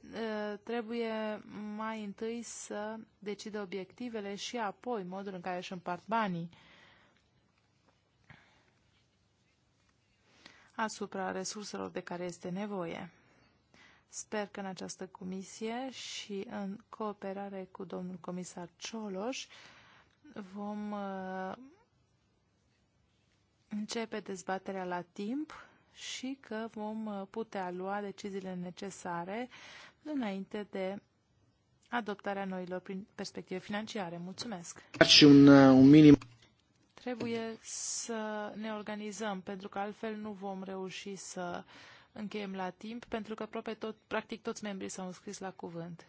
ă, trebuie mai întâi să decide obiectivele și apoi modul în care își împart banii asupra resurselor de care este nevoie. Sper că în această comisie și în cooperare cu domnul comisar Cioloș vom ă, începe dezbaterea la timp și că vom uh, putea lua deciziile necesare înainte de adoptarea noilor perspective financiare. Mulțumesc! Un, uh, un minim. Trebuie să ne organizăm, pentru că altfel nu vom reuși să încheiem la timp, pentru că aproape tot, practic toți membrii s-au înscris la cuvânt.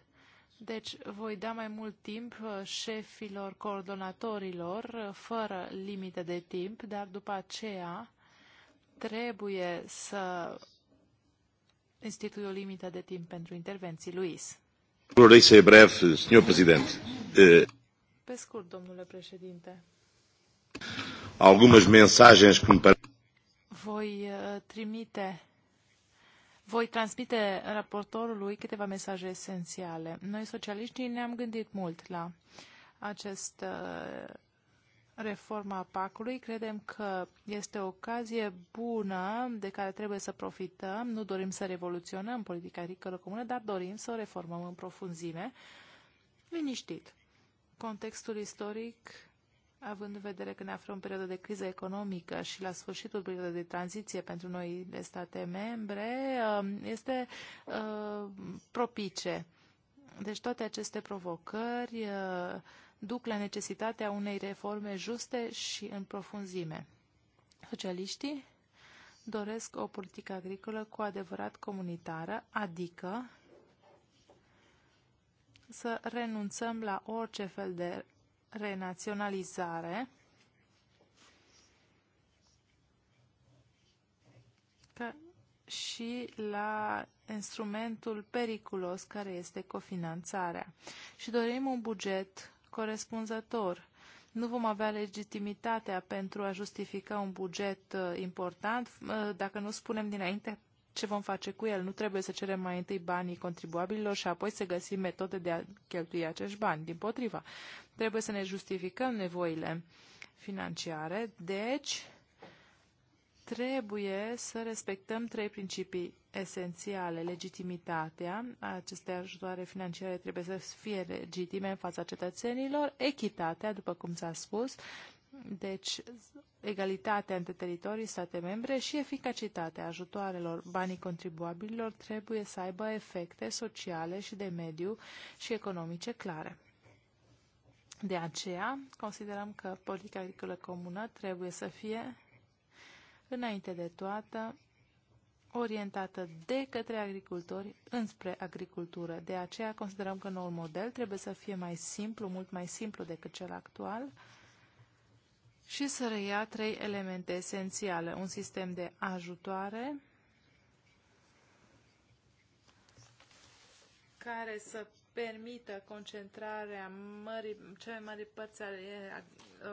Deci voi da mai mult timp uh, șefilor, coordonatorilor, fără limite de timp, dar după aceea trebuie să institui o limită de timp pentru intervenții. Luis. Vrei să brev, domnul președinte. Pe scurt, domnule președinte. Algumas mensagens que me Voi uh, trimite voi transmite raportorului câteva mesaje esențiale. Noi, socialiștii, ne-am gândit mult la acest uh, reforma PAC-ului. Credem că este o ocazie bună de care trebuie să profităm. Nu dorim să revoluționăm politica agricolă comună, dar dorim să o reformăm în profunzime, liniștit. Contextul istoric, având în vedere că ne aflăm în perioadă de criză economică și la sfârșitul perioadei de tranziție pentru noi state membre, um, este uh, propice. Deci toate aceste provocări uh, duc la necesitatea unei reforme juste și în profunzime. Socialiștii doresc o politică agricolă cu adevărat comunitară, adică să renunțăm la orice fel de renaționalizare că și la instrumentul periculos care este cofinanțarea. Și dorim un buget corespunzător. Nu vom avea legitimitatea pentru a justifica un buget uh, important uh, dacă nu spunem dinainte ce vom face cu el. Nu trebuie să cerem mai întâi banii contribuabililor și apoi să găsim metode de a cheltui acești bani. Din potriva, trebuie să ne justificăm nevoile financiare, deci trebuie să respectăm trei principii esențiale. Legitimitatea, aceste ajutoare financiare trebuie să fie legitime în fața cetățenilor, echitatea, după cum s-a spus, deci egalitatea între teritorii, state membre și eficacitatea ajutoarelor banii contribuabililor trebuie să aibă efecte sociale și de mediu și economice clare. De aceea, considerăm că politica agricolă comună trebuie să fie înainte de toată, orientată de către agricultori înspre agricultură. De aceea considerăm că noul model trebuie să fie mai simplu, mult mai simplu decât cel actual și să reia trei elemente esențiale. Un sistem de ajutoare care să permită concentrarea mării, cele mai mari părți ale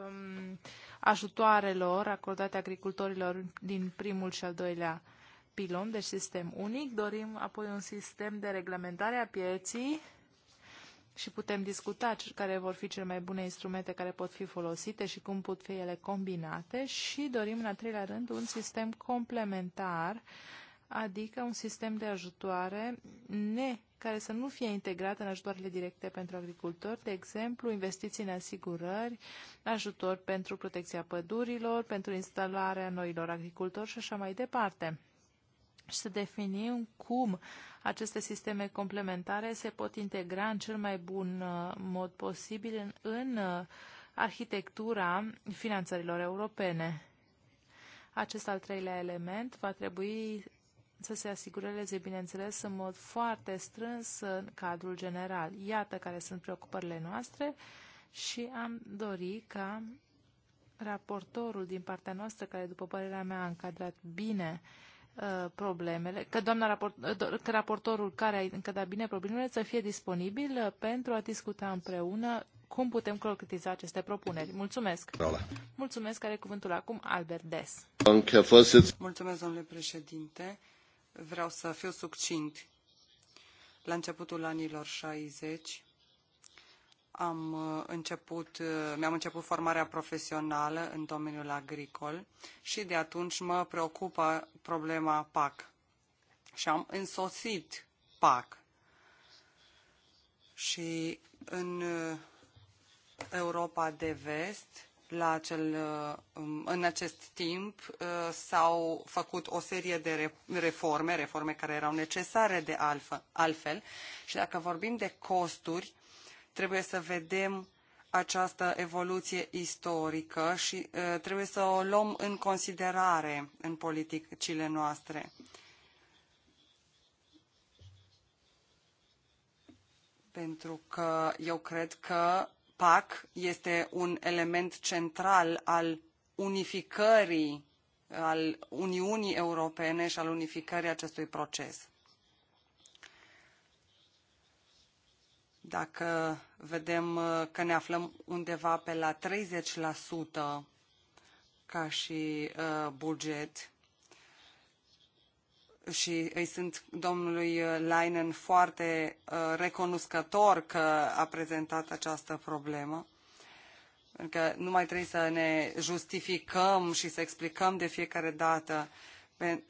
um, ajutoarelor acordate agricultorilor din primul și al doilea pilon, deci sistem unic. Dorim apoi un sistem de reglementare a pieții și putem discuta care vor fi cele mai bune instrumente care pot fi folosite și cum pot fi ele combinate și dorim, în al treilea rând, un sistem complementar adică un sistem de ajutoare ne, care să nu fie integrat în ajutoarele directe pentru agricultori, de exemplu, investiții în asigurări, ajutor pentru protecția pădurilor, pentru instalarea noilor agricultori și așa mai departe. Și să definim cum aceste sisteme complementare se pot integra în cel mai bun uh, mod posibil în, în uh, arhitectura finanțărilor europene. Acest al treilea element va trebui să se asigureze, bineînțeles, în mod foarte strâns în cadrul general. Iată care sunt preocupările noastre și am dori ca raportorul din partea noastră, care după părerea mea a încadrat bine uh, problemele, că, doamna raport, uh, că raportorul care a încadrat bine problemele să fie disponibil uh, pentru a discuta împreună cum putem concretiza aceste propuneri. Mulțumesc! Rola. Mulțumesc, are cuvântul acum Albert Des. Mulțumesc, domnule președinte. Vreau să fiu succint. La începutul anilor 60 am uh, început, uh, mi-am început formarea profesională în domeniul agricol și de atunci mă preocupă problema PAC. Și am însoțit PAC. Și în uh, Europa de Vest la acel, um, în acest timp uh, s-au făcut o serie de reforme, reforme care erau necesare de altfel. Și dacă vorbim de costuri, trebuie să vedem această evoluție istorică și uh, trebuie să o luăm în considerare în politicile noastre. Pentru că eu cred că PAC este un element central al unificării, al Uniunii Europene și al unificării acestui proces. Dacă vedem uh, că ne aflăm undeva pe la 30% ca și uh, buget, și îi sunt domnului uh, Leinen foarte uh, recunoscător că a prezentat această problemă. Pentru că nu mai trebuie să ne justificăm și să explicăm de fiecare dată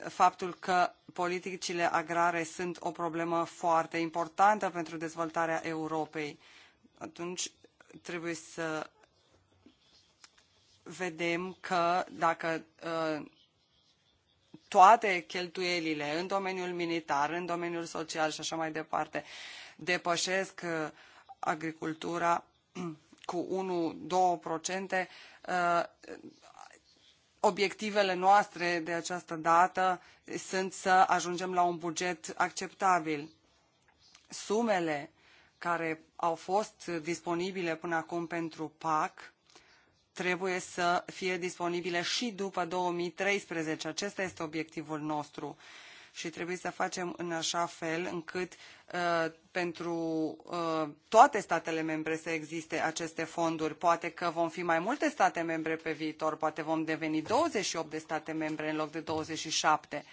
faptul că politicile agrare sunt o problemă foarte importantă pentru dezvoltarea Europei. Atunci trebuie să vedem că dacă uh, toate cheltuielile în domeniul militar, în domeniul social și așa mai departe depășesc uh, agricultura cu 1-2%, uh, obiectivele noastre de această dată sunt să ajungem la un buget acceptabil. Sumele care au fost disponibile până acum pentru PAC trebuie să fie disponibile și după 2013. Acesta este obiectivul nostru și trebuie să facem în așa fel încât uh, pentru uh, toate statele membre să existe aceste fonduri. Poate că vom fi mai multe state membre pe viitor, poate vom deveni 28 de state membre în loc de 27.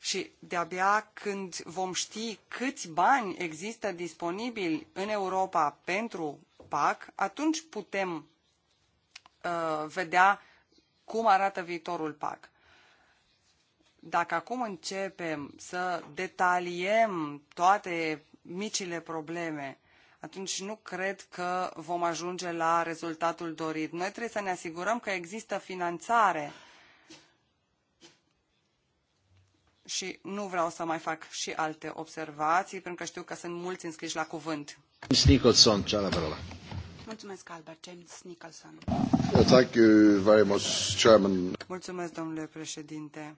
Și de-abia când vom ști câți bani există disponibili în Europa pentru PAC, atunci putem Uh, vedea cum arată viitorul PAC. Dacă acum începem să detaliem toate micile probleme, atunci nu cred că vom ajunge la rezultatul dorit. Noi trebuie să ne asigurăm că există finanțare și nu vreau să mai fac și alte observații, pentru că știu că sunt mulți înscriși la cuvânt. Nicholson, la parola. Mulțumesc, Albert. James Nicholson. Thank you very much, Chairman. Mulțumesc, domnule președinte.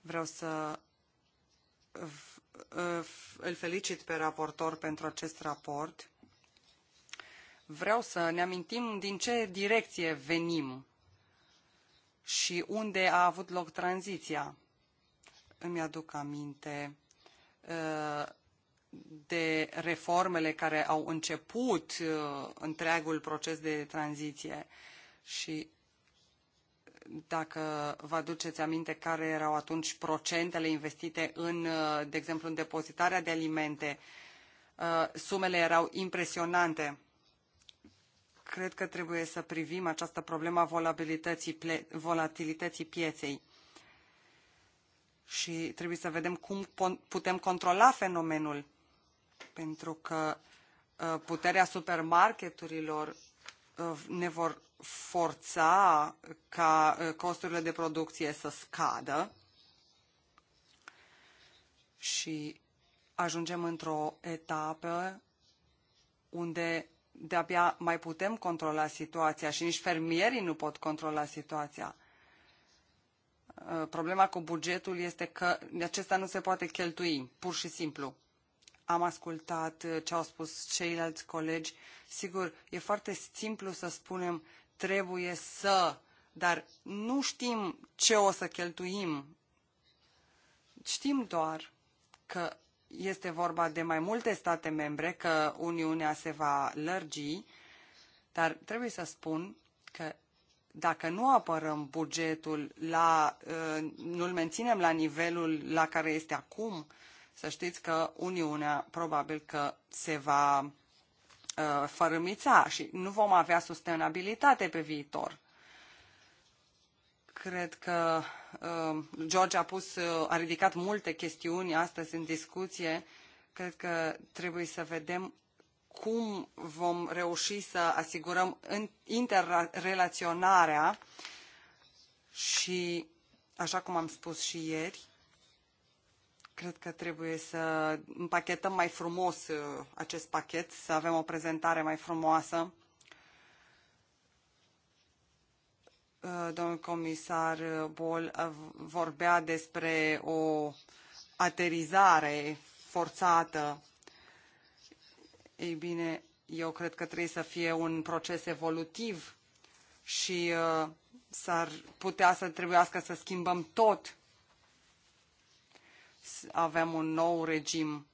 Vreau să îl felicit pe raportor pentru acest raport. Vreau să ne amintim din ce direcție venim și unde a avut loc tranziția. Îmi aduc aminte uh, de reformele care au început uh, întreagul proces de tranziție și dacă vă aduceți aminte care erau atunci procentele investite în, uh, de exemplu, în depozitarea de alimente, uh, sumele erau impresionante. Cred că trebuie să privim această problemă a volatilității, volatilității pieței și trebuie să vedem cum putem controla fenomenul pentru că ă, puterea supermarketurilor ă, ne vor forța ca ă, costurile de producție să scadă și ajungem într-o etapă unde de-abia mai putem controla situația și nici fermierii nu pot controla situația. Problema cu bugetul este că acesta nu se poate cheltui, pur și simplu am ascultat uh, ce au spus ceilalți colegi. Sigur, e foarte simplu să spunem trebuie să, dar nu știm ce o să cheltuim. Știm doar că este vorba de mai multe state membre, că Uniunea se va lărgi, dar trebuie să spun că dacă nu apărăm bugetul, la, uh, nu-l menținem la nivelul la care este acum, să știți că Uniunea probabil că se va uh, fărâmița și nu vom avea sustenabilitate pe viitor. Cred că uh, George a pus, uh, a ridicat multe chestiuni astăzi în discuție. Cred că trebuie să vedem cum vom reuși să asigurăm interrelaționarea și, așa cum am spus și ieri, Cred că trebuie să împachetăm mai frumos uh, acest pachet, să avem o prezentare mai frumoasă. Uh, domnul comisar uh, Bol vorbea despre o aterizare forțată. Ei bine, eu cred că trebuie să fie un proces evolutiv și s-ar putea să trebuiască să schimbăm tot avem un nou regim.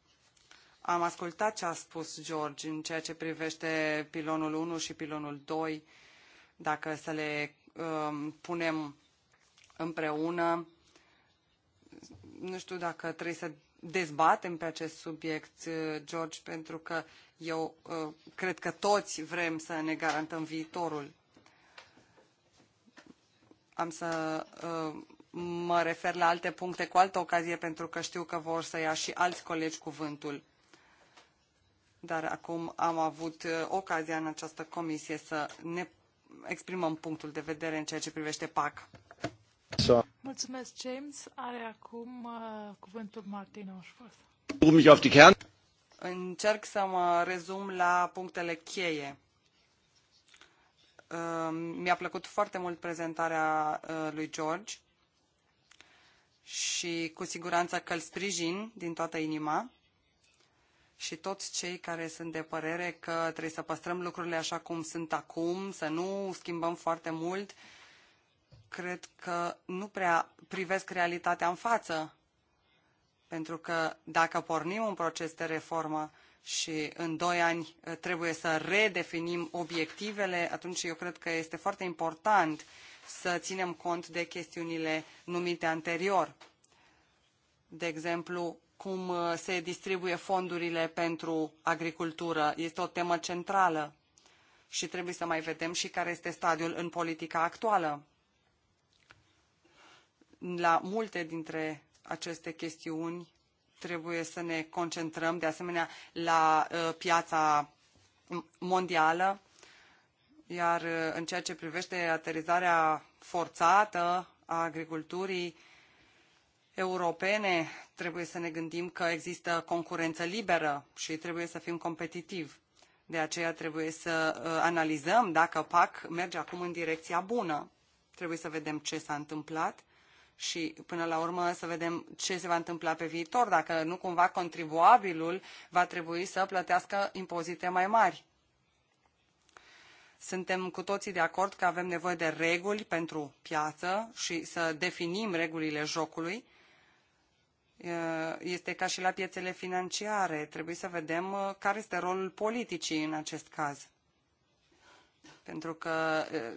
Am ascultat ce a spus George în ceea ce privește pilonul 1 și pilonul 2, dacă să le um, punem împreună. Nu știu dacă trebuie să dezbatem pe acest subiect, uh, George, pentru că eu uh, cred că toți vrem să ne garantăm viitorul. Am să uh, mă refer la alte puncte cu altă ocazie, pentru că știu că vor să ia și alți colegi cuvântul. Dar acum am avut uh, ocazia în această comisie să ne exprimăm punctul de vedere în ceea ce privește PAC. Mulțumesc, James. Are acum uh, cuvântul Martin Oșford. Încerc să mă rezum la punctele cheie. Uh, Mi-a plăcut foarte mult prezentarea uh, lui George și cu siguranță că îl sprijin din toată inima și toți cei care sunt de părere că trebuie să păstrăm lucrurile așa cum sunt acum, să nu schimbăm foarte mult, cred că nu prea privesc realitatea în față. Pentru că dacă pornim un proces de reformă și în doi ani eh, trebuie să redefinim obiectivele, atunci eu cred că este foarte important uh, să ținem cont de chestiunile numite anterior. De exemplu, cum uh, se distribuie fondurile pentru agricultură. Este o temă centrală și trebuie să mai vedem și care este stadiul în politica actuală. La multe dintre aceste chestiuni trebuie să ne concentrăm, de asemenea, la uh, piața mondială iar uh, în ceea ce privește aterizarea forțată a agriculturii europene, trebuie să ne gândim că există concurență liberă și trebuie să fim competitivi. De aceea trebuie să uh, analizăm dacă PAC merge acum în direcția bună. Trebuie să vedem ce s-a întâmplat și până la urmă să vedem ce se va întâmpla pe viitor, dacă nu cumva contribuabilul va trebui să plătească impozite mai mari. Suntem cu toții de acord că avem nevoie de reguli pentru piață și să definim regulile jocului. Este ca și la piețele financiare. Trebuie să vedem uh, care este rolul politicii în acest caz. Pentru că, uh,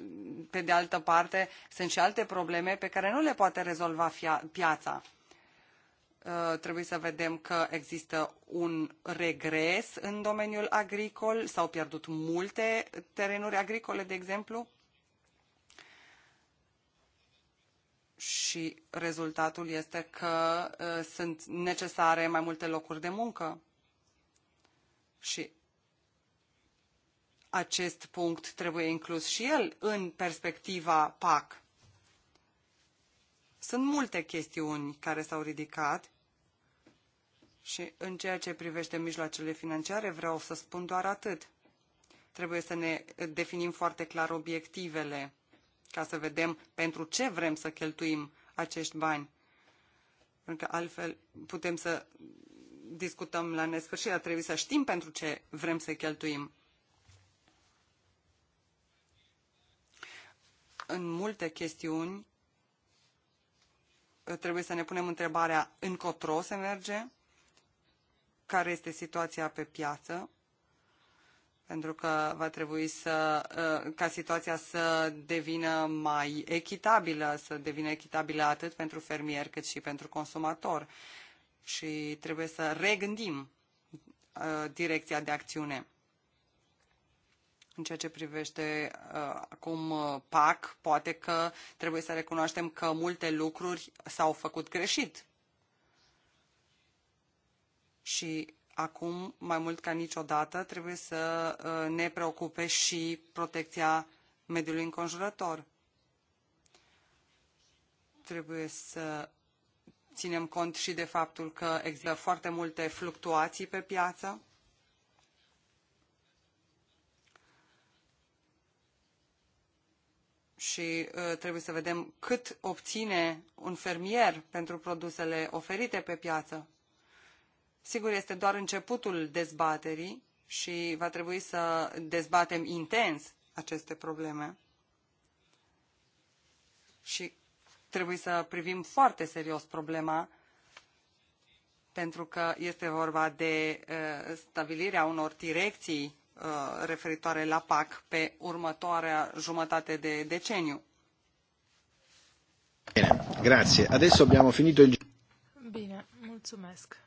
pe de altă parte, sunt și alte probleme pe care nu le poate rezolva piața Uh, trebuie să vedem că există un regres în domeniul agricol, s-au pierdut multe terenuri agricole, de exemplu, și rezultatul este că uh, sunt necesare mai multe locuri de muncă. Și acest punct trebuie inclus și el în perspectiva PAC. Sunt multe chestiuni care s-au ridicat și în ceea ce privește mijloacele financiare, vreau să spun doar atât. Trebuie să ne definim foarte clar obiectivele ca să vedem pentru ce vrem să cheltuim acești bani. Pentru că altfel putem să discutăm la nesfârșit, dar trebuie să știm pentru ce vrem să cheltuim. În multe chestiuni trebuie să ne punem întrebarea încotro se merge, care este situația pe piață, pentru că va trebui să, uh, ca situația să devină mai echitabilă, să devină echitabilă atât pentru fermier cât și pentru consumator. Și trebuie să regândim uh, direcția de acțiune. În ceea ce privește uh, acum uh, PAC, poate că trebuie să recunoaștem că multe lucruri s-au făcut greșit și acum, mai mult ca niciodată, trebuie să uh, ne preocupe și protecția mediului înconjurător. Trebuie să ținem cont și de faptul că există foarte multe fluctuații pe piață. și uh, trebuie să vedem cât obține un fermier pentru produsele oferite pe piață. Sigur, este doar începutul dezbaterii și va trebui să dezbatem intens aceste probleme și trebuie să privim foarte serios problema pentru că este vorba de uh, stabilirea unor direcții uh, referitoare la PAC pe următoarea jumătate de deceniu. Bine, grazie. Adesso abbiamo finito il... Bine, mulțumesc.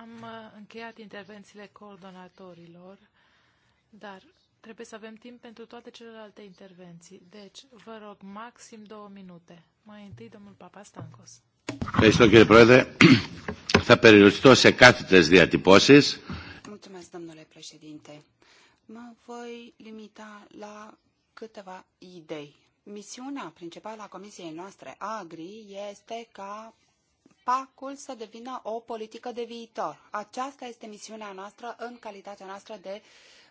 Am uh, încheiat intervențiile coordonatorilor, dar trebuie să avem timp pentru toate celelalte intervenții. Deci, vă rog, maxim două minute. Mai întâi, domnul Papa Stancos. Ευχαριστώ κύριε Πρόεδρε. Θα περιοριστώ σε κάθετες διατυπώσεις. Mulțumesc, domnule președinte. Mă voi limita la câteva idei. Misiunea principală a comisiei noastre, AGRI, este ca PAC-ul să devină o politică de viitor. Aceasta este misiunea noastră în calitatea noastră de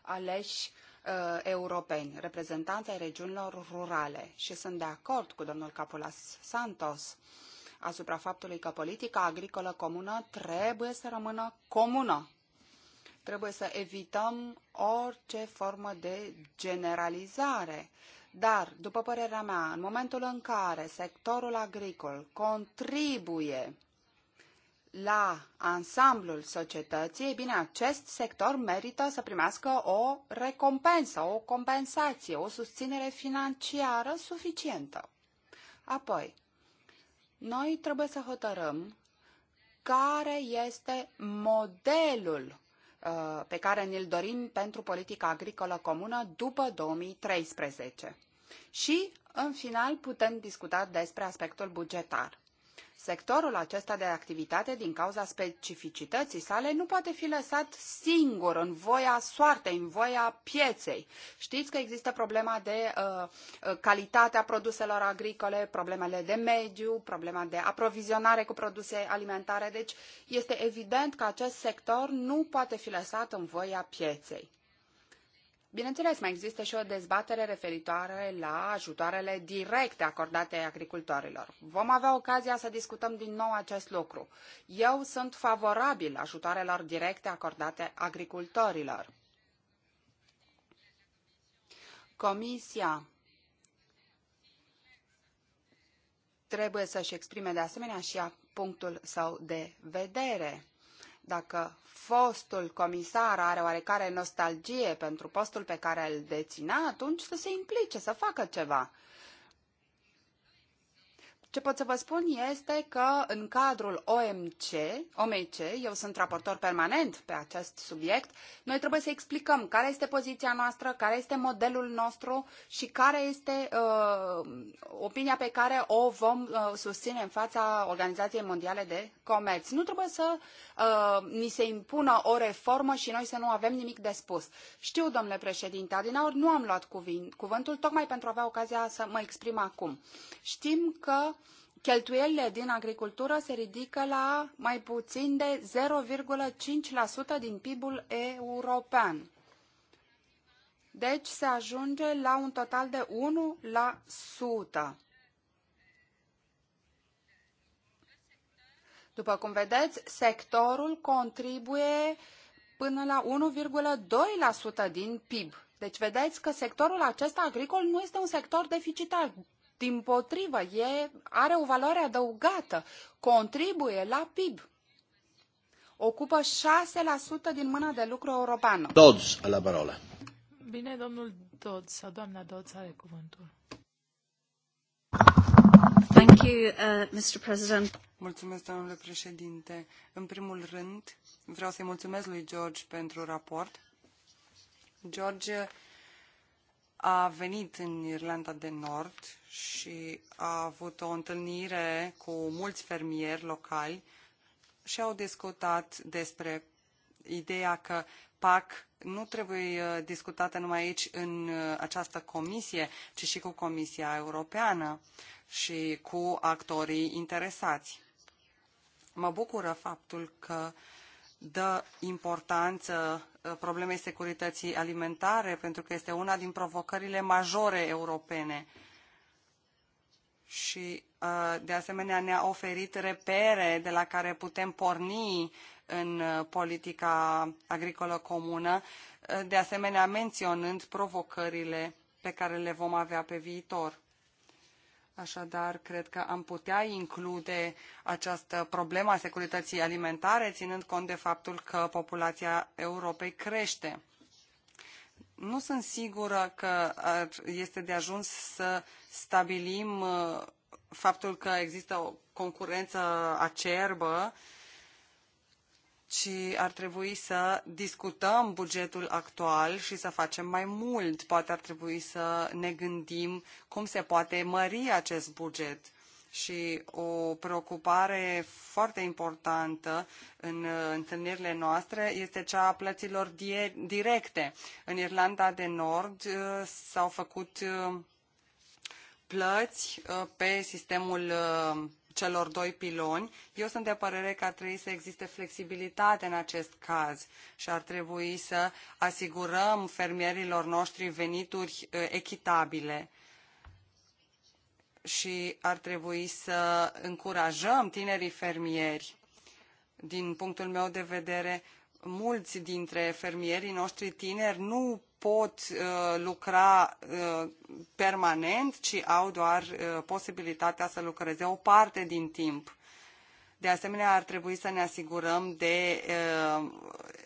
aleși uh, europeni, reprezentanți ai regiunilor rurale. Și sunt de acord cu domnul Capulas Santos asupra faptului că politica agricolă comună trebuie să rămână comună. Trebuie să evităm orice formă de generalizare. Dar, după părerea mea, în momentul în care sectorul agricol contribuie la ansamblul societății, bine, acest sector merită să primească o recompensă, o compensație, o susținere financiară suficientă. Apoi, noi trebuie să hotărâm care este modelul uh, pe care ne-l dorim pentru politica agricolă comună după 2013. Și, în final, putem discuta despre aspectul bugetar. Sectorul acesta de activitate, din cauza specificității sale, nu poate fi lăsat singur în voia soartei, în voia pieței. Știți că există problema de uh, uh, calitatea produselor agricole, problemele de mediu, problema de aprovizionare cu produse alimentare. Deci este evident că acest sector nu poate fi lăsat în voia pieței. Bineînțeles, mai există și o dezbatere referitoare la ajutoarele directe acordate agricultorilor. Vom avea ocazia să discutăm din nou acest lucru. Eu sunt favorabil ajutoarelor directe acordate agricultorilor. Comisia trebuie să-și exprime de asemenea și punctul său de vedere dacă fostul comisar are oarecare nostalgie pentru postul pe care îl deținea, atunci să se implice, să facă ceva. Ce pot să vă spun este că în cadrul OMC, OMC, eu sunt raportor permanent pe acest subiect, noi trebuie să explicăm care este poziția noastră, care este modelul nostru și care este uh, opinia pe care o vom uh, susține în fața Organizației Mondiale de Comerț. Nu trebuie să uh, ni se impună o reformă și noi să nu avem nimic de spus. Știu, domnule președinte, adinaori nu am luat cuvântul tocmai pentru a avea ocazia să mă exprim acum. Știm că cheltuielile din agricultură se ridică la mai puțin de 0,5% din PIB-ul european. Deci se ajunge la un total de 1%. După cum vedeți, sectorul contribuie până la 1,2% din PIB. Deci vedeți că sectorul acesta agricol nu este un sector deficitar, Dimpotrivă, e, are o valoare adăugată, contribuie la PIB. Ocupă 6% din mână de lucru europeană. Dodds, la parola. Bine, domnul Dodds sau doamna Dodds are cuvântul. Thank you, uh, Mr. President. Mulțumesc, domnule președinte. În primul rând, vreau să-i mulțumesc lui George pentru raport. George a venit în Irlanda de Nord și a avut o întâlnire cu mulți fermieri locali și au discutat despre ideea că PAC nu trebuie uh, discutată numai aici în uh, această comisie, ci și cu Comisia Europeană și cu actorii interesați. Mă bucură faptul că uh, dă importanță uh, problemei securității alimentare, pentru că este una din provocările majore europene. Și, uh, de asemenea, ne-a oferit repere de la care putem porni în uh, politica agricolă comună, de asemenea menționând provocările pe care le vom avea pe viitor. Așadar, cred că am putea include această problemă a securității alimentare, ținând cont de faptul că populația Europei crește. Nu sunt sigură că este de ajuns să stabilim uh, faptul că există o concurență acerbă uh, ci ar trebui să discutăm bugetul actual și să facem mai mult. Poate ar trebui să ne gândim cum se poate mări acest buget. Și o preocupare foarte importantă în uh, întâlnirile noastre este cea a plăților directe. În Irlanda de Nord uh, s-au făcut uh, plăți pe sistemul celor doi piloni. Eu sunt de părere că ar trebui să existe flexibilitate în acest caz și ar trebui să asigurăm fermierilor noștri venituri uh, echitabile și ar trebui să încurajăm tinerii fermieri. Din punctul meu de vedere, mulți dintre fermierii noștri tineri nu pot uh, lucra uh, permanent, ci au doar uh, posibilitatea să lucreze o parte din timp. De asemenea, ar trebui să ne asigurăm de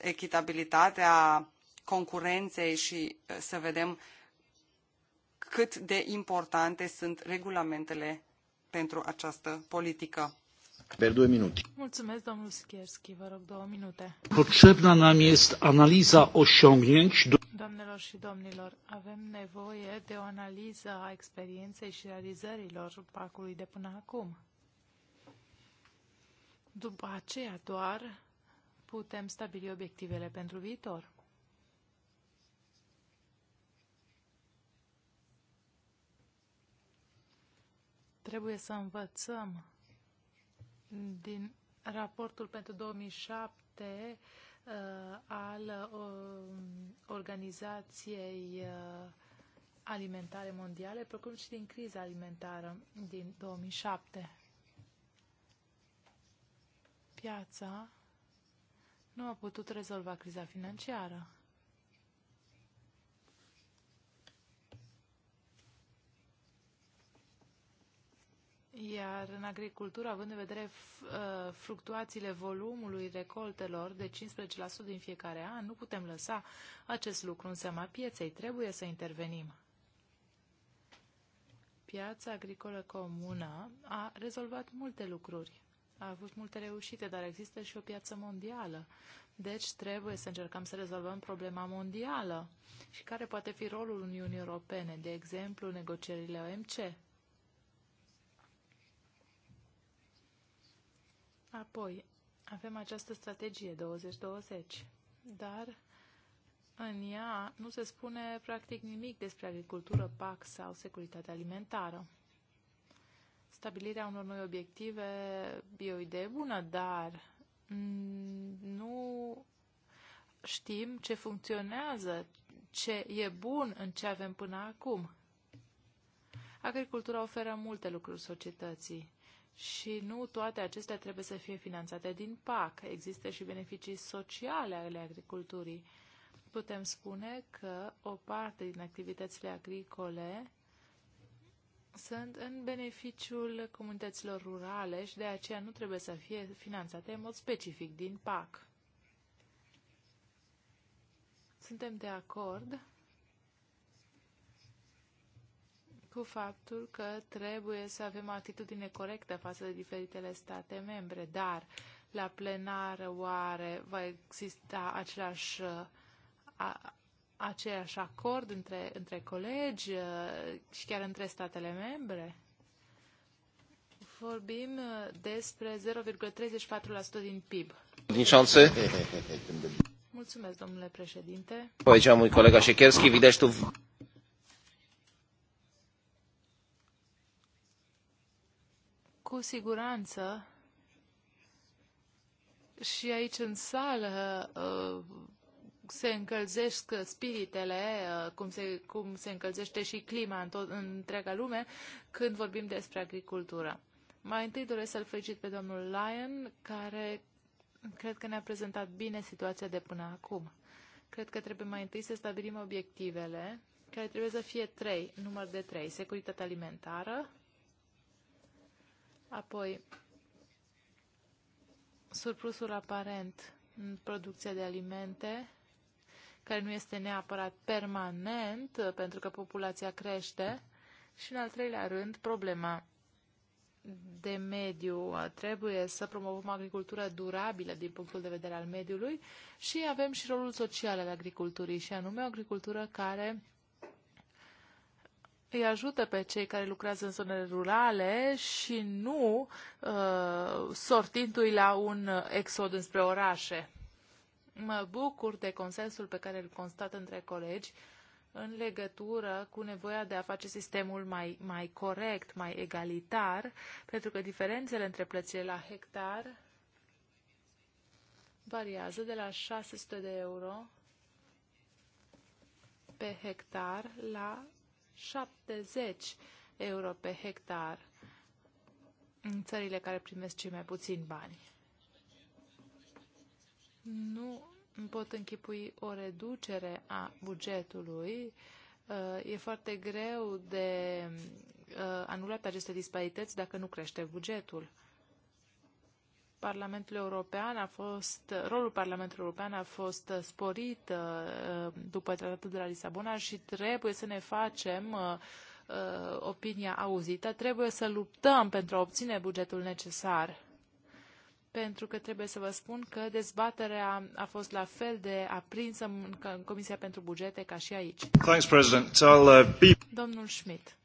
echitabilitatea concurenței și să vedem cât de importante sunt regulamentele pentru această politică. Per două minute. Mulțumesc, domnul Schierski, vă două minute. Potrzebna nam jest analiza osiągnięć. Doamnelor și domnilor, avem nevoie de o analiză a experienței și realizărilor pacului de până acum. După aceea doar putem stabili obiectivele pentru viitor. Trebuie să învățăm din raportul pentru 2007 uh, al uh, Organizației uh, Alimentare Mondiale, precum și din criza alimentară din 2007. Piața nu a putut rezolva criza financiară. Iar în agricultură, având în vedere uh, fluctuațiile volumului recoltelor de 15% din fiecare an, nu putem lăsa acest lucru în seama pieței. Trebuie să intervenim. Piața agricolă comună a rezolvat multe lucruri. A avut multe reușite, dar există și o piață mondială. Deci trebuie să încercăm să rezolvăm problema mondială și care poate fi rolul Uniunii Europene, de exemplu negocierile OMC Apoi, avem această strategie 2020, dar în ea nu se spune practic nimic despre agricultură, PAC sau securitate alimentară. Stabilirea unor noi obiective e o idee bună, dar nu știm ce funcționează, ce e bun în ce avem până acum. Agricultura oferă multe lucruri societății și nu toate acestea trebuie să fie finanțate din PAC. Există și beneficii sociale ale agriculturii. Putem spune că o parte din activitățile agricole sunt în beneficiul comunităților rurale și de aceea nu trebuie să fie finanțate în mod specific din PAC. Suntem de acord cu faptul că trebuie să avem o atitudine corectă față de diferitele state membre, dar la plenară oare va exista același, uh, a, aceeași acord între, între colegi uh, și chiar între statele membre? Vorbim uh, despre 0,34% din PIB. Din șanse? Mulțumesc, domnule președinte. am un kolega Siekierski, vedeți tu cu siguranță și aici în sală uh, se încălzesc spiritele, uh, cum se, cum se încălzește și clima în, tot, în întreaga lume, când vorbim despre agricultură. Mai întâi doresc să-l felicit pe domnul Lyon, care cred că ne-a prezentat bine situația de până acum. Cred că trebuie mai întâi să stabilim obiectivele, care trebuie să fie trei, număr de trei, securitate alimentară, Apoi, surplusul aparent în producția de alimente, care nu este neapărat permanent, pentru că populația crește. Și, în al treilea rând, problema de mediu. Trebuie să promovăm o agricultură durabilă din punctul de vedere al mediului și avem și rolul social al agriculturii, și anume o agricultură care îi ajută pe cei care lucrează în zonele rurale și nu uh, sortindu-i la un exod înspre orașe. Mă bucur de consensul pe care îl constat între colegi în legătură cu nevoia de a face sistemul mai, mai corect, mai egalitar, pentru că diferențele între plățile la hectar variază de la 600 de euro pe hectar la 70 euro pe hectar în țările care primesc cei mai puțini bani. Nu pot închipui o reducere a bugetului. Uh, e foarte greu de uh, anulat aceste disparități dacă nu crește bugetul. Parlamentul European a fost, rolul Parlamentului European a fost sporit uh, după tratatul de la Lisabona și trebuie să ne facem uh, uh, opinia auzită, trebuie să luptăm pentru a obține bugetul necesar. Pentru că trebuie să vă spun că dezbaterea a fost la fel de aprinsă în Comisia pentru Bugete ca și aici. Thanks, President. I'll, uh, be... Domnul Schmidt.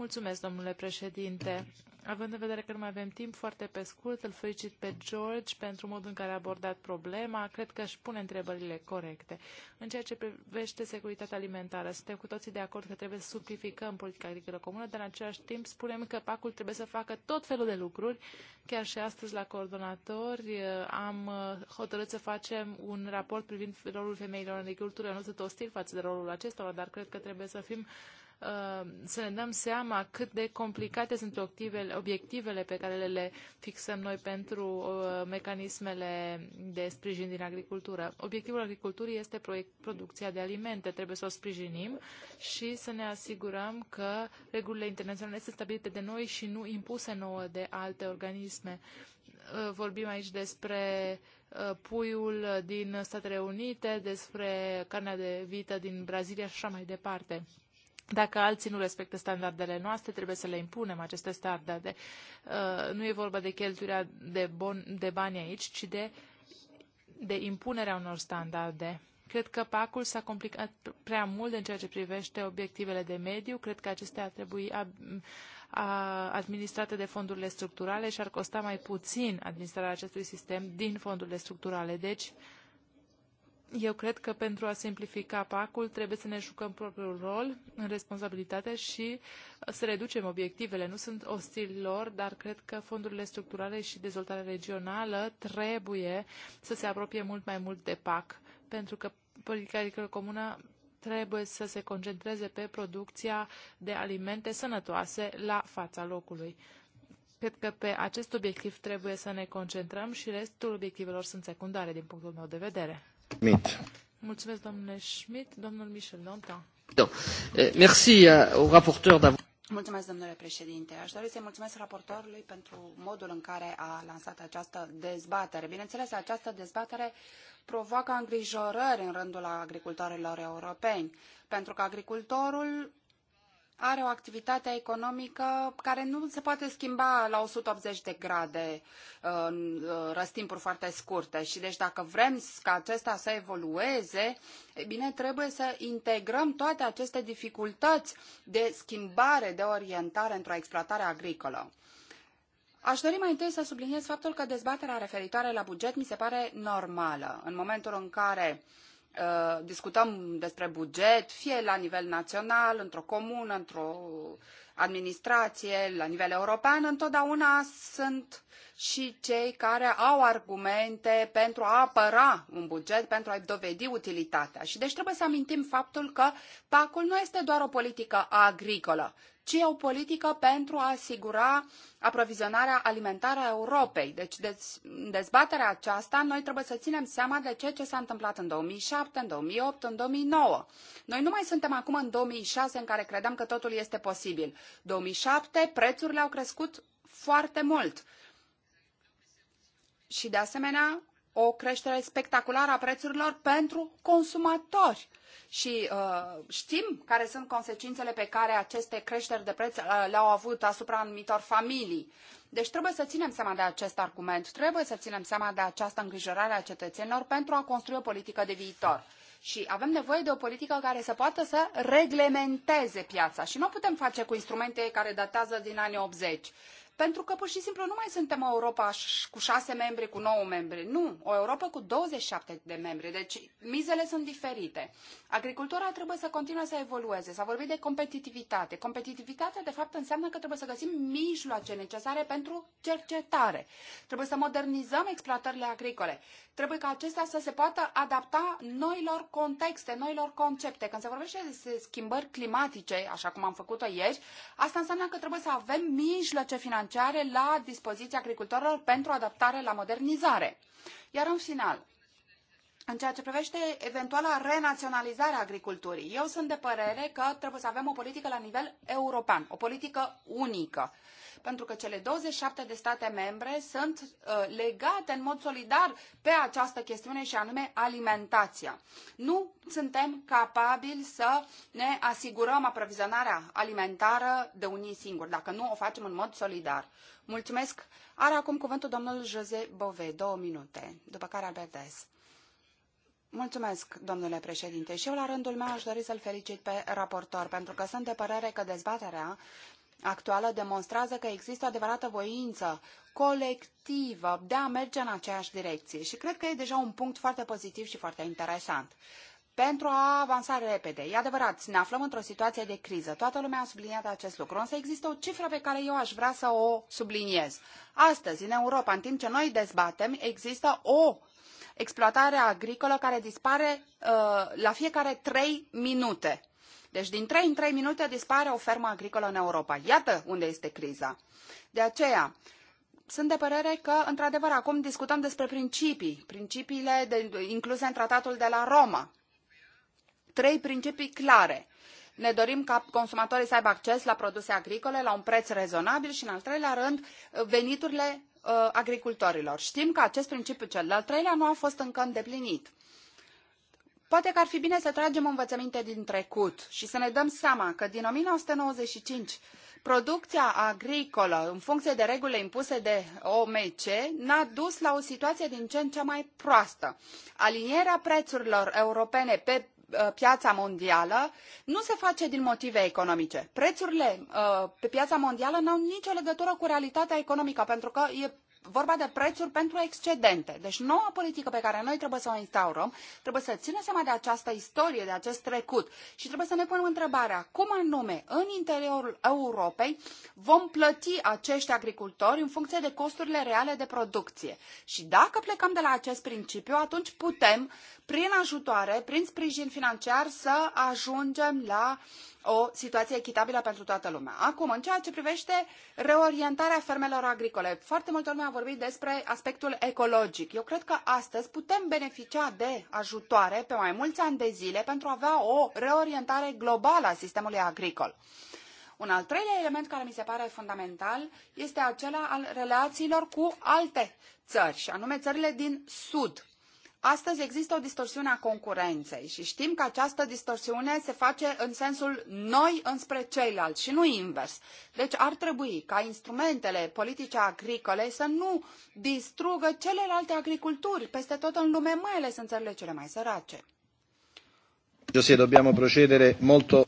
Mulțumesc, domnule președinte. Având în vedere că nu mai avem timp, foarte pe scurt, îl felicit pe George pentru modul în care a abordat problema. Cred că își pune întrebările corecte. În ceea ce privește securitatea alimentară, suntem cu toții de acord că trebuie să simplificăm politica agricolă comună, dar în același timp spunem că pacul trebuie să facă tot felul de lucruri. Chiar și astăzi la coordonatori am hotărât să facem un raport privind rolul femeilor în agricultură. Nu sunt ostil față de rolul acestora, dar cred că trebuie să fim Uh, să ne dăm seama cât de complicate sunt obiectivele pe care le fixăm noi pentru uh, mecanismele de sprijin din agricultură. Obiectivul agriculturii este producția de alimente. Trebuie să o sprijinim și să ne asigurăm că regulile internaționale sunt stabilite de noi și nu impuse nouă de alte organisme. Uh, vorbim aici despre puiul din Statele Unite, despre carnea de vită din Brazilia și așa mai departe. Dacă alții nu respectă standardele noastre, trebuie să le impunem aceste standarde. Uh, nu e vorba de cheltuirea de, bon, de bani aici, ci de, de impunerea unor standarde. Cred că pacul s-a complicat prea mult în ceea ce privește obiectivele de mediu. Cred că acestea ar trebui a, a, administrate de fondurile structurale și ar costa mai puțin administrarea acestui sistem din fondurile structurale. Deci, uh, eu cred că pentru a simplifica PAC-ul trebuie să ne jucăm propriul rol în responsabilitate și uh, să reducem obiectivele. Nu sunt ostil lor, dar cred că fondurile structurale și dezvoltarea regională trebuie să se apropie mult mai mult de PAC, pentru că politica agricolă comună trebuie să se concentreze pe producția de alimente sănătoase la fața locului. Cred că pe acest obiectiv trebuie să ne concentrăm și restul obiectivelor sunt secundare din punctul meu de vedere. Mulțumesc, domnule Domnul Michel da. eh, eh, domnule președinte. Aș dori să-i mulțumesc raportorului pentru modul în care a lansat această dezbatere. Bineînțeles, această dezbatere provoacă îngrijorări în rândul agricultorilor europeni, pentru că agricultorul are o activitate economică care nu se poate schimba la 180 de grade în uh, răstimpuri foarte scurte și deci dacă vrem ca acesta să evolueze, e bine, trebuie să integrăm toate aceste dificultăți de schimbare, de orientare într-o exploatare agricolă. Aș dori mai întâi să subliniez faptul că dezbaterea referitoare la buget mi se pare normală. În momentul în care uh, Uh, discutăm despre buget, fie la nivel național, într-o comună, într-o administrație, la nivel european, întotdeauna sunt și cei care au argumente pentru a apăra un buget, pentru a-i dovedi utilitatea. Și deci trebuie să amintim faptul că PAC-ul nu este doar o politică agricolă, ci o politică pentru a asigura aprovizionarea alimentară a Europei. Deci, în dezbaterea aceasta, noi trebuie să ținem seama de ceea ce s-a întâmplat în 2007, în 2008, în 2009. Noi nu mai suntem acum în 2006, în care credeam că totul este posibil. 2007, prețurile au crescut foarte mult. Și, de asemenea, o creștere spectaculară a prețurilor pentru consumatori. Și uh, știm care sunt consecințele pe care aceste creșteri de preț uh, le-au avut asupra anumitor familii. Deci trebuie să ținem seama de acest argument, trebuie să ținem seama de această îngrijorare a cetățenilor pentru a construi o politică de viitor. Și avem nevoie de o politică care să poată să reglementeze piața. Și nu o putem face cu instrumente care datează din anii 80 pentru că pur și simplu nu mai suntem o Europa cu șase membri, cu nouă membri. Nu, o Europa cu 27 de membri. Deci mizele sunt diferite. Agricultura trebuie să continue să evolueze. S-a vorbit de competitivitate. Competitivitatea, de fapt, înseamnă că trebuie să găsim mijloace necesare pentru cercetare. Trebuie să modernizăm exploatările agricole trebuie ca acestea să se poată adapta noilor contexte, noilor concepte. Când se vorbește de schimbări climatice, așa cum am făcut-o ieri, asta înseamnă că trebuie să avem mijloace financiare la dispoziția agricultorilor pentru adaptare la modernizare. Iar în final, în ceea ce privește eventuala renaționalizare a agriculturii, eu sunt de părere că trebuie să avem o politică la nivel european, o politică unică pentru că cele 27 de state membre sunt uh, legate în mod solidar pe această chestiune și anume alimentația. Nu suntem capabili să ne asigurăm aprovizionarea alimentară de unii singuri, dacă nu o facem în mod solidar. Mulțumesc. Are acum cuvântul domnul José Bove, două minute, după care Albert Mulțumesc, domnule președinte. Și eu, la rândul meu, aș dori să-l felicit pe raportor, pentru că sunt de părere că dezbaterea actuală demonstrează că există adevărată voință colectivă de a merge în aceeași direcție și cred că e deja un punct foarte pozitiv și foarte interesant pentru a avansa repede. E adevărat, ne aflăm într-o situație de criză. Toată lumea a subliniat acest lucru, însă există o cifră pe care eu aș vrea să o subliniez. Astăzi, în Europa, în timp ce noi dezbatem, există o exploatare agricolă care dispare uh, la fiecare trei minute. Deci din 3 în 3 minute dispare o fermă agricolă în Europa. Iată unde este criza. De aceea, sunt de părere că, într-adevăr, acum discutăm despre principii, principiile de, incluse în tratatul de la Roma. Trei principii clare. Ne dorim ca consumatorii să aibă acces la produse agricole la un preț rezonabil și, în al treilea rând, veniturile uh, agricultorilor. Știm că acest principiu cel de-al treilea nu a fost încă îndeplinit. Poate că ar fi bine să tragem învățăminte din trecut și să ne dăm seama că din 1995 producția agricolă, în funcție de regulile impuse de OMC, n-a dus la o situație din ce în ce mai proastă. Alinierea prețurilor europene pe uh, piața mondială nu se face din motive economice. Prețurile uh, pe piața mondială n-au nicio legătură cu realitatea economică, pentru că e vorba de prețuri pentru excedente. Deci noua politică pe care noi trebuie să o instaurăm trebuie să ținem seama de această istorie, de acest trecut și trebuie să ne punem întrebarea cum anume în interiorul Europei vom plăti acești agricultori în funcție de costurile reale de producție. Și dacă plecăm de la acest principiu, atunci putem prin ajutoare, prin sprijin financiar, să ajungem la o situație echitabilă pentru toată lumea. Acum, în ceea ce privește reorientarea fermelor agricole, foarte multă lume a vorbit despre aspectul ecologic. Eu cred că astăzi putem beneficia de ajutoare pe mai mulți ani de zile pentru a avea o reorientare globală a sistemului agricol. Un al treilea element care mi se pare fundamental este acela al relațiilor cu alte țări, și anume țările din Sud. Astăzi există o distorsiune a concurenței și știm că această distorsiune se face în sensul noi înspre ceilalți și nu invers. Deci ar trebui ca instrumentele politice agricole să nu distrugă celelalte agriculturi peste tot în lume, mai ales în țările cele mai sărace. Josie, dobbiamo procedere molto...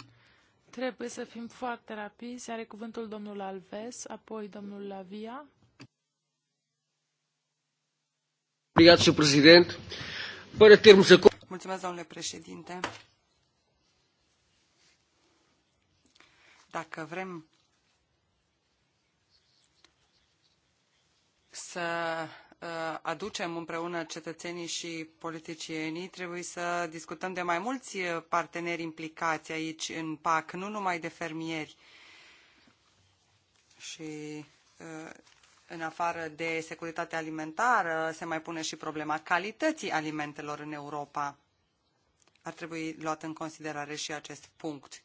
Trebuie să fim foarte rapizi. Are cuvântul domnul Alves, apoi domnul Lavia. Mulțumesc, domnule președinte. Dacă vrem să uh, aducem împreună cetățenii și politicienii, trebuie să discutăm de mai mulți parteneri implicați aici în PAC, nu numai de fermieri. Și uh, în afară de securitatea alimentară, se mai pune și problema calității alimentelor în Europa. Ar trebui luat în considerare și acest punct.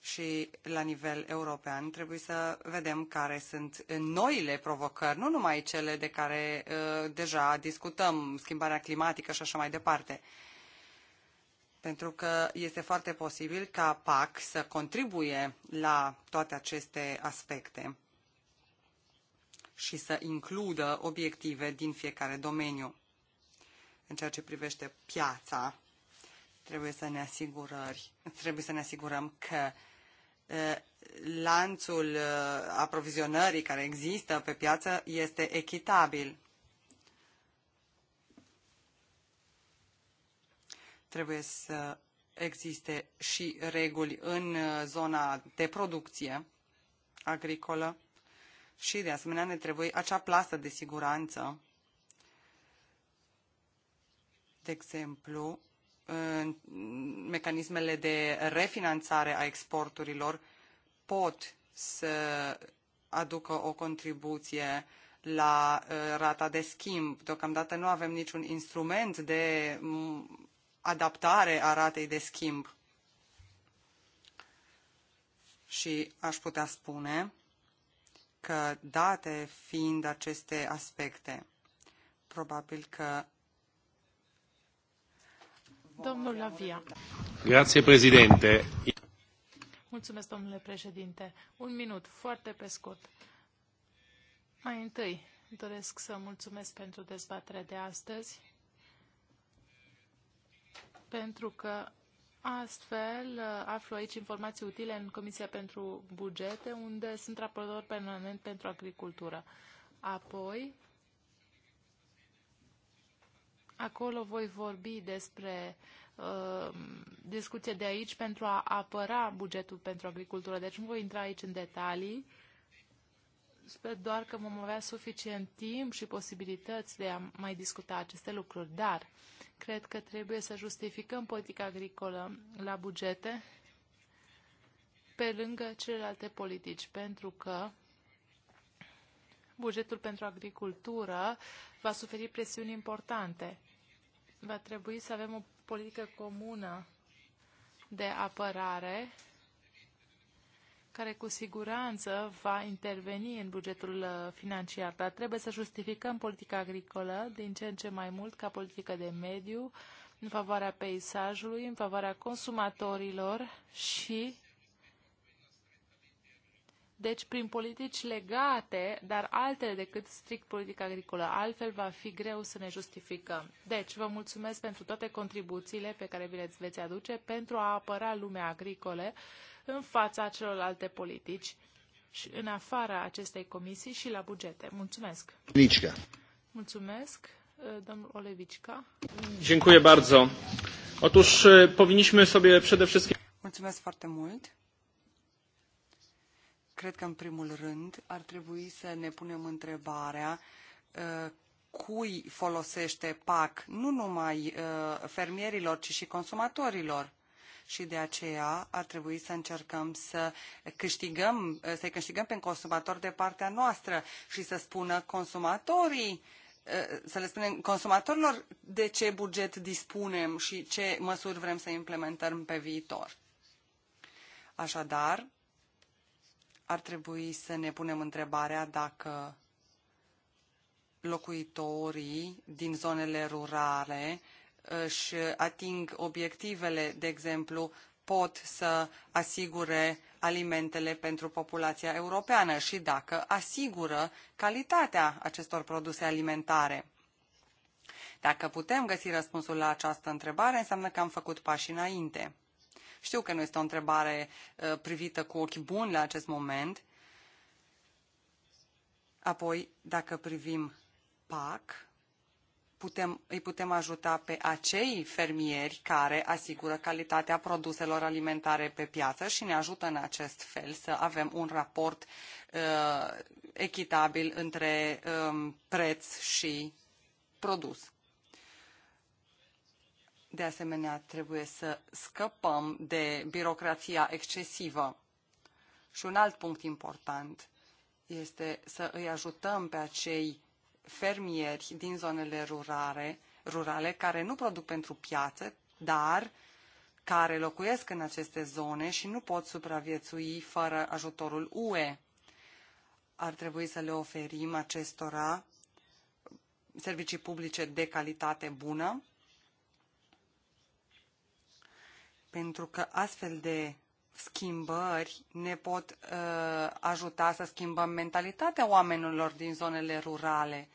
Și la nivel european trebuie să vedem care sunt noile provocări, nu numai cele de care uh, deja discutăm, schimbarea climatică și așa mai departe pentru că este foarte posibil ca PAC să contribuie la toate aceste aspecte și să includă obiective din fiecare domeniu. În ceea ce privește piața, trebuie să ne, asigurări, trebuie să ne asigurăm că lanțul aprovizionării care există pe piață este echitabil. Trebuie să existe și reguli în zona de producție agricolă și, de asemenea, ne trebuie acea plasă de siguranță. De exemplu, mecanismele de refinanțare a exporturilor pot să aducă o contribuție la uh, rata de schimb. Deocamdată nu avem niciun instrument de adaptare a ratei de schimb. Și aș putea spune că date fiind aceste aspecte, probabil că Domnul Lavia. Grazie, președinte. Mulțumesc, domnule președinte. Un minut, foarte pe scurt. Mai întâi, doresc să mulțumesc pentru dezbaterea de astăzi, pentru că Astfel, uh, aflu aici informații utile în Comisia pentru Bugete, unde sunt raportor permanent pentru agricultură. Apoi, acolo voi vorbi despre uh, discuție de aici pentru a apăra bugetul pentru agricultură. Deci nu voi intra aici în detalii. Sper doar că vom avea suficient timp și posibilități de a mai discuta aceste lucruri. Dar Cred că trebuie să justificăm politica agricolă la bugete pe lângă celelalte politici, pentru că bugetul pentru agricultură va suferi presiuni importante. Va trebui să avem o politică comună de apărare care cu siguranță va interveni în bugetul uh, financiar, dar trebuie să justificăm politica agricolă din ce în ce mai mult ca politică de mediu, în favoarea peisajului, în favoarea consumatorilor și deci prin politici legate, dar altele decât strict politica agricolă. Altfel va fi greu să ne justificăm. Deci vă mulțumesc pentru toate contribuțiile pe care vi le veți aduce pentru a apăra lumea agricole în fața celorlalte politici și în afara acestei comisii și la bugete. Mulțumesc! Nicica. Mulțumesc, domnul Olevicca. Dziękuję bardzo. Otóż powinniśmy sobie przede wszystkim... Mulțumesc foarte mult! Cred că, în primul rând, ar trebui să ne punem întrebarea cui folosește PAC, nu numai fermierilor, ci și consumatorilor și de aceea ar trebui să încercăm să câștigăm, să câștigăm pe consumator de partea noastră și să spună consumatorii eh, să le spunem consumatorilor de ce buget dispunem și ce măsuri vrem să implementăm pe viitor. Așadar, ar trebui să ne punem întrebarea dacă locuitorii din zonele rurale își ating obiectivele, de exemplu, pot să asigure alimentele pentru populația europeană și dacă asigură calitatea acestor produse alimentare. Dacă putem găsi răspunsul la această întrebare, înseamnă că am făcut pași înainte. Știu că nu este o întrebare ă, privită cu ochi buni la acest moment. Apoi, dacă privim PAC, putem, îi putem ajuta pe acei fermieri care asigură calitatea produselor alimentare pe piață și ne ajută în acest fel să avem un raport uh, echitabil între um, preț și produs. De asemenea, trebuie să scăpăm de birocrația excesivă. Și un alt punct important este să îi ajutăm pe acei fermieri din zonele rurale, rurale care nu produc pentru piață, dar care locuiesc în aceste zone și nu pot supraviețui fără ajutorul UE. Ar trebui să le oferim acestora servicii publice de calitate bună, pentru că astfel de schimbări ne pot uh, ajuta să schimbăm mentalitatea oamenilor din zonele rurale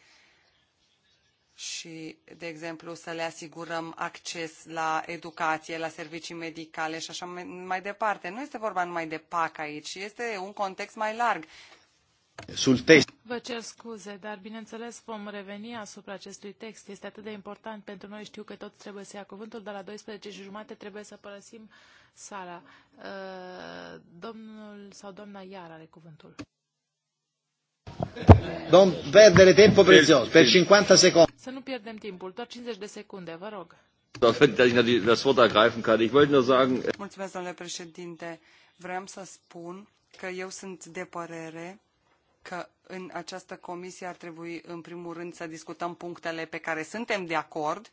și, de exemplu, să le asigurăm acces la educație, la servicii medicale și așa mai departe. Nu este vorba numai de PAC aici, este un context mai larg. Sul text. Vă cer scuze, dar bineînțeles vom reveni asupra acestui text. Este atât de important pentru noi. Știu că toți trebuie să ia cuvântul, dar la 12 și jumate trebuie să părăsim sala. Uh, domnul sau doamna Iar are cuvântul. Domn, perdere timpul prețios, per 50 secunde. Să nu pierdem timpul, doar 50 de secunde, vă rog. Da Mulțumesc, domnule președinte. Vreau să spun că eu sunt de părere că în această comisie ar trebui, în primul rând, să discutăm punctele pe care suntem de acord,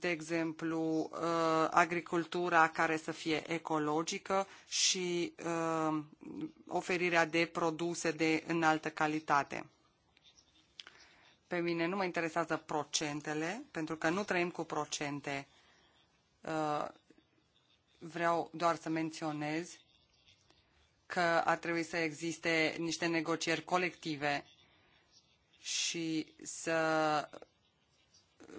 de exemplu, uh, agricultura care să fie ecologică și uh, oferirea de produse de înaltă calitate. Pe mine nu mă interesează procentele, pentru că nu trăim cu procente. Uh, vreau doar să menționez că ar trebui să existe niște negocieri colective și să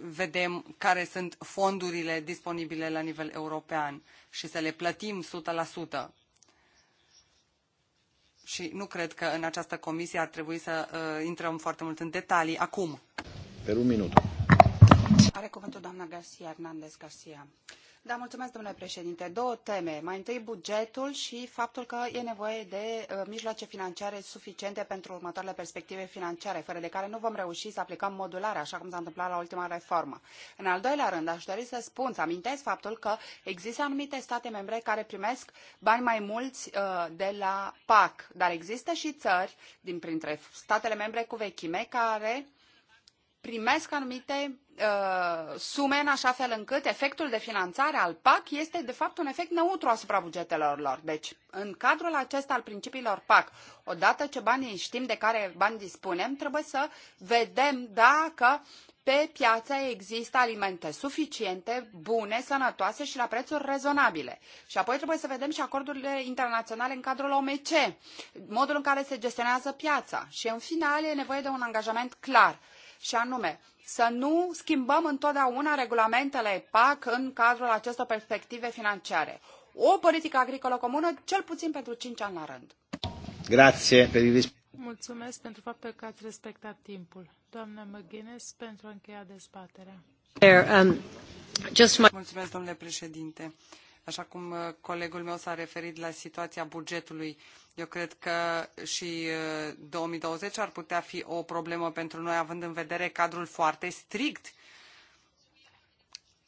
vedem care sunt fondurile disponibile la nivel european și să le plătim 100%. Și nu cred că în această comisie ar trebui să uh, intrăm foarte mult în detalii acum. Per un minut. Are cuvântul doamna Garcia Hernandez Garcia. Da, mulțumesc, domnule președinte. Două teme. Mai întâi bugetul și faptul că e nevoie de uh, mijloace financiare suficiente pentru următoarele perspective financiare, fără de care nu vom reuși să aplicăm modularea, așa cum s-a întâmplat la ultima reformă. În al doilea rând, aș dori să spun, să amintesc faptul că există anumite state membre care primesc bani mai mulți uh, de la PAC, dar există și țări din printre statele membre cu vechime care uh, primesc anumite uh, sume în așa fel încât efectul de finanțare al PAC este de fapt un efect neutru asupra bugetelor lor. Deci, în cadrul acesta al principiilor PAC, odată ce banii știm de care bani dispunem, trebuie să vedem dacă pe piață există alimente suficiente, bune, sănătoase și la prețuri rezonabile. Și apoi trebuie să vedem și acordurile internaționale în cadrul OMC, modul în care se gestionează piața. Și în final e nevoie de un angajament clar și anume să nu schimbăm întotdeauna regulamentele PAC în cadrul acestor perspective financiare. O politică agricolă comună, cel puțin pentru 5 ani la rând. Grazie per il... Mulțumesc pentru faptul că ați respectat timpul. Doamna McGuinness, pentru a încheia dezbaterea. Um, Mulțumesc, domnule președinte. Așa cum uh, colegul meu s-a referit la situația bugetului, eu cred că și 2020 uh, ar putea fi o problemă pentru noi, având în vedere cadrul foarte strict.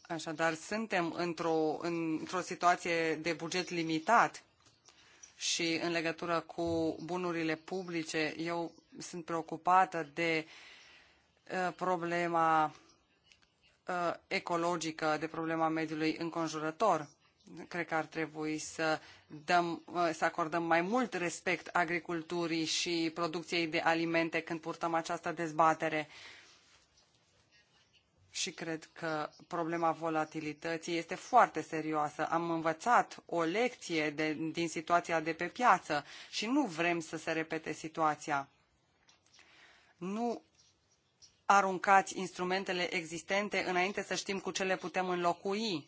Așadar, suntem într-o, într-o situație de buget limitat și în legătură cu bunurile publice, eu sunt preocupată de uh, problema ecologică, de problema mediului înconjurător cred că ar trebui să, dăm, să acordăm mai mult respect agriculturii și producției de alimente când purtăm această dezbatere. Și cred că problema volatilității este foarte serioasă. Am învățat o lecție de, din situația de pe piață și nu vrem să se repete situația. Nu aruncați instrumentele existente înainte să știm cu ce le putem înlocui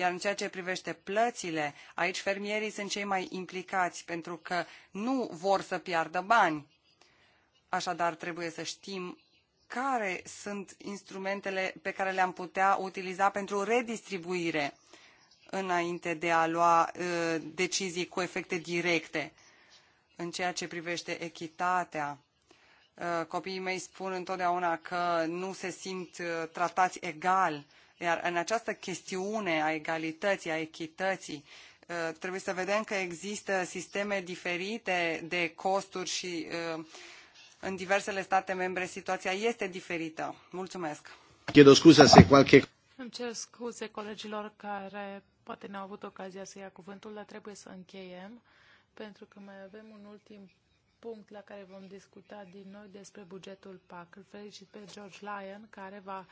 iar în ceea ce privește plățile, aici fermierii sunt cei mai implicați pentru că nu vor să piardă bani. Așadar, trebuie să știm care sunt instrumentele pe care le-am putea utiliza pentru redistribuire înainte de a lua uh, decizii cu efecte directe în ceea ce privește echitatea. Uh, copiii mei spun întotdeauna că nu se simt uh, tratați egal iar în această chestiune a egalității, a echității, uh, trebuie să vedem că există sisteme diferite de costuri și uh, în diversele state membre situația este diferită. Mulțumesc! Chiedo se qualche... Îmi cer scuze colegilor care poate ne au avut ocazia să ia cuvântul, dar trebuie să încheiem, pentru că mai avem un ultim punct la care vom discuta din nou despre bugetul PAC. Îl felicit pe George Lyon, care va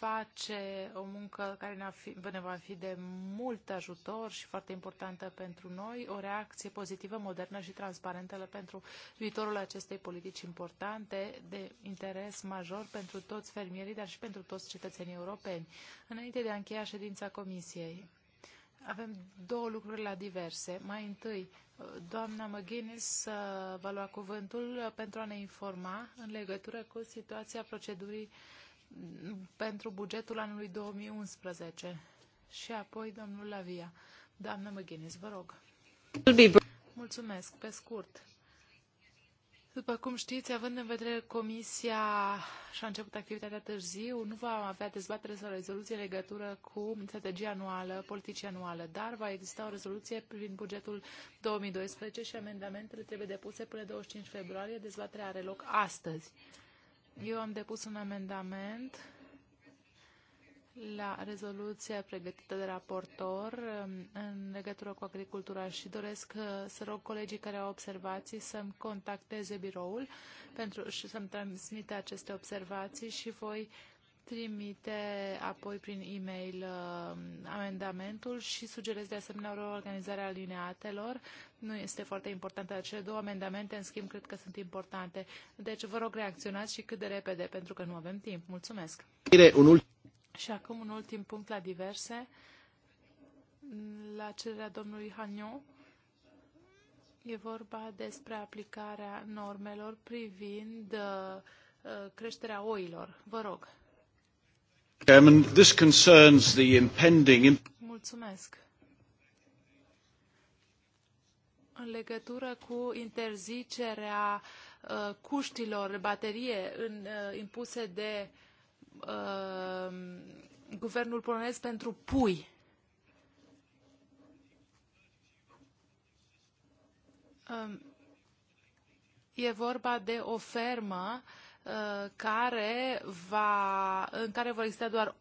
face o muncă care ne, fi, ne va fi de mult ajutor și foarte importantă pentru noi, o reacție pozitivă, modernă și transparentă pentru viitorul acestei politici importante, de interes major pentru toți fermierii, dar și pentru toți cetățenii europeni. Înainte de a încheia ședința Comisiei, avem două lucruri la diverse. Mai întâi, doamna McGuinness va lua cuvântul pentru a ne informa în legătură cu situația procedurii uh, pentru bugetul anului 2011. Și apoi domnul Lavia. Doamnă McGuinness, vă rog. Mulțumesc, pe scurt. După cum știți, având în vedere comisia și-a început activitatea târziu, nu va avea dezbatere sau rezoluție în legătură cu strategia anuală, politicii anuală, dar va exista o rezoluție privind bugetul 2012 și amendamentele trebuie depuse până 25 februarie. Dezbaterea are loc astăzi. Eu am depus un amendament la rezoluția pregătită de raportor um, în legătură cu agricultura și doresc uh, să rog colegii care au observații să-mi contacteze biroul pentru, și să-mi transmite aceste observații și voi trimite apoi prin e-mail uh, amendamentul și sugerez de asemenea o organizare a Nu este foarte importantă, acele două amendamente, în schimb, cred că sunt importante. Deci vă rog reacționați și cât de repede, pentru că nu avem timp. Mulțumesc! Un și acum un ultim punct la diverse, la cererea domnului Hanion. E vorba despre aplicarea normelor privind uh, uh creșterea oilor. Vă rog. Mulțumesc. În legătură cu interzicerea uh, cuștilor baterie în, uh, impuse de uh, guvernul polonez pentru pui. Este um, e vorba de o fermă uh, Uh, care va, în care vor exista doar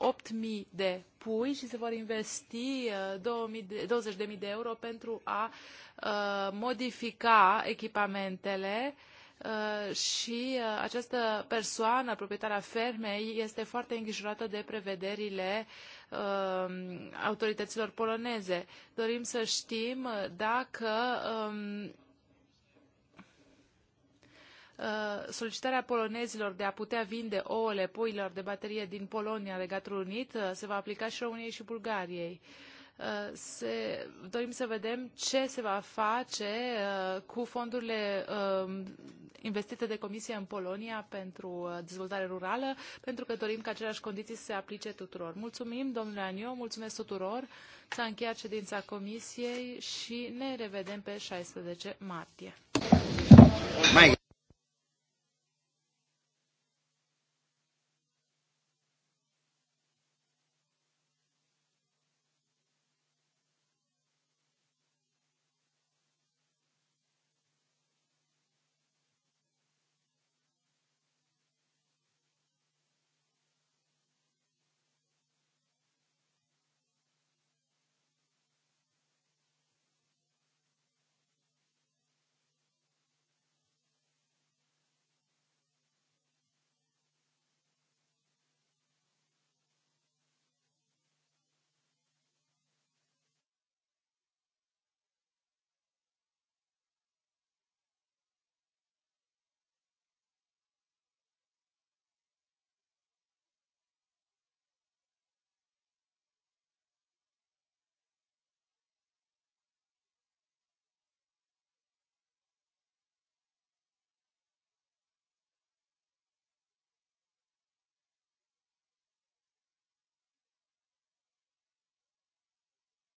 8.000 de pui și se vor investi 20.000 uh, de euro pentru a uh, modifica echipamentele și această persoană, proprietarea fermei, este foarte îngrijorată de prevederile um, autorităților poloneze. Dorim să știm dacă um, Uh, solicitarea polonezilor de a putea vinde ouăle poilor de baterie din Polonia, Regatul Unit, uh, se va aplica și României și Bulgariei. Uh, se, dorim să vedem ce se va face cu fondurile um, investite de Comisia în Polonia pentru dezvoltare rurală, pentru că dorim ca aceleași condiții să se aplice tuturor. Mulțumim, domnule Aniu, mulțumesc tuturor. S-a încheiat ședința Comisiei și ne revedem pe 16 martie. Mai